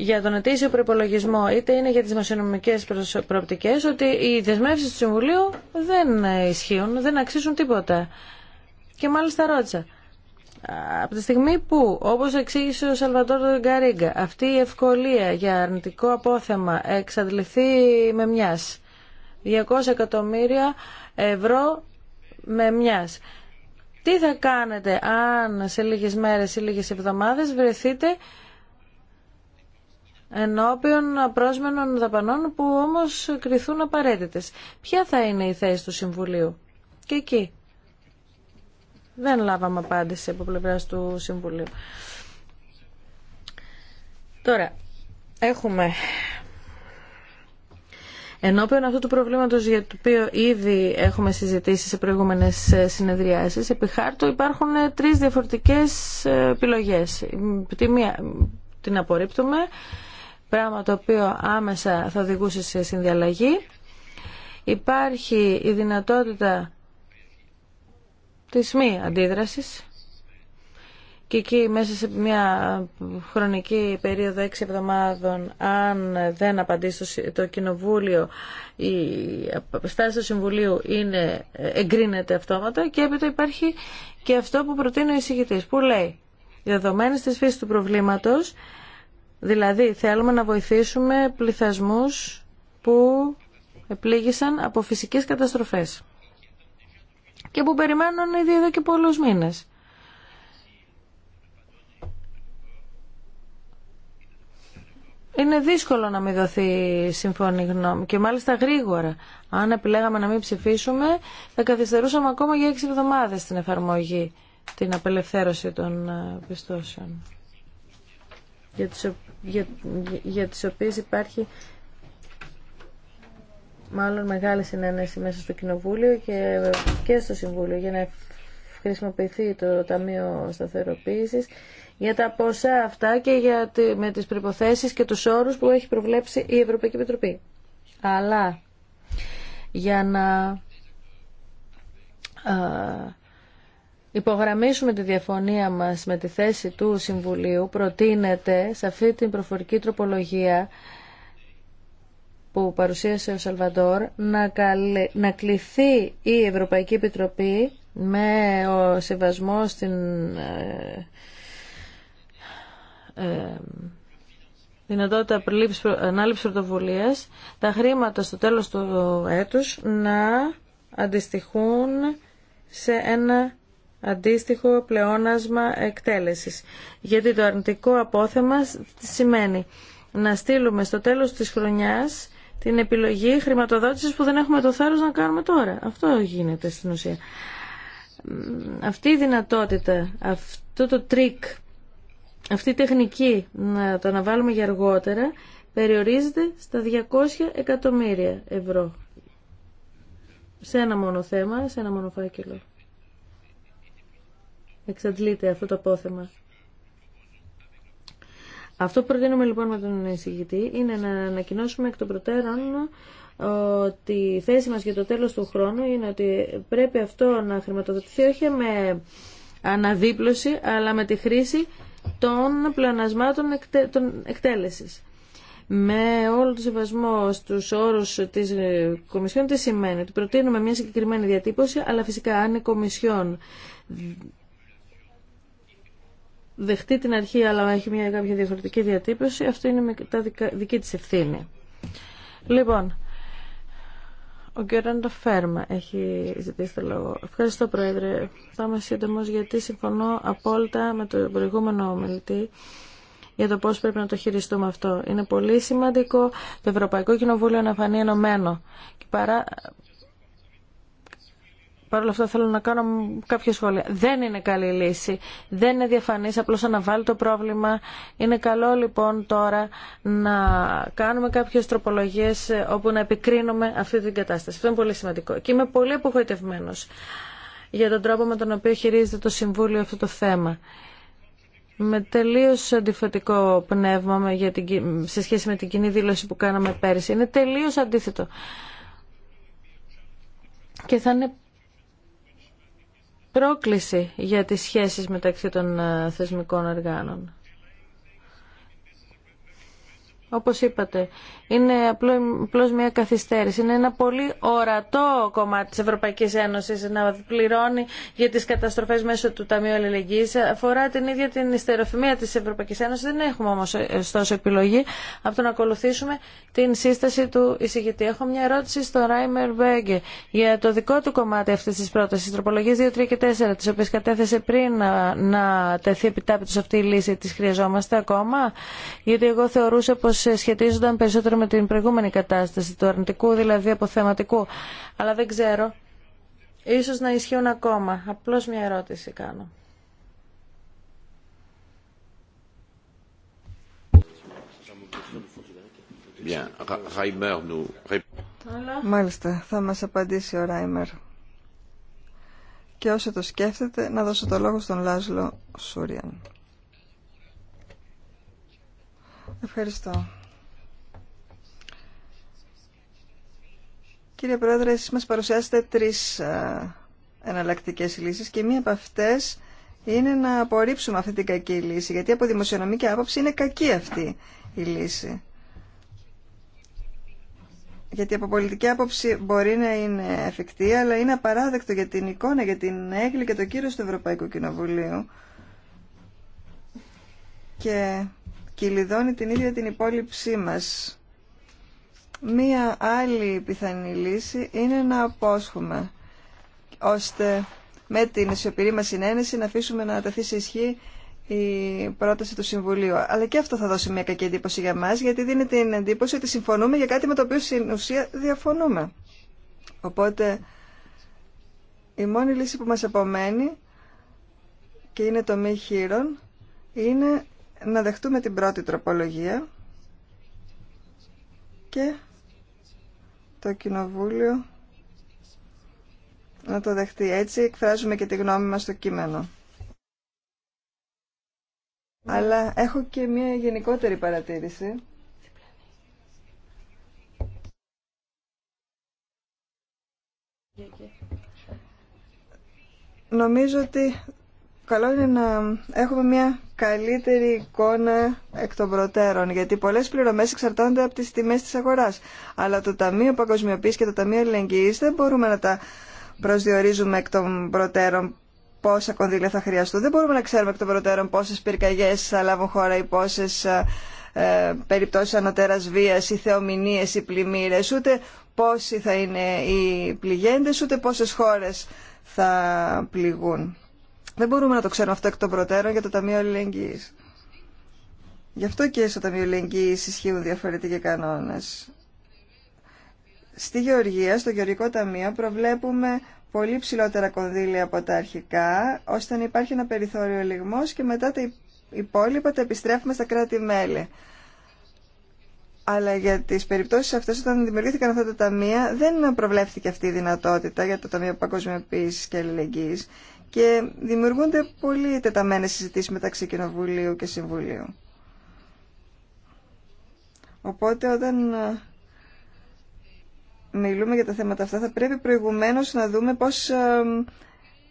για τον ετήσιο προπολογισμό, είτε είναι για τις μασονομικές προοπτικές, ότι οι δεσμεύσεις του Συμβουλίου δεν ισχύουν, δεν αξίζουν τίποτα. Και μάλιστα ρώτησα, από τη στιγμή που, όπως εξήγησε ο Σαλβατόρ Γκαρίγκα, αυτή η ευκολία για αρνητικό απόθεμα εξαντληθεί με μια 200 εκατομμύρια ευρώ με μια. Τι θα κάνετε αν σε λίγες μέρες ή λίγες εβδομάδες βρεθείτε ενώπιον απρόσμενων δαπανών που όμως κριθούν απαραίτητες. Ποια θα είναι η θέση του Συμβουλίου και εκεί. Δεν λάβαμε απάντηση από πλευρά του Συμβουλίου. Τώρα, έχουμε Ενώπιον αυτού του προβλήματος για το οποίο ήδη έχουμε συζητήσει σε προηγούμενες συνεδριάσεις, επί χάρτου υπάρχουν τρεις διαφορετικές επιλογές. την απορρίπτουμε, πράγμα το οποίο άμεσα θα οδηγούσε σε συνδιαλλαγή. Υπάρχει η δυνατότητα της μη αντίδρασης και εκεί μέσα σε μια χρονική περίοδο έξι εβδομάδων αν δεν απαντήσει το κοινοβούλιο η στάση του Συμβουλίου είναι, εγκρίνεται αυτόματα και έπειτα υπάρχει και αυτό που προτείνει ο εισηγητής που λέει δεδομένες της φύσης του προβλήματος Δηλαδή θέλουμε να βοηθήσουμε πληθασμούς που επλήγησαν από φυσικές καταστροφές και που περιμένουν ήδη εδώ και πολλούς μήνες. Είναι δύσκολο να μην δοθεί συμφωνή γνώμη και μάλιστα γρήγορα. Αν επιλέγαμε να μην ψηφίσουμε, θα καθυστερούσαμε ακόμα για έξι εβδομάδες την εφαρμογή, την απελευθέρωση των ε, πιστώσεων, για για, για τις οποίες υπάρχει μάλλον μεγάλη συνένεση μέσα στο Κοινοβούλιο και, και στο Συμβούλιο για να χρησιμοποιηθεί το Ταμείο Σταθεροποίησης για τα ποσά αυτά και για με τις προϋποθέσεις και τους όρους που έχει προβλέψει η Ευρωπαϊκή Επιτροπή. Αλλά για να υπογραμμίσουμε τη διαφωνία μας με τη θέση του Συμβουλίου προτείνεται σε αυτή την προφορική τροπολογία που παρουσίασε ο Σαλβαντόρ να, να κληθεί η Ευρωπαϊκή Επιτροπή με ο σεβασμό στην ε, ε, δυνατότητα ανάληψης πρωτοβουλία, τα χρήματα στο τέλος του έτους να αντιστοιχούν σε ένα αντίστοιχο πλεόνασμα εκτέλεσης. Γιατί το αρνητικό απόθεμα σημαίνει να στείλουμε στο τέλος της χρονιάς την επιλογή χρηματοδότησης που δεν έχουμε το θάρρος να κάνουμε τώρα. Αυτό γίνεται στην ουσία. Αυτή η δυνατότητα, αυτό το τρίκ, αυτή η τεχνική να το αναβάλουμε για αργότερα περιορίζεται στα 200 εκατομμύρια ευρώ. Σε ένα μόνο θέμα, σε ένα μόνο φάκελο εξαντλείται αυτό το απόθεμα. Αυτό που προτείνουμε λοιπόν με τον εισηγητή είναι να ανακοινώσουμε εκ των προτέρων ότι η θέση μας για το τέλος του χρόνου είναι ότι πρέπει αυτό να χρηματοδοτηθεί όχι με αναδίπλωση αλλά με τη χρήση των των εκτέλεσης. Με όλο το σεβασμό στους όρους της Κομισιόν τι σημαίνει ότι προτείνουμε μια συγκεκριμένη διατύπωση αλλά φυσικά αν η Κομισιόν δεχτεί την αρχή αλλά έχει μια κάποια διαφορετική διατύπωση, αυτό είναι τα δική της ευθύνη. Λοιπόν, ο Γκέραντα Φέρμα έχει ζητήσει το λόγο. Ευχαριστώ, Πρόεδρε. Θα είμαι σύντομο γιατί συμφωνώ απόλυτα με τον προηγούμενο ομιλητή για το πώς πρέπει να το χειριστούμε αυτό. Είναι πολύ σημαντικό το Ευρωπαϊκό Κοινοβούλιο να φανεί ενωμένο και παρά Παρ' όλα αυτά θέλω να κάνω κάποια σχόλια. Δεν είναι καλή λύση. Δεν είναι διαφανής, απλώς αναβάλει το πρόβλημα. Είναι καλό λοιπόν τώρα να κάνουμε κάποιες τροπολογίες ε, όπου να επικρίνουμε αυτή την κατάσταση. Αυτό είναι πολύ σημαντικό. Και είμαι πολύ απογοητευμένος για τον τρόπο με τον οποίο χειρίζεται το Συμβούλιο αυτό το θέμα. Με τελείω αντιφατικό πνεύμα σε σχέση με την κοινή δήλωση που κάναμε πέρυσι. Είναι τελείω αντίθετο. Και θα είναι πρόκληση για τις σχέσεις μεταξύ των ε, θεσμικών οργάνων όπως είπατε, είναι απλώς μια καθυστέρηση. Είναι ένα πολύ ορατό κομμάτι της Ευρωπαϊκής Ένωσης να πληρώνει για τις καταστροφές μέσω του Ταμείου Αλληλεγγύης. Αφορά την ίδια την ιστεροφημία της Ευρωπαϊκής Ένωσης. Δεν έχουμε όμως ωστόσο επιλογή από το να ακολουθήσουμε την σύσταση του εισηγητή. Έχω μια ερώτηση στο Ράιμερ Μπέγκε για το δικό του κομμάτι αυτής της πρότασης, τροπολογίες 2, 3 και 4, τις οποίες κατέθεσε πριν να, να τεθεί επιτάπητος αυτή η λύση, τις χρειαζόμαστε ακόμα, γιατί εγώ θεωρούσα πως ε, σχετίζονταν περισσότερο με την προηγούμενη κατάσταση του αρνητικού, δηλαδή αποθεματικού. Αλλά δεν ξέρω. Ίσως να ισχύουν ακόμα. Απλώς μια ερώτηση κάνω. Μάλιστα, θα μας απαντήσει ο Ράιμερ. Και όσο το σκέφτεται, να δώσω το λόγο στον Λάζλο Σούριαν. Ευχαριστώ. Κύριε Πρόεδρε, εσείς μας παρουσιάσετε τρεις εναλλακτικέ λύσεις και μία από αυτές είναι να απορρίψουμε αυτή την κακή λύση, γιατί από δημοσιονομική άποψη είναι κακή αυτή η λύση. Γιατί από πολιτική άποψη μπορεί να είναι εφικτή, αλλά είναι απαράδεκτο για την εικόνα, για την έγκλη και το κύριο του Ευρωπαϊκού Κοινοβουλίου. Και κυλιδώνει την ίδια την υπόλοιψή μας. Μία άλλη πιθανή λύση είναι να απόσχουμε, ώστε με την σιωπηρή μας συνένεση να αφήσουμε να τεθεί σε ισχύ η πρόταση του Συμβουλίου. Αλλά και αυτό θα δώσει μια κακή εντύπωση για μας, γιατί δίνει την εντύπωση ότι συμφωνούμε για κάτι με το οποίο στην ουσία διαφωνούμε. Οπότε η μόνη λύση που μας απομένει και είναι το μη χείρον, είναι να δεχτούμε την πρώτη τροπολογία και το Κοινοβούλιο να το δεχτεί. Έτσι εκφράζουμε και τη γνώμη μας στο κείμενο. Αλλά έχω και μια γενικότερη παρατήρηση. Νομίζω ότι καλό είναι να έχουμε μια καλύτερη εικόνα εκ των προτέρων, γιατί πολλές πληρωμές εξαρτώνται από τις τιμές της αγοράς. Αλλά το Ταμείο Παγκοσμιοποίησης και το Ταμείο Ελληνικής δεν μπορούμε να τα προσδιορίζουμε εκ των προτέρων πόσα κονδύλια θα χρειαστούν. Δεν μπορούμε να ξέρουμε εκ των προτέρων πόσες πυρκαγιές θα λάβουν χώρα ή πόσες ε, ε περιπτώσεις ανωτέρας βίας ή θεομηνίες ή πλημμύρες, ούτε πόσοι θα είναι οι πληγέντες, ούτε πόσες χώρες θα πληγούν. Δεν μπορούμε να το ξέρουμε αυτό εκ των προτέρων για το Ταμείο Αλληλεγγύη. Γι' αυτό και στο Ταμείο Αλληλεγγύη ισχύουν διαφορετικοί κανόνε. Στη Γεωργία, στο Γεωργικό Ταμείο, προβλέπουμε πολύ ψηλότερα κονδύλια από τα αρχικά, ώστε να υπάρχει ένα περιθώριο λιγμό και μετά τα υπόλοιπα τα επιστρέφουμε στα κράτη-μέλη. Αλλά για τι περιπτώσει αυτέ όταν δημιουργήθηκαν αυτά τα ταμεία, δεν προβλέφθηκε αυτή η δυνατότητα για το Ταμείο Παγκοσμιοποίηση και αλληλεγγύη και δημιουργούνται πολύ τεταμένες συζητήσεις μεταξύ Κοινοβουλίου και Συμβουλίου. Οπότε όταν ε, μιλούμε για τα θέματα αυτά θα πρέπει προηγουμένως να δούμε πώς ε,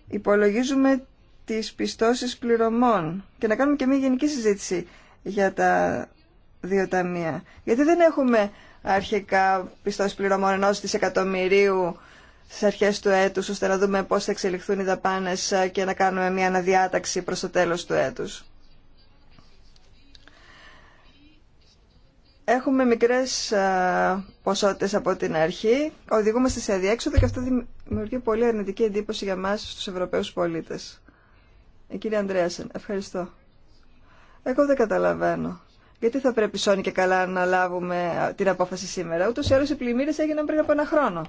υπολογίζουμε τις πιστώσεις πληρωμών και να κάνουμε και μια γενική συζήτηση για τα δύο ταμεία. Γιατί δεν έχουμε αρχικά πιστώσεις πληρωμών ενός εκατομμυρίου στις αρχές του έτους, ώστε να δούμε πώς θα εξελιχθούν οι δαπάνες ε, και να κάνουμε μια αναδιάταξη προς το τέλος του έτους. Έχουμε μικρές ε, ποσότητες από την αρχή, οδηγούμαστε σε αδιέξοδο και αυτό δημιουργεί πολύ αρνητική εντύπωση για μας στους Ευρωπαίους πολίτες. Η ε, κυρία Ανδρέασεν, ευχαριστώ. Εγώ δεν καταλαβαίνω. Γιατί θα πρέπει σώνει και καλά να λάβουμε την απόφαση σήμερα. Ούτως ή άλλως οι πλημμύρες έγιναν πριν από ένα χρόνο.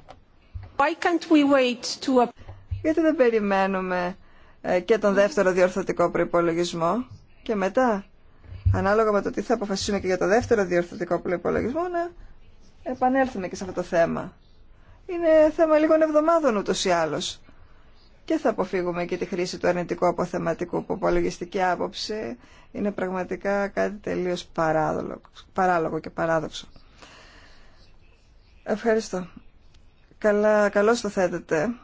Γιατί δεν περιμένουμε ε, και τον δεύτερο διορθωτικό προϋπολογισμό και μετά, ανάλογα με το τι θα αποφασίσουμε και για το δεύτερο διορθωτικό προϋπολογισμό, να επανέλθουμε και σε αυτό το θέμα. Είναι θέμα λίγων εβδομάδων ούτως ή άλλως. Και θα αποφύγουμε και τη χρήση του αρνητικού αποθεματικού που από άποψη είναι πραγματικά κάτι τελείως παράλογο και παράδοξο. Ευχαριστώ. Καλά, καλώς το θέτετε.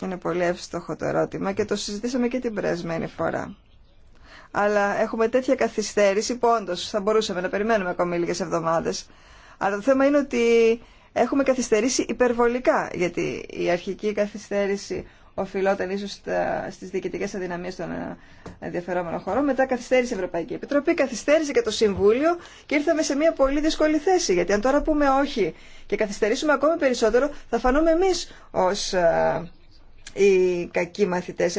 Είναι πολύ εύστοχο το ερώτημα και το συζητήσαμε και την περασμένη φορά. Αλλά έχουμε τέτοια καθυστέρηση που όντω θα μπορούσαμε να περιμένουμε ακόμη λίγε εβδομάδε. Αλλά το θέμα είναι ότι έχουμε καθυστερήσει υπερβολικά, γιατί η αρχική καθυστέρηση οφειλόταν ίσω στι διοικητικέ αδυναμίες των ε, ενδιαφερόμενων χωρών. Μετά καθυστέρησε η Ευρωπαϊκή Επιτροπή, καθυστέρησε και το Συμβούλιο και ήρθαμε σε μια πολύ δύσκολη θέση. Γιατί αν τώρα πούμε όχι και καθυστερήσουμε ακόμα περισσότερο, θα φανούμε εμεί ω ε, οι κακοί μαθητέ,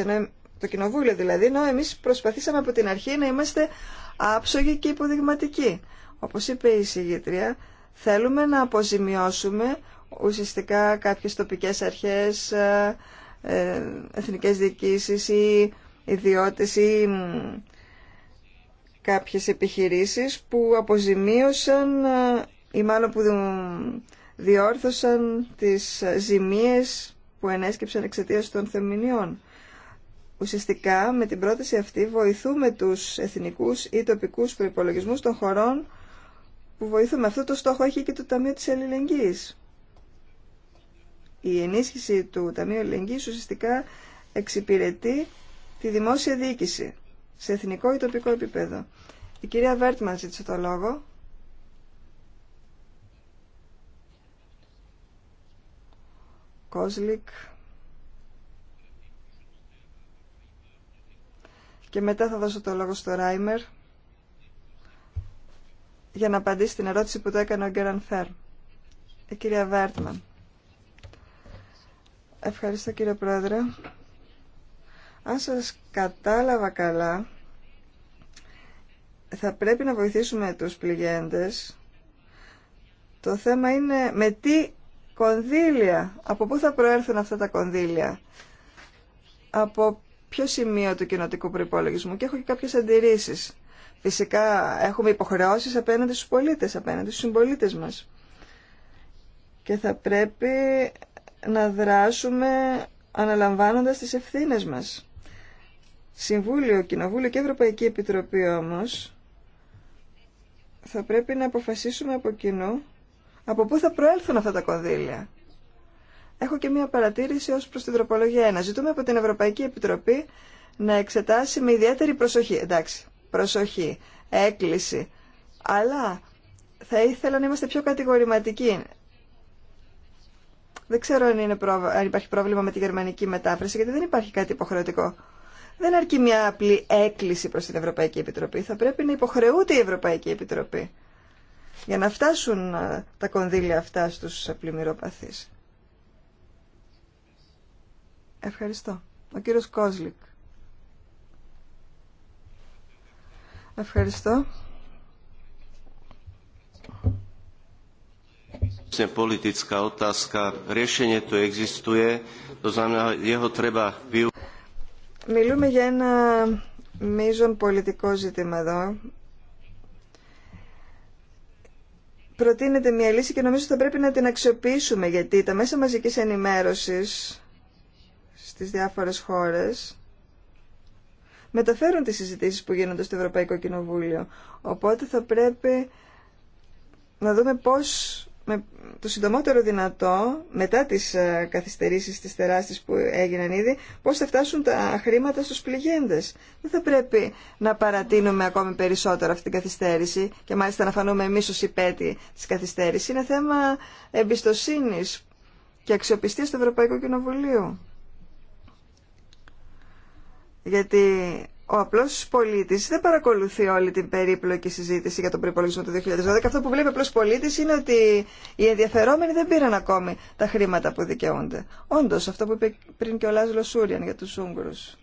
το Κοινοβούλιο δηλαδή, ενώ εμεί προσπαθήσαμε από την αρχή να είμαστε άψογοι και υποδειγματικοί. Όπω είπε η συγγήτρια, θέλουμε να αποζημιώσουμε ουσιαστικά κάποιες τοπικές αρχές, ε, ε, εθνικές διοικήσεις ή ιδιώτες ή κάποιες επιχειρήσεις που αποζημίωσαν ε, ή μάλλον που διόρθωσαν τις ζημίες που ενέσκεψαν εξαιτίας των θεμηνιών. Ουσιαστικά με την πρόταση αυτή βοηθούμε τους εθνικούς ή τοπικούς προϋπολογισμούς των χωρών που βοηθούμε. Αυτό το στόχο έχει και το Ταμείο της Ελληνικής η ενίσχυση του Ταμείου Ελληνικής ουσιαστικά εξυπηρετεί τη δημόσια διοίκηση σε εθνικό ή τοπικό επίπεδο. Η κυρία Βέρτμαν ζήτησε το λόγο. Κόσλικ. Και μετά θα δώσω το λόγο στο Ράιμερ για να απαντήσει την ερώτηση που το έκανε ο Γκέραν Φέρ. Η κυρία Βέρτμαν. Ευχαριστώ κύριε Πρόεδρε. Αν σας κατάλαβα καλά, θα πρέπει να βοηθήσουμε τους πληγέντες. Το θέμα είναι με τι κονδύλια, από πού θα προέρθουν αυτά τα κονδύλια, από ποιο σημείο του κοινοτικού προπολογισμού. και έχω και κάποιες αντιρρήσεις. Φυσικά έχουμε υποχρεώσεις απέναντι στους πολίτες, απέναντι στους συμπολίτε μας. Και θα πρέπει να δράσουμε αναλαμβάνοντας τις ευθύνες μας. Συμβούλιο, Κοινοβούλιο και Ευρωπαϊκή Επιτροπή όμως θα πρέπει να αποφασίσουμε από κοινού από πού θα προέλθουν αυτά τα κονδύλια. Έχω και μία παρατήρηση ως προς την τροπολογία 1. Ζητούμε από την Ευρωπαϊκή Επιτροπή να εξετάσει με ιδιαίτερη προσοχή. Εντάξει, προσοχή, έκκληση. Αλλά θα ήθελα να είμαστε πιο κατηγορηματικοί, δεν ξέρω αν, είναι αν υπάρχει πρόβλημα με τη γερμανική μετάφραση, γιατί δεν υπάρχει κάτι υποχρεωτικό. Δεν αρκεί μια απλή έκκληση προς την Ευρωπαϊκή Επιτροπή. Θα πρέπει να υποχρεούται η Ευρωπαϊκή Επιτροπή για να φτάσουν ε, τα κονδύλια αυτά στου πλημμυροπαθεί. Ευχαριστώ. Ο κύριος Κόσλικ. Ευχαριστώ. Μιλούμε για ένα μείζον πολιτικό ζήτημα εδώ. Προτείνεται μια λύση και νομίζω θα πρέπει να την αξιοποιήσουμε γιατί τα μέσα μαζικής ενημέρωσης στις διάφορες χώρες μεταφέρουν τις συζητήσεις που γίνονται στο Ευρωπαϊκό Κοινοβούλιο. Οπότε θα πρέπει να δούμε πώς το συντομότερο δυνατό, μετά τις ε, καθυστερήσεις της τεράστιες που έγιναν ήδη, πώς θα φτάσουν τα χρήματα στους πληγέντες. Δεν θα πρέπει να παρατείνουμε ακόμη περισσότερο αυτή την καθυστέρηση και μάλιστα να φανούμε εμείς ως υπέτη της καθυστέρησης. Είναι θέμα εμπιστοσύνης και αξιοπιστίας του Ευρωπαϊκού Κοινοβουλίου. Γιατί ο απλός πολίτης δεν παρακολουθεί όλη την περίπλοκη συζήτηση για τον προπολογισμό του 2012. Αυτό που βλέπει ο απλός πολίτης είναι ότι οι ενδιαφερόμενοι δεν πήραν ακόμη τα χρήματα που δικαιούνται. Όντω αυτό που είπε πριν και ο Λάζλο Σούριαν για τους Ούγγρους.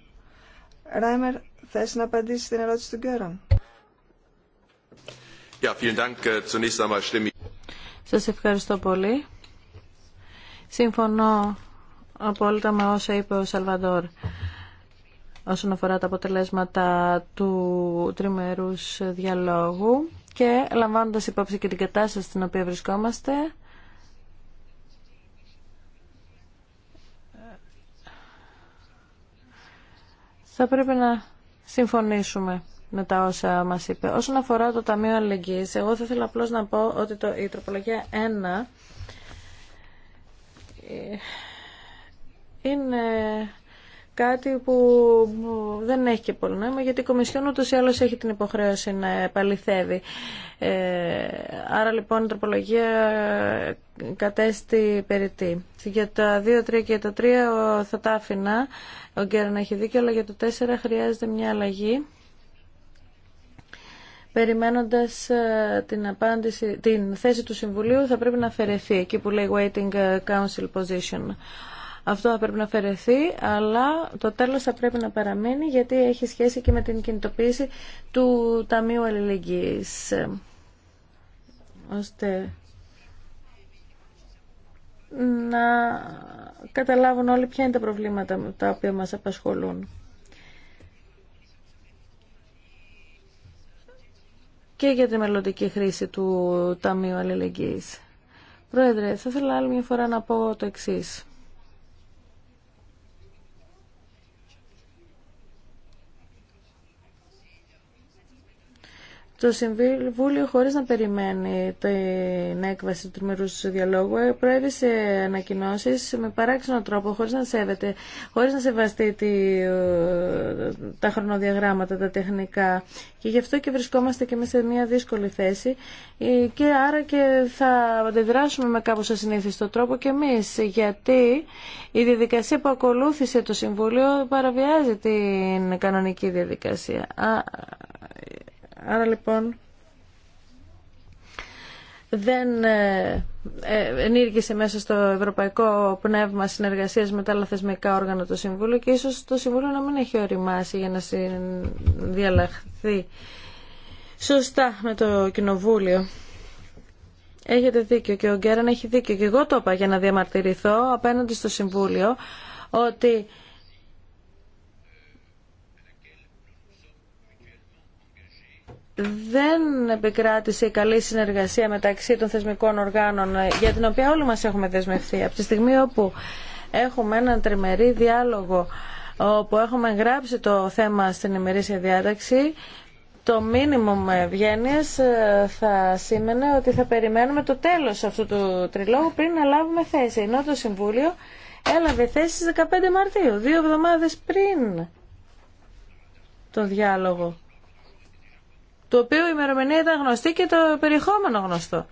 Ράιμερ, θες να απαντήσει στην ερώτηση του Γκέρον. Äh, Σας ευχαριστώ πολύ. Συμφωνώ απόλυτα με όσα είπε ο Σαλβαντόρ όσον αφορά τα αποτελέσματα του τριμερούς διαλόγου και λαμβάνοντας υπόψη και την κατάσταση στην οποία βρισκόμαστε θα πρέπει να συμφωνήσουμε με τα όσα μας είπε. Όσον αφορά το Ταμείο Αλληλεγγύης, εγώ θα ήθελα απλώς να πω ότι το, η τροπολογία 1 ε, είναι κάτι που δεν έχει και πολύ νόημα γιατί η Κομισιόν ούτως ή άλλως έχει υποχρέωση να επαληθεύει. Ε, άρα λοιπόν η αλλω εχει την υποχρεωση κατέστη περιττή. Για τα 2, 3 και το 3 θα τα άφηνα. Ο να έχει δίκιο, αλλά για το 4 χρειάζεται μια αλλαγή περιμένοντας ε, την, απάντηση, την θέση του Συμβουλίου θα πρέπει να αφαιρεθεί εκεί που λέει Waiting ε, Council Position. Αυτό θα πρέπει να αφαιρεθεί, αλλά το τέλος θα πρέπει να παραμείνει γιατί έχει σχέση και με την κινητοποίηση του Ταμείου Αλληλεγγύης. Ώστε να καταλάβουν όλοι ποια είναι τα προβλήματα τα οποία μας απασχολούν. και για τη μελλοντική χρήση του Ταμείου Αλληλεγγύης. Πρόεδρε, θα ήθελα άλλη μια φορά να πω το εξής. το Συμβούλιο χωρίς να περιμένει την έκβαση του του διαλόγου προέβησε ανακοινώσεις με παράξενο τρόπο, χωρίς να σέβεται, χωρίς να σεβαστεί τα χρονοδιαγράμματα, τα τεχνικά και γι' αυτό και βρισκόμαστε και μέσα σε μια δύσκολη θέση ε, και άρα και θα αντιδράσουμε με κάπως ασυνήθιστο τρόπο και εμείς γιατί η διαδικασία που ακολούθησε το Συμβούλιο παραβιάζει την κανονική διαδικασία. Άρα λοιπόν δεν ε, ε, ενήργησε μέσα στο ευρωπαϊκό πνεύμα συνεργασίας με τα άλλα θεσμικά όργανα το Συμβούλιο και ίσως το Συμβούλιο να μην έχει οριμάσει για να διαλλαχθεί σωστά με το Κοινοβούλιο. Έχετε δίκιο και ο Γκέραν έχει δίκιο και εγώ το είπα για να διαμαρτυρηθώ απέναντι στο Συμβούλιο ότι δεν επικράτησε η καλή συνεργασία μεταξύ των θεσμικών οργάνων ε, για την οποία όλοι μας έχουμε δεσμευθεί. Από τη στιγμή όπου έχουμε έναν τριμερή διάλογο όπου έχουμε γράψει το θέμα στην ημερήσια διάταξη, το μήνυμο ευγένεια ε, θα σήμαινε ότι θα περιμένουμε το τέλος αυτού του τριλόγου πριν να λάβουμε θέση. Ενώ το Συμβούλιο έλαβε θέση στις 15 Μαρτίου, δύο εβδομάδες πριν το διάλογο. Το οποίου η ημερομηνία ήταν γνωστή και το περιεχόμενο γνωστό.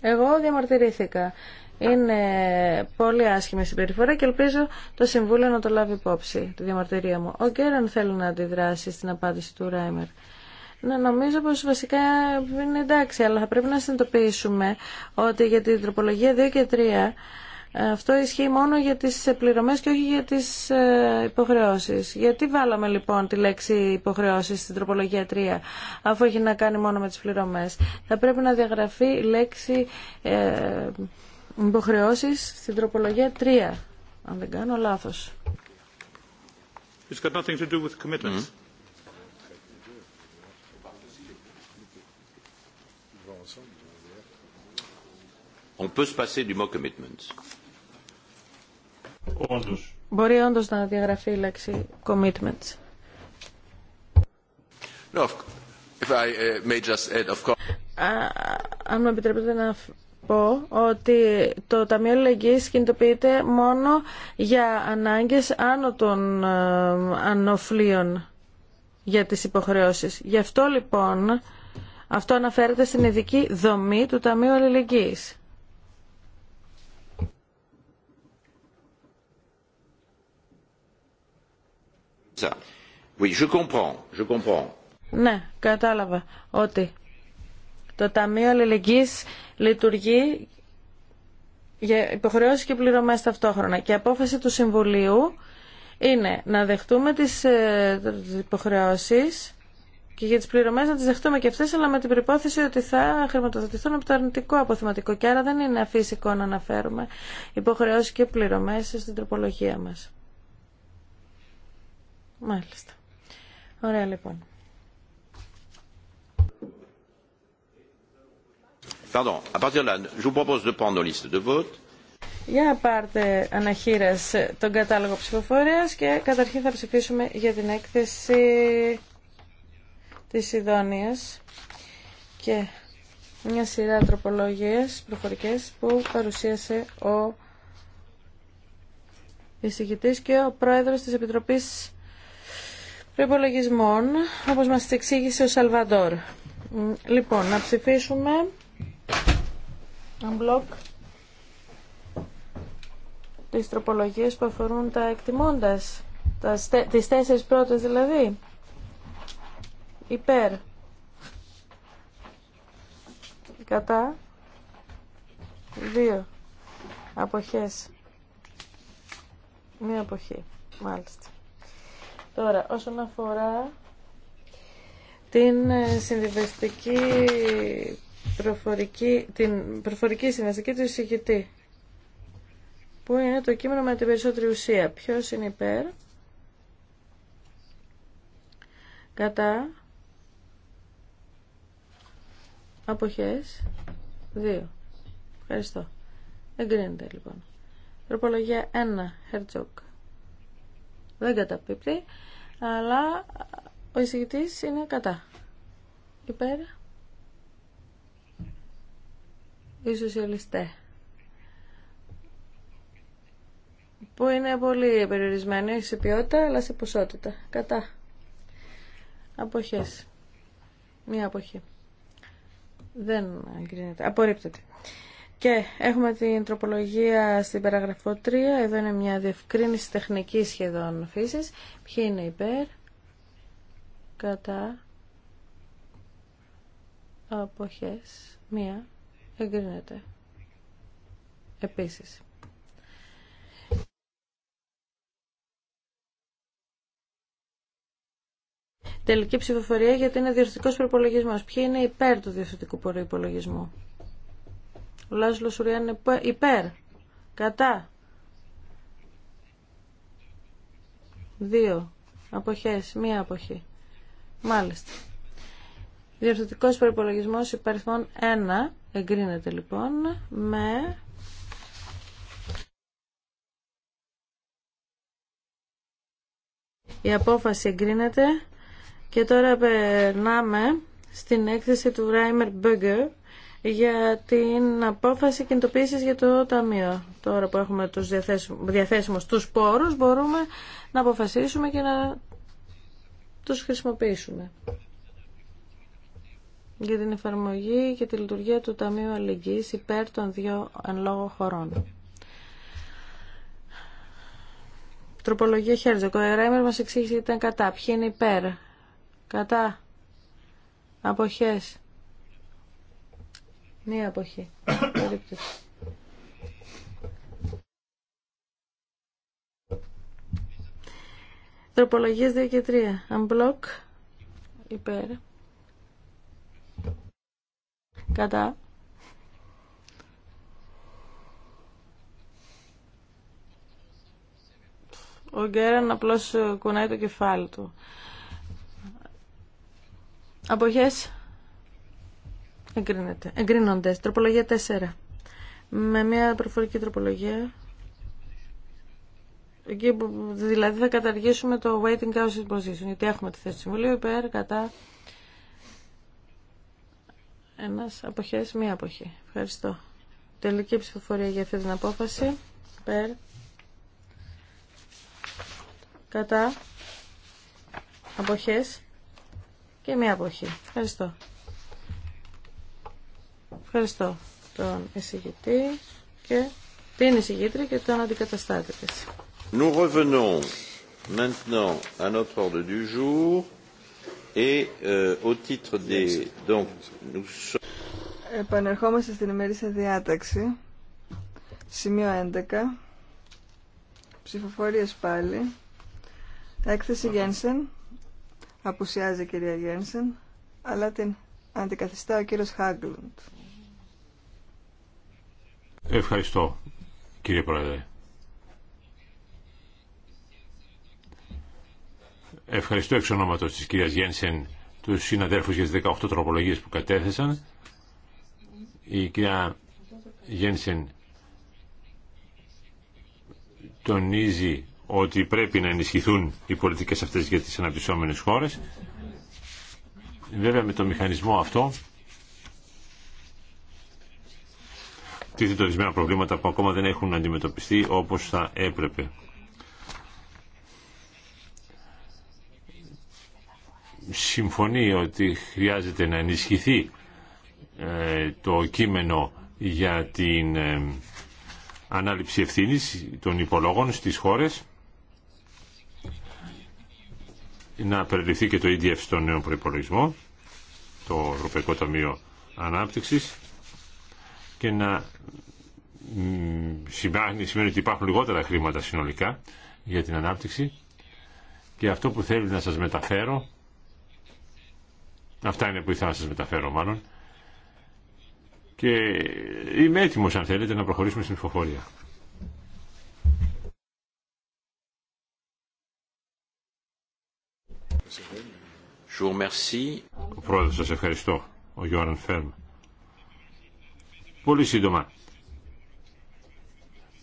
Εγώ διαμαρτυρήθηκα. Είναι πολύ άσχημη συμπεριφορά και ελπίζω το Συμβούλιο να το λάβει υπόψη, τη διαμαρτυρία μου. Ο Κέραν θέλει να αντιδράσει στην απάντηση του Ράιμερ. Να νομίζω πως βασικά είναι εντάξει, αλλά θα πρέπει να συνειδητοποιήσουμε ότι για την τροπολογία 2 και 3 αυτό ισχύει μόνο για τις πληρωμές και όχι για τις ε, υποχρεώσεις. Γιατί βάλαμε λοιπόν τη λέξη υποχρεώσεις στην τροπολογία 3, αφού έχει να κάνει μόνο με τις πληρωμές. Θα πρέπει να διαγραφεί η λέξη ε, υποχρεώσεις στην τροπολογία 3, αν δεν κάνω λάθος. got nothing to do with commitments. Mm-hmm. On peut se passer du mot commitments. Όντως. Μπορεί όντω να διαγραφεί η λέξη commitments. No, αν μου επιτρέπετε να πω ότι το Ταμείο Λεγγύης κινητοποιείται μόνο για ανάγκες άνω των ε, ανοφλίων για τις υποχρεώσεις. Γι' αυτό λοιπόν αυτό αναφέρεται στην ειδική δομή του Ταμείου Αλληλεγγύης. Ναι, κατάλαβα ότι το Ταμείο Αλληλεγγύης λειτουργεί για υποχρεώσεις και πληρωμές ταυτόχρονα και η απόφαση του Συμβουλίου είναι να δεχτούμε τις ε, υποχρεώσεις και για τις πληρωμές να τις δεχτούμε και αυτές αλλά με την προπόθεση ότι θα χρηματοδοτηθούν από το αρνητικό αποθεματικό και άρα δεν είναι αφύσικο να αναφέρουμε υποχρεώσεις και πληρωμές στην τροπολογία μας. Μάλιστα. Ωραία λοιπόν. Pardon. À Για πάρτε αναχείρες τον κατάλογο ψηφοφορία και καταρχήν θα ψηφίσουμε για την έκθεση της Ιδόνιας και μια σειρά τροπολογίες προφορικές που παρουσίασε ο εισηγητής και ο πρόεδρος της Επιτροπής προπολογισμών, όπως μας εξήγησε ο Σαλβαντόρ. Λοιπόν, να ψηφίσουμε ένα μπλοκ τις τροπολογίες που αφορούν τα εκτιμώντας, τα, τις τέσσερις πρώτες δηλαδή, υπέρ, κατά, δύο, αποχές, μία αποχή, μάλιστα. Τώρα, όσον αφορά την ε, συνδυαστική προφορική, την προφορική συνδυαστική του εισηγητή, που είναι το κείμενο με την περισσότερη ουσία. Ποιος είναι υπέρ, κατά, αποχές, δύο. Ευχαριστώ. Εγκρίνεται λοιπόν. Τροπολογία 1, Herzog δεν καταπίπτει, αλλά ο εισηγητής είναι κατά. Υπέρ. Οι σοσιαλιστές. Που είναι πολύ περιορισμένοι, σε ποιότητα, αλλά σε ποσότητα. Κατά. Αποχές. Μία αποχή. Δεν εγκρίνεται. Απορρίπτεται. Και έχουμε την τροπολογία στην παραγραφό 3. Εδώ είναι μια διευκρίνηση τεχνική σχεδόν φύση. Ποιοι είναι υπέρ, κατά, Αποχέ. μία, εγκρίνεται. Επίσης. Τελική ψηφοφορία γιατί είναι διορθωτικός προπολογισμό. Ποιοι είναι υπέρ του διορθωτικού προπολογισμού. Ο Λάζλο Σουριάν είναι υπέρ. Κατά. Δύο. Αποχές. Μία αποχή. Μάλιστα. Διορθωτικός προπολογισμό υπαριθμών 1 εγκρίνεται λοιπόν με... Η απόφαση εγκρίνεται και τώρα περνάμε στην έκθεση του Ράιμερ Μπέγκερ για την απόφαση κινητοποίηση για το Ταμείο. Τώρα που έχουμε τους διαθέσιμους τους πόρους μπορούμε να αποφασίσουμε και να τους χρησιμοποιήσουμε για την εφαρμογή και τη λειτουργία του Ταμείου Αλληλεγγύης υπέρ των δύο εν λόγω χωρών. Τροπολογία χέρια. Ο Ρέμερ μας εξήγησε ότι ήταν κατά. Ποιοι είναι υπέρ. Κατά. Αποχές. Μία εποχή. Περίπτωση. Τροπολογίες 2 και 3. Unblock. Υπέρ. Κατά. Ο Γκέραν απλώς κουνάει το κεφάλι του. Αποχές. Εγκρίνεται. Εγκρίνονται. Τροπολογία 4. Με μια προφορική τροπολογία. Εκεί δηλαδή θα καταργήσουμε το waiting house position, γιατί έχουμε τη θέση του Συμβουλίου υπέρ, κατά Ένα αποχέ, μία αποχή. Ευχαριστώ. Τελική ψηφοφορία για αυτή την απόφαση. Υπέρ. Κατά. Αποχές. Και μία αποχή. Ευχαριστώ. Ευχαριστώ τον εισηγητή και την εισηγήτρια και τον αντικαταστάτη της. Nous revenons maintenant à notre ordre du jour et euh, au titre des donc nous Επανερχόμαστε στην ημερήσια διάταξη. Σημείο 11. Ψηφοφορίες πάλι. Έκθεση Γένσεν. Απουσιάζει η κυρία Γένσεν, αλλά την αντικαθιστά ο κύριος Χάγκλουντ. Ευχαριστώ, κύριε Πρόεδρε. Ευχαριστώ εξ ονόματος της κυρίας Γένσεν τους συναδέλφους για τις 18 τροπολογίες που κατέθεσαν. Η κυρία Γένσεν τονίζει ότι πρέπει να ενισχυθούν οι πολιτικές αυτές για τις αναπτυσσόμενες χώρες. Βέβαια με το μηχανισμό αυτό τίθεται ορισμένα προβλήματα που ακόμα δεν έχουν αντιμετωπιστεί όπως θα έπρεπε. Συμφωνεί ότι χρειάζεται να ενισχυθεί ε, το κείμενο για την ε, ανάληψη ευθύνης των υπολόγων στις χώρες να περιληφθεί και το EDF στο νέο προϋπολογισμό το Ευρωπαϊκό Ταμείο Ανάπτυξης και να σημαίνει, σημαίνει ότι υπάρχουν λιγότερα χρήματα συνολικά για την ανάπτυξη και αυτό που θέλω να σας μεταφέρω αυτά είναι που ήθελα να σας μεταφέρω μάλλον και είμαι έτοιμος αν θέλετε να προχωρήσουμε στην ψηφοφορία. Ο πρόεδρος σας ευχαριστώ, ο Γιώργος Φέρμα. Πολύ σύντομα.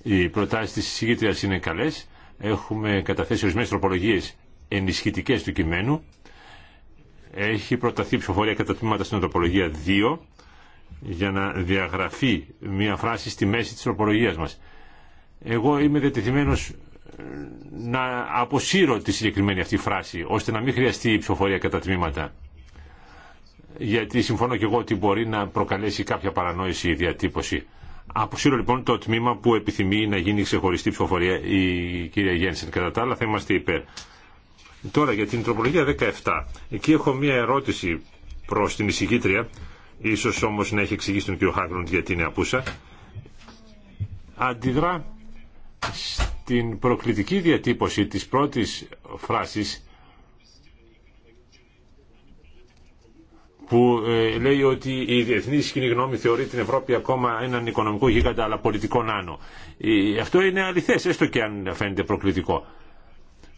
Οι προτάσει τη εισηγήτρια είναι καλέ. Έχουμε καταθέσει ορισμένε τροπολογίε ενισχυτικέ του κειμένου. Έχει προταθεί ψηφοφορία κατά τμήματα στην τροπολογία 2 για να διαγραφεί μια φράση στη μέση τη τροπολογίας μα. Εγώ είμαι διατεθειμένο να αποσύρω τη συγκεκριμένη αυτή φράση, ώστε να μην χρειαστεί ψηφοφορία κατά τμήματα γιατί συμφωνώ και εγώ ότι μπορεί να προκαλέσει κάποια παρανόηση η διατύπωση. Αποσύρω λοιπόν το τμήμα που επιθυμεί να γίνει ξεχωριστή ψηφοφορία η κυρία Γένσεν. Κατά τα άλλα θα είμαστε υπέρ. Τώρα για την τροπολογία 17. Εκεί έχω μία ερώτηση προς την εισηγήτρια. Ίσως όμως να έχει εξηγήσει τον κύριο Χάγκροντ γιατί είναι απούσα. Αντιδρά στην προκλητική διατύπωση της πρώτης φράσης που ε, λέει ότι η διεθνή κοινή γνώμη θεωρεί την Ευρώπη ακόμα έναν οικονομικό γίγαντα αλλά πολιτικό νάνο. Ε, αυτό είναι αληθές, έστω και αν φαίνεται προκλητικό.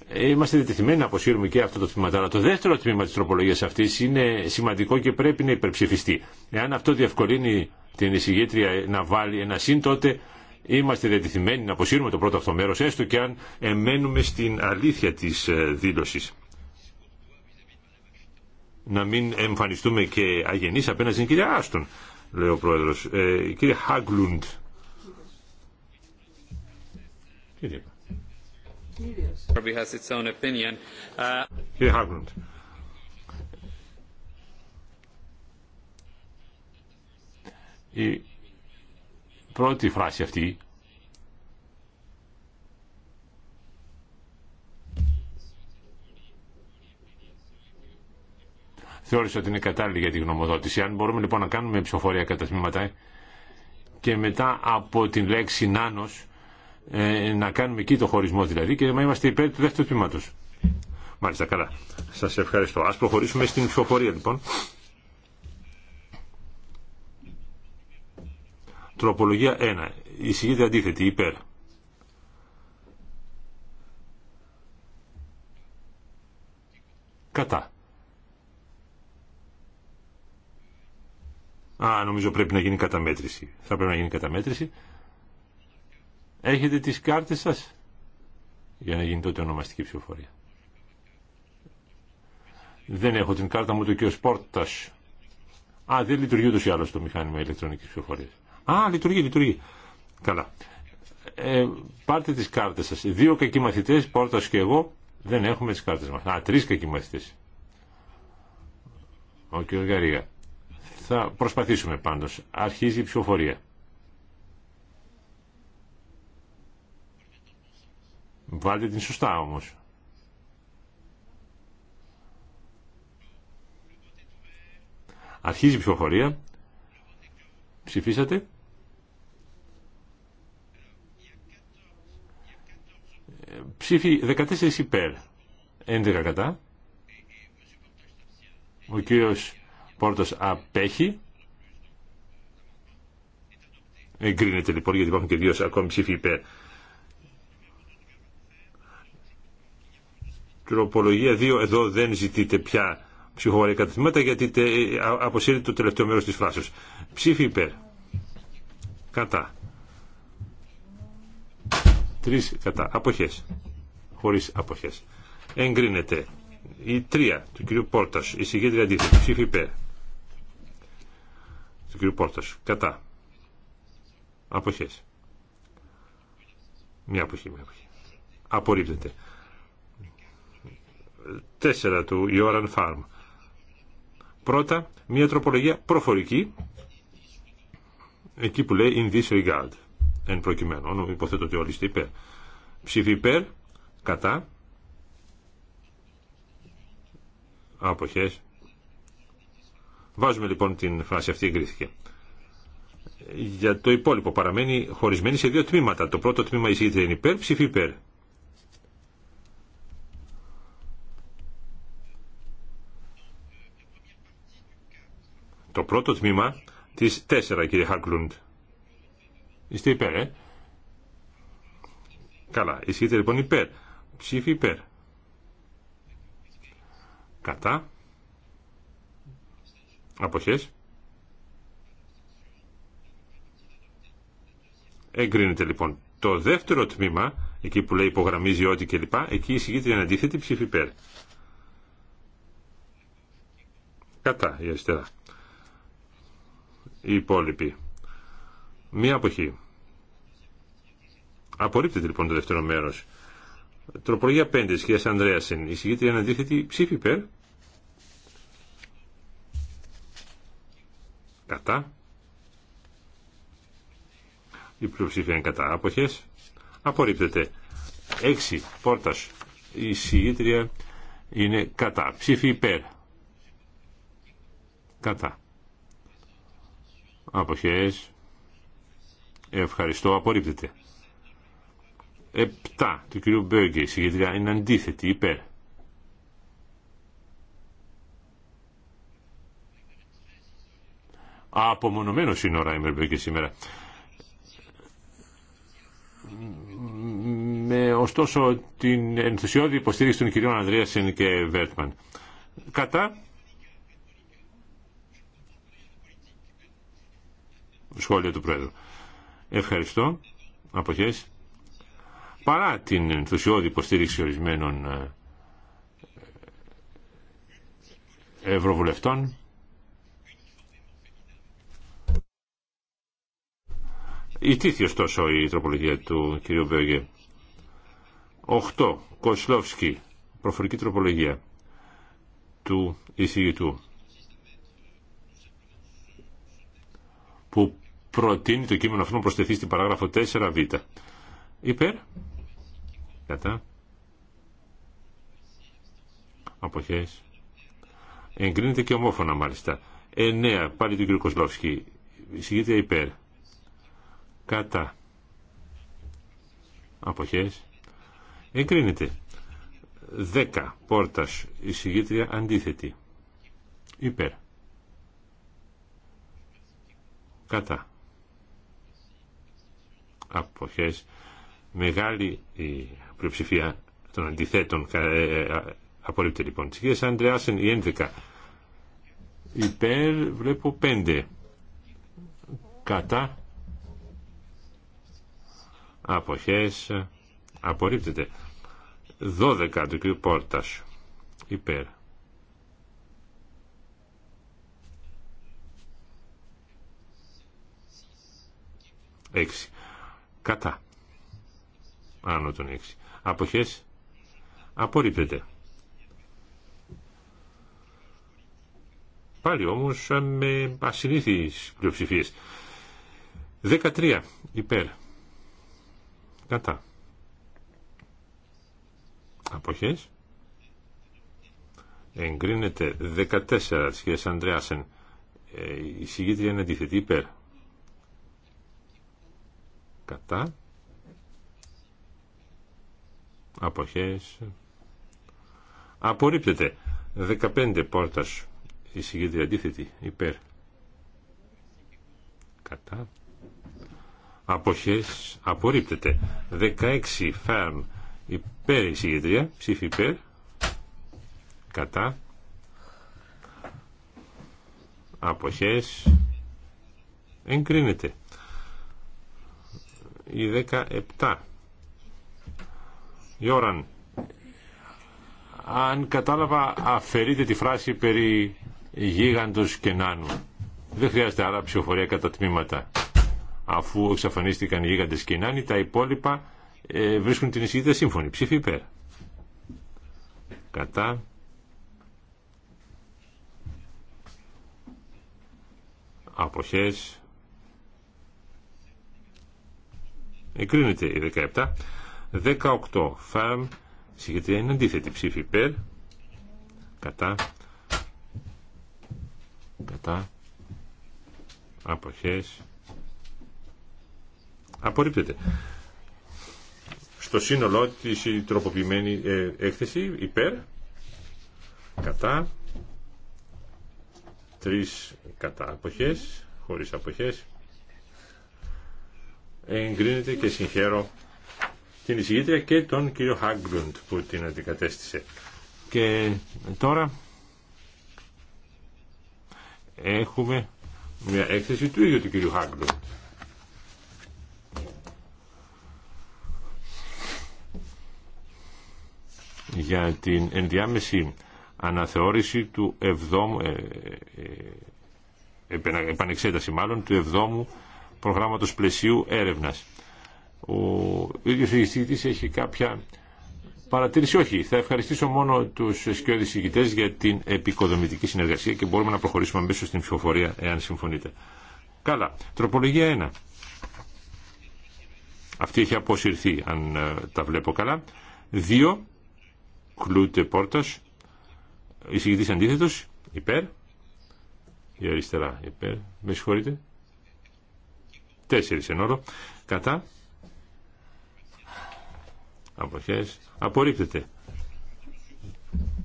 Ε, είμαστε διτεθειμένοι να αποσύρουμε και αυτό το τμήμα. Αλλά το δεύτερο τμήμα τη τροπολογία αυτή είναι σημαντικό και πρέπει να υπερψηφιστεί. Εάν αυτό διευκολύνει την εισηγήτρια να βάλει ένα συν, τότε είμαστε διατηθειμένοι να αποσύρουμε το πρώτο αυτό μέρο, έστω και αν εμένουμε στην αλήθεια τη δήλωση να μην εμφανιστούμε και αγενείς απέναντι στην κυρία Άστον, λέει ο πρόεδρος. Ε, η κυρία Χάγκλουντ. Κύριε. Κύριε Χάγκλουντ. Η πρώτη φράση αυτή θεώρησε ότι είναι κατάλληλη για τη γνωμοδότηση. Αν μπορούμε λοιπόν να κάνουμε ψηφοφορία κατά τμήματα ε, και μετά από την λέξη νάνος ε, να κάνουμε εκεί το χωρισμό δηλαδή και να είμαστε υπέρ του δεύτερου τμήματο. Μάλιστα, καλά. Σας ευχαριστώ. Ας προχωρήσουμε στην ψηφοφορία λοιπόν. Τροπολογία 1. Εισηγείται αντίθετη, υπέρ. Κατά. Α, νομίζω πρέπει να γίνει καταμέτρηση. Θα πρέπει να γίνει καταμέτρηση. Έχετε τις κάρτες σας για να γίνει τότε ονομαστική ψηφοφορία. Δεν έχω την κάρτα μου του κ. Σπόρτας. Α, δεν λειτουργεί ούτως ή άλλως το μηχάνημα ηλεκτρονικής ψηφοφορίας. Α, λειτουργεί, λειτουργεί. Καλά. Ε, πάρτε τις κάρτες σας. Δύο κακοί μαθητές, Πόρτας και εγώ, δεν έχουμε τις κάρτες μας. Α, τρεις κακοί μαθητές. Ο κ. Θα προσπαθήσουμε πάντως. Αρχίζει η ψηφοφορία. Βάλτε την σωστά όμως. Αρχίζει η ψηφοφορία. Ψηφίσατε. Ψήφι 14 υπέρ, 11 κατά. Ο κύριος Πόρτος απέχει. Εγκρίνεται λοιπόν γιατί υπάρχουν και δύο ακόμη ψήφοι υπέρ. Τροπολογία 2 εδώ δεν ζητείτε πια ψυχοβαρή τμήματα γιατί αποσύρεται το τελευταίο μέρος της φράσης. Ψήφοι υπέρ. Κατά. Τρεις κατά. Αποχές. Χωρίς αποχές. Εγκρίνεται. Η τρία του κυρίου Πόρτας. Η συγκέντρια αντίθετη. Ψήφι υπέρ του κ. Πόρτος. Κατά. Αποχές. Μια αποχή, μια αποχή. Απορρίπτεται. Τέσσερα του Ιόραν Φάρμ. Πρώτα, μια τροπολογία προφορική, εκεί που λέει in this regard, εν προκειμένου. Υποθέτω ότι όλοι είστε υπέρ. Ψήφι υπέρ, κατά, αποχές, Βάζουμε λοιπόν την φράση αυτή εγκρίθηκε. Για το υπόλοιπο παραμένει χωρισμένη σε δύο τμήματα. Το πρώτο τμήμα εισηγείται είναι υπέρ, ψήφι υπέρ. Το πρώτο τμήμα της 4, κύριε Χάκλουντ. Είστε υπέρ, ε. Καλά, εισηγείται λοιπόν υπέρ. Ψήφι υπέρ. Κατά. Αποχές. Εγκρίνεται λοιπόν το δεύτερο τμήμα, εκεί που λέει υπογραμμίζει ό,τι κλπ, εκεί εισηγείται η αντίθετη ψήφι υπέρ. Κατά η αριστερά. Οι υπόλοιποι. Μία αποχή. Απορρίπτεται λοιπόν το δεύτερο μέρος. Τροπολογία 5 της κυρίας Ανδρέασεν. Εισηγείται η αντίθετη ψήφι υπέρ. Κατά. Η πλειοψηφία είναι κατά. Αποχές. Απορρίπτεται. Έξι Πόρτας. Η συγγήτρια είναι κατά. Ψήφι υπέρ. Κατά. Αποχές. Ευχαριστώ. Απορρίπτεται. Έπτα του κυρίου Μπέργκε η συγκεντριά είναι αντίθετη, υπέρ. απομονωμένο σύνορα η και σήμερα. Με ωστόσο την ενθουσιώδη υποστήριξη των κυρίων Ανδρέασεν και Βέρτμαν. Κατά σχόλιο του Πρόεδρου. Ευχαριστώ. Αποχές. Παρά την ενθουσιώδη υποστήριξη ορισμένων ε, ευρωβουλευτών, Ιτήθη ωστόσο η τροπολογία του κ. Μπέογε. 8. Κοσλόφσκι. Προφορική τροπολογία του εισηγητού που προτείνει το κείμενο αυτό να προσθεθεί στην παράγραφο 4β. Υπέρ. Κατά. Αποχές. Εγκρίνεται και ομόφωνα μάλιστα. 9. Πάλι του κ. Κοσλόφσκι. Εισηγείται υπέρ κατά αποχές εγκρίνεται 10 πόρτας εισηγήτρια αντίθετη υπέρ κατά αποχές μεγάλη η πλειοψηφία των αντιθέτων ε, ε, απορρίπτεται λοιπόν της κυρίας Αντρεάσεν η 11 υπέρ βλέπω 5 κατά αποχές απορρίπτεται 12 του κ. Πόρτας υπέρ έξι κατά άνω των έξι αποχές απορρίπτεται πάλι όμως με ασυνήθιες πλειοψηφίες 13 υπέρ Κατά. Αποχές. Εγκρίνεται 14 της κυρίας Ανδρέασεν. Η συγκίτρια είναι αντίθετη υπέρ. Κατά. Αποχές. Απορρίπτεται. 15 πόρτας. Η συγκίτρια αντίθετη υπέρ. Κατά αποχές απορρίπτεται 16 φαν υπέρ εισηγητρία ψήφι υπέρ κατά αποχές εγκρίνεται η 17 Γιώραν αν κατάλαβα αφαιρείτε τη φράση περί γίγαντος και νάνου δεν χρειάζεται άλλα ψηφοφορία κατά τμήματα αφού εξαφανίστηκαν οι γίγαντες νάνοι τα υπόλοιπα ε, βρίσκουν την ισχύτητα σύμφωνη. Ψήφι υπέρ. Κατά. Αποχές. Εκρίνεται η 17. 18. Φαρμ. Συγχαρητήρια είναι αντίθετη. Ψήφι υπέρ. Κατά. Κατά. Αποχές Απορρίπτεται. Στο σύνολό της η τροποποιημένη ε, έκθεση υπέρ, κατά, τρεις κατά αποχές, χωρίς αποχές, εγκρίνεται και συγχαίρω την εισηγήτρια και τον κύριο Χάγκλουντ που την αντικατέστησε. Και τώρα έχουμε μια έκθεση του ίδιου του κύριου Χάγκλουντ για την ενδιάμεση αναθεώρηση του 7ου, ε, ε επανεξέταση μάλλον, του 7ου προγράμματος πλαισίου έρευνας. Ο ίδιος διευθυντής έχει κάποια παρατήρηση. Όχι, θα ευχαριστήσω μόνο τους σκιώδης ηγητές για την επικοδομητική συνεργασία και μπορούμε να προχωρήσουμε αμέσως στην ψηφοφορία, εάν συμφωνείτε. Καλά. Τροπολογία 1. Αυτή έχει αποσυρθεί, αν ε, τα βλέπω καλά. Δύο, Κλούτε Πόρτας, εισηγητής αντίθετο. υπέρ, η αριστερά υπέρ, με συγχωρείτε, Τέσσερι ενώρο κατά, Αποχέ. απορρίπτεται.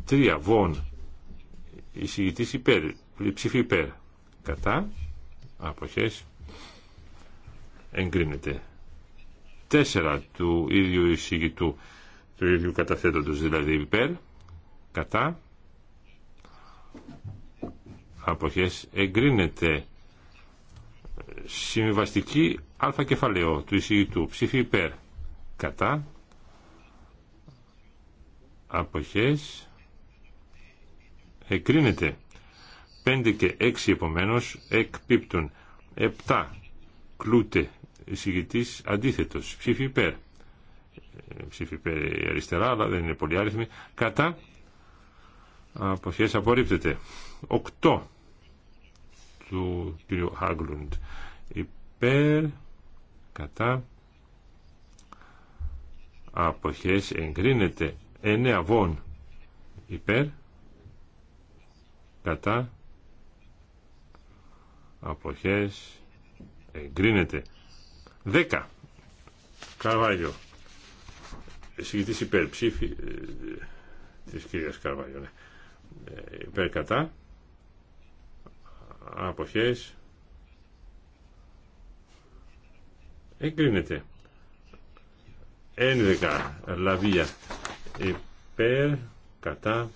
Τρία, βον, εισηγητής υπέρ, ψηφί υπέρ, κατά, απόχέ, εγκρίνεται. Τέσσερα του ίδιου εισηγητού του ίδιου καταθέτοντος δηλαδή υπέρ κατά αποχές εγκρίνεται συμβιβαστική α κεφαλαίο του εισηγητού ψήφι υπέρ κατά αποχές εγκρίνεται 5 και 6 επομένως εκπίπτουν 7 κλούτε εισηγητής αντίθετος ψήφι υπέρ ψήφι αριστερά, αλλά δεν είναι πολύ άριθμη. Κατά αποχές απορρίπτεται. οκτώ του κ. Χάγκλουντ. Υπέρ, κατά, αποχές εγκρίνεται. εννέα βόν. Υπέρ, κατά, αποχές εγκρίνεται. δέκα Καρβάγιο συγκριτής υπέρ ψήφι ε, της κυρίας Καρβάλιο ναι. Ε, υπέρ κατά αποχές εγκρίνεται 11 λαβία υπέρ κατά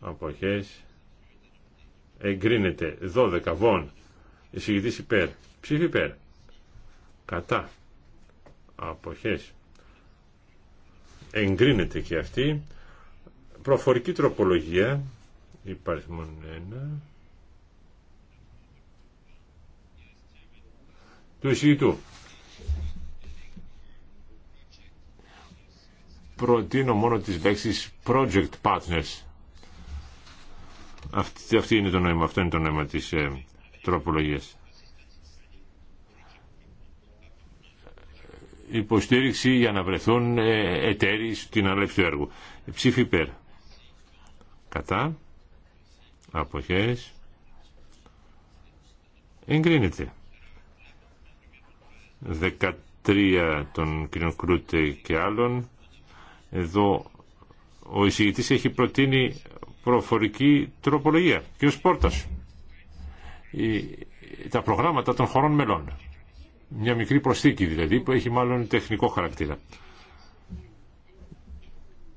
αποχές εγκρίνεται 12 βον εισηγητής υπέρ ψήφι υπέρ κατά αποχές εγκρίνεται και αυτή προφορική τροπολογία υπάρχει μόνο ένα του εισηγητού προτείνω μόνο τις λέξεις project partners αυτή, αυτή είναι το νόημα αυτό είναι το νόημα της ε, τροπολογίας υποστήριξη για να βρεθούν ε, εταίροι στην αλλαγή του έργου. Ψήφι υπέρ. Κατά. Αποχές. Εγκρίνεται. 13 των κ. Κρούτε και άλλων. Εδώ ο εισηγητής έχει προτείνει προφορική τροπολογία. Κ. Πόρτας. Τα προγράμματα των χωρών μελών. Μια μικρή προσθήκη δηλαδή που έχει μάλλον τεχνικό χαρακτήρα.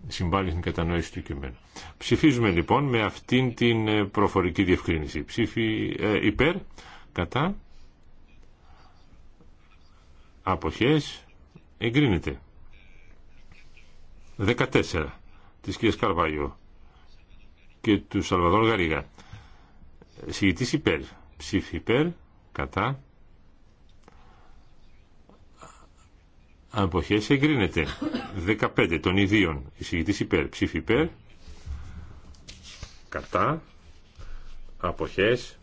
Συμβάλλει στην κατανόηση του κειμένου. Ψηφίζουμε λοιπόν με αυτήν την ε, προφορική διευκρίνηση. Ψήφι ε, υπέρ, κατά, αποχές, εγκρίνεται. 14 της κυρίας Καρβαγιού και του Σαλβαδόρ Γαρίγα. Συγητής υπέρ, ψήφι υπέρ, κατά, Αποχές εγκρίνεται. 15 των ιδίων. Εισηγητής υπέρ. Ψήφι υπέρ. Κατά. Αποχές.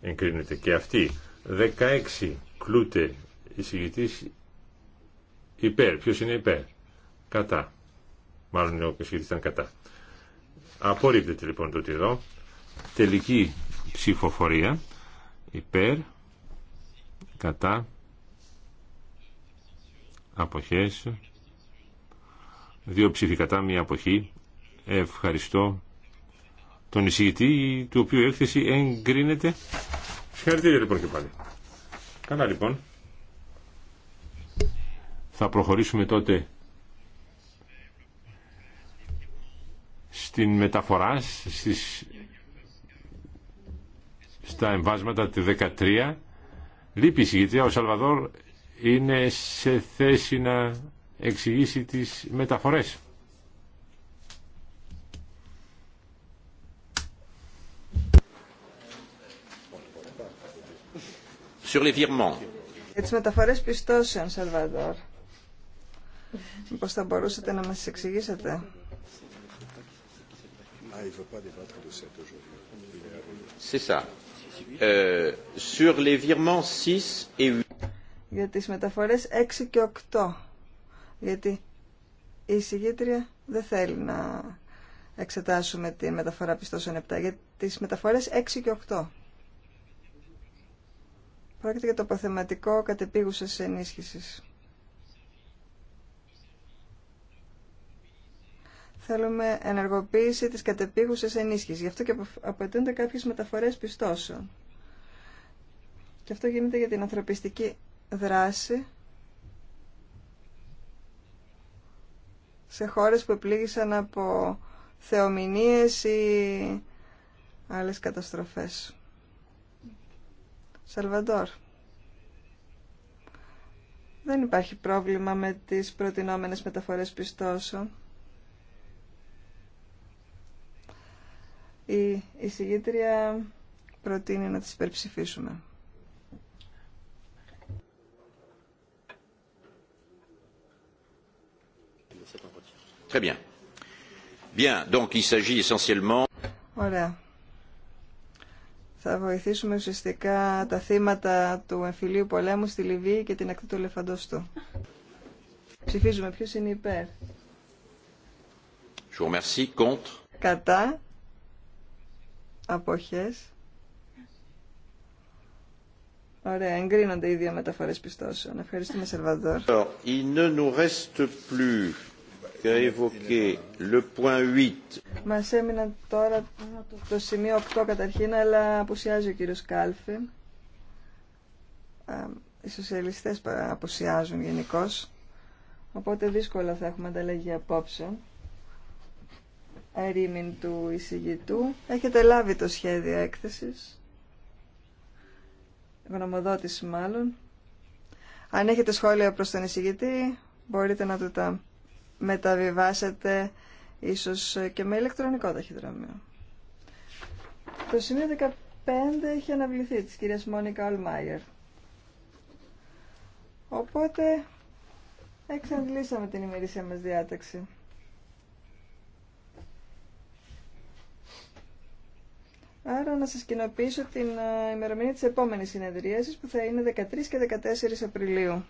Εγκρίνεται και αυτή. 16 κλούτε. Εισηγητής υπέρ. Ποιος είναι υπέρ. Κατά. Μάλλον ο εισηγητής ήταν κατά. Απορρίπτεται λοιπόν το εδώ. Τελική ψηφοφορία. Υπέρ. Κατά αποχές δύο ψήφοι μία αποχή ευχαριστώ τον εισηγητή του οποίου η έκθεση εγκρίνεται συγχαρητήρια λοιπόν και πάλι καλά λοιπόν θα προχωρήσουμε τότε στην μεταφορά στις, στα εμβάσματα τη 13 λείπει η εισηγητή, ο Σαλβαδόρ είναι σε θέση να εξηγήσει τις μεταφορές. Για τις μεταφορές πιστώσεων, Σαλβαδόρ. Μήπως θα μπορούσατε να μας εξηγήσετε. Ah, C'est ça. Euh, sur les virements 6 et 8 για τις μεταφορές 6 και 8 γιατί η συγγήτρια δεν θέλει να εξετάσουμε τη μεταφορά πιστώσεων 7 για τις μεταφορές 6 και 8 πρόκειται για το αποθεματικό κατεπίγουσας ενίσχυσης θέλουμε ενεργοποίηση της κατεπίγουσας ενίσχυσης γι' αυτό και απαιτούνται κάποιες μεταφορές πιστώσεων και αυτό γίνεται για την ανθρωπιστική δράση σε χώρες που επλήγησαν από θεομηνίες ή άλλες καταστροφές. Σαλβαντόρ. Δεν υπάρχει πρόβλημα με τις προτινόμενες μεταφορές πιστώσεων. Η εισηγήτρια προτείνει να τις υπερψηφίσουμε. Ωραία. Θα βοηθήσουμε ουσιαστικά τα θύματα του εμφυλίου πολέμου στη Λιβύη και την ακτή του του. Ψηφίζουμε ποιος είναι υπέρ. Je vous remercie. Contre. Κατά. Αποχές. Ωραία, εγκρίνονται οι δύο μεταφορές πιστώσεων. Ευχαριστούμε, Σερβαντόρ. il ne nous reste plus μας έμεινα τώρα το σημείο 8 καταρχήν, αλλά απουσιάζει ο κύριος Κάλφη. Οι σοσιαλιστές απουσιάζουν γενικώ, οπότε δύσκολα θα έχουμε ανταλλαγή απόψεων. Ερήμην του εισηγητού. Έχετε λάβει το σχέδιο έκθεσης. Γνωμοδότηση μάλλον. Αν έχετε σχόλια προς τον εισηγητή, μπορείτε να το τα μεταβιβάσετε ίσως και με ηλεκτρονικό ταχυδρομείο. Το σημείο 15 έχει αναβληθεί της κυρίας Μόνικα Ολμάιερ. Οπότε εξαντλήσαμε την ημερήσια μας διάταξη. Άρα να σας κοινοποιήσω την ε, ημερομηνία της επόμενης συνεδρίασης που θα είναι 13 και 14 Απριλίου.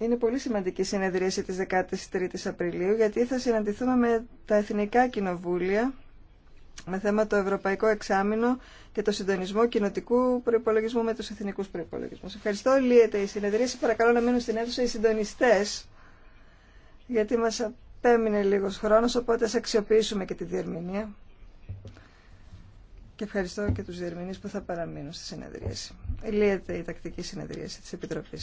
Είναι πολύ σημαντική η συνεδρίαση της 13ης Απριλίου γιατί θα συναντηθούμε με τα Εθνικά Κοινοβούλια με θέμα το Ευρωπαϊκό Εξάμεινο και το συντονισμό κοινοτικού προϋπολογισμού με τους εθνικούς προϋπολογισμούς. Ευχαριστώ. Λύεται η συνεδρίαση. Παρακαλώ να μείνουν στην αίθουσα οι συντονιστές γιατί μας απέμεινε λίγος χρόνος οπότε ας αξιοποιήσουμε και τη διερμηνία. Και ευχαριστώ και τους διερμηνείς που θα παραμείνουν στη συνεδρίαση. Λύεται η τακτική συνεδρίαση τη Επιτροπή.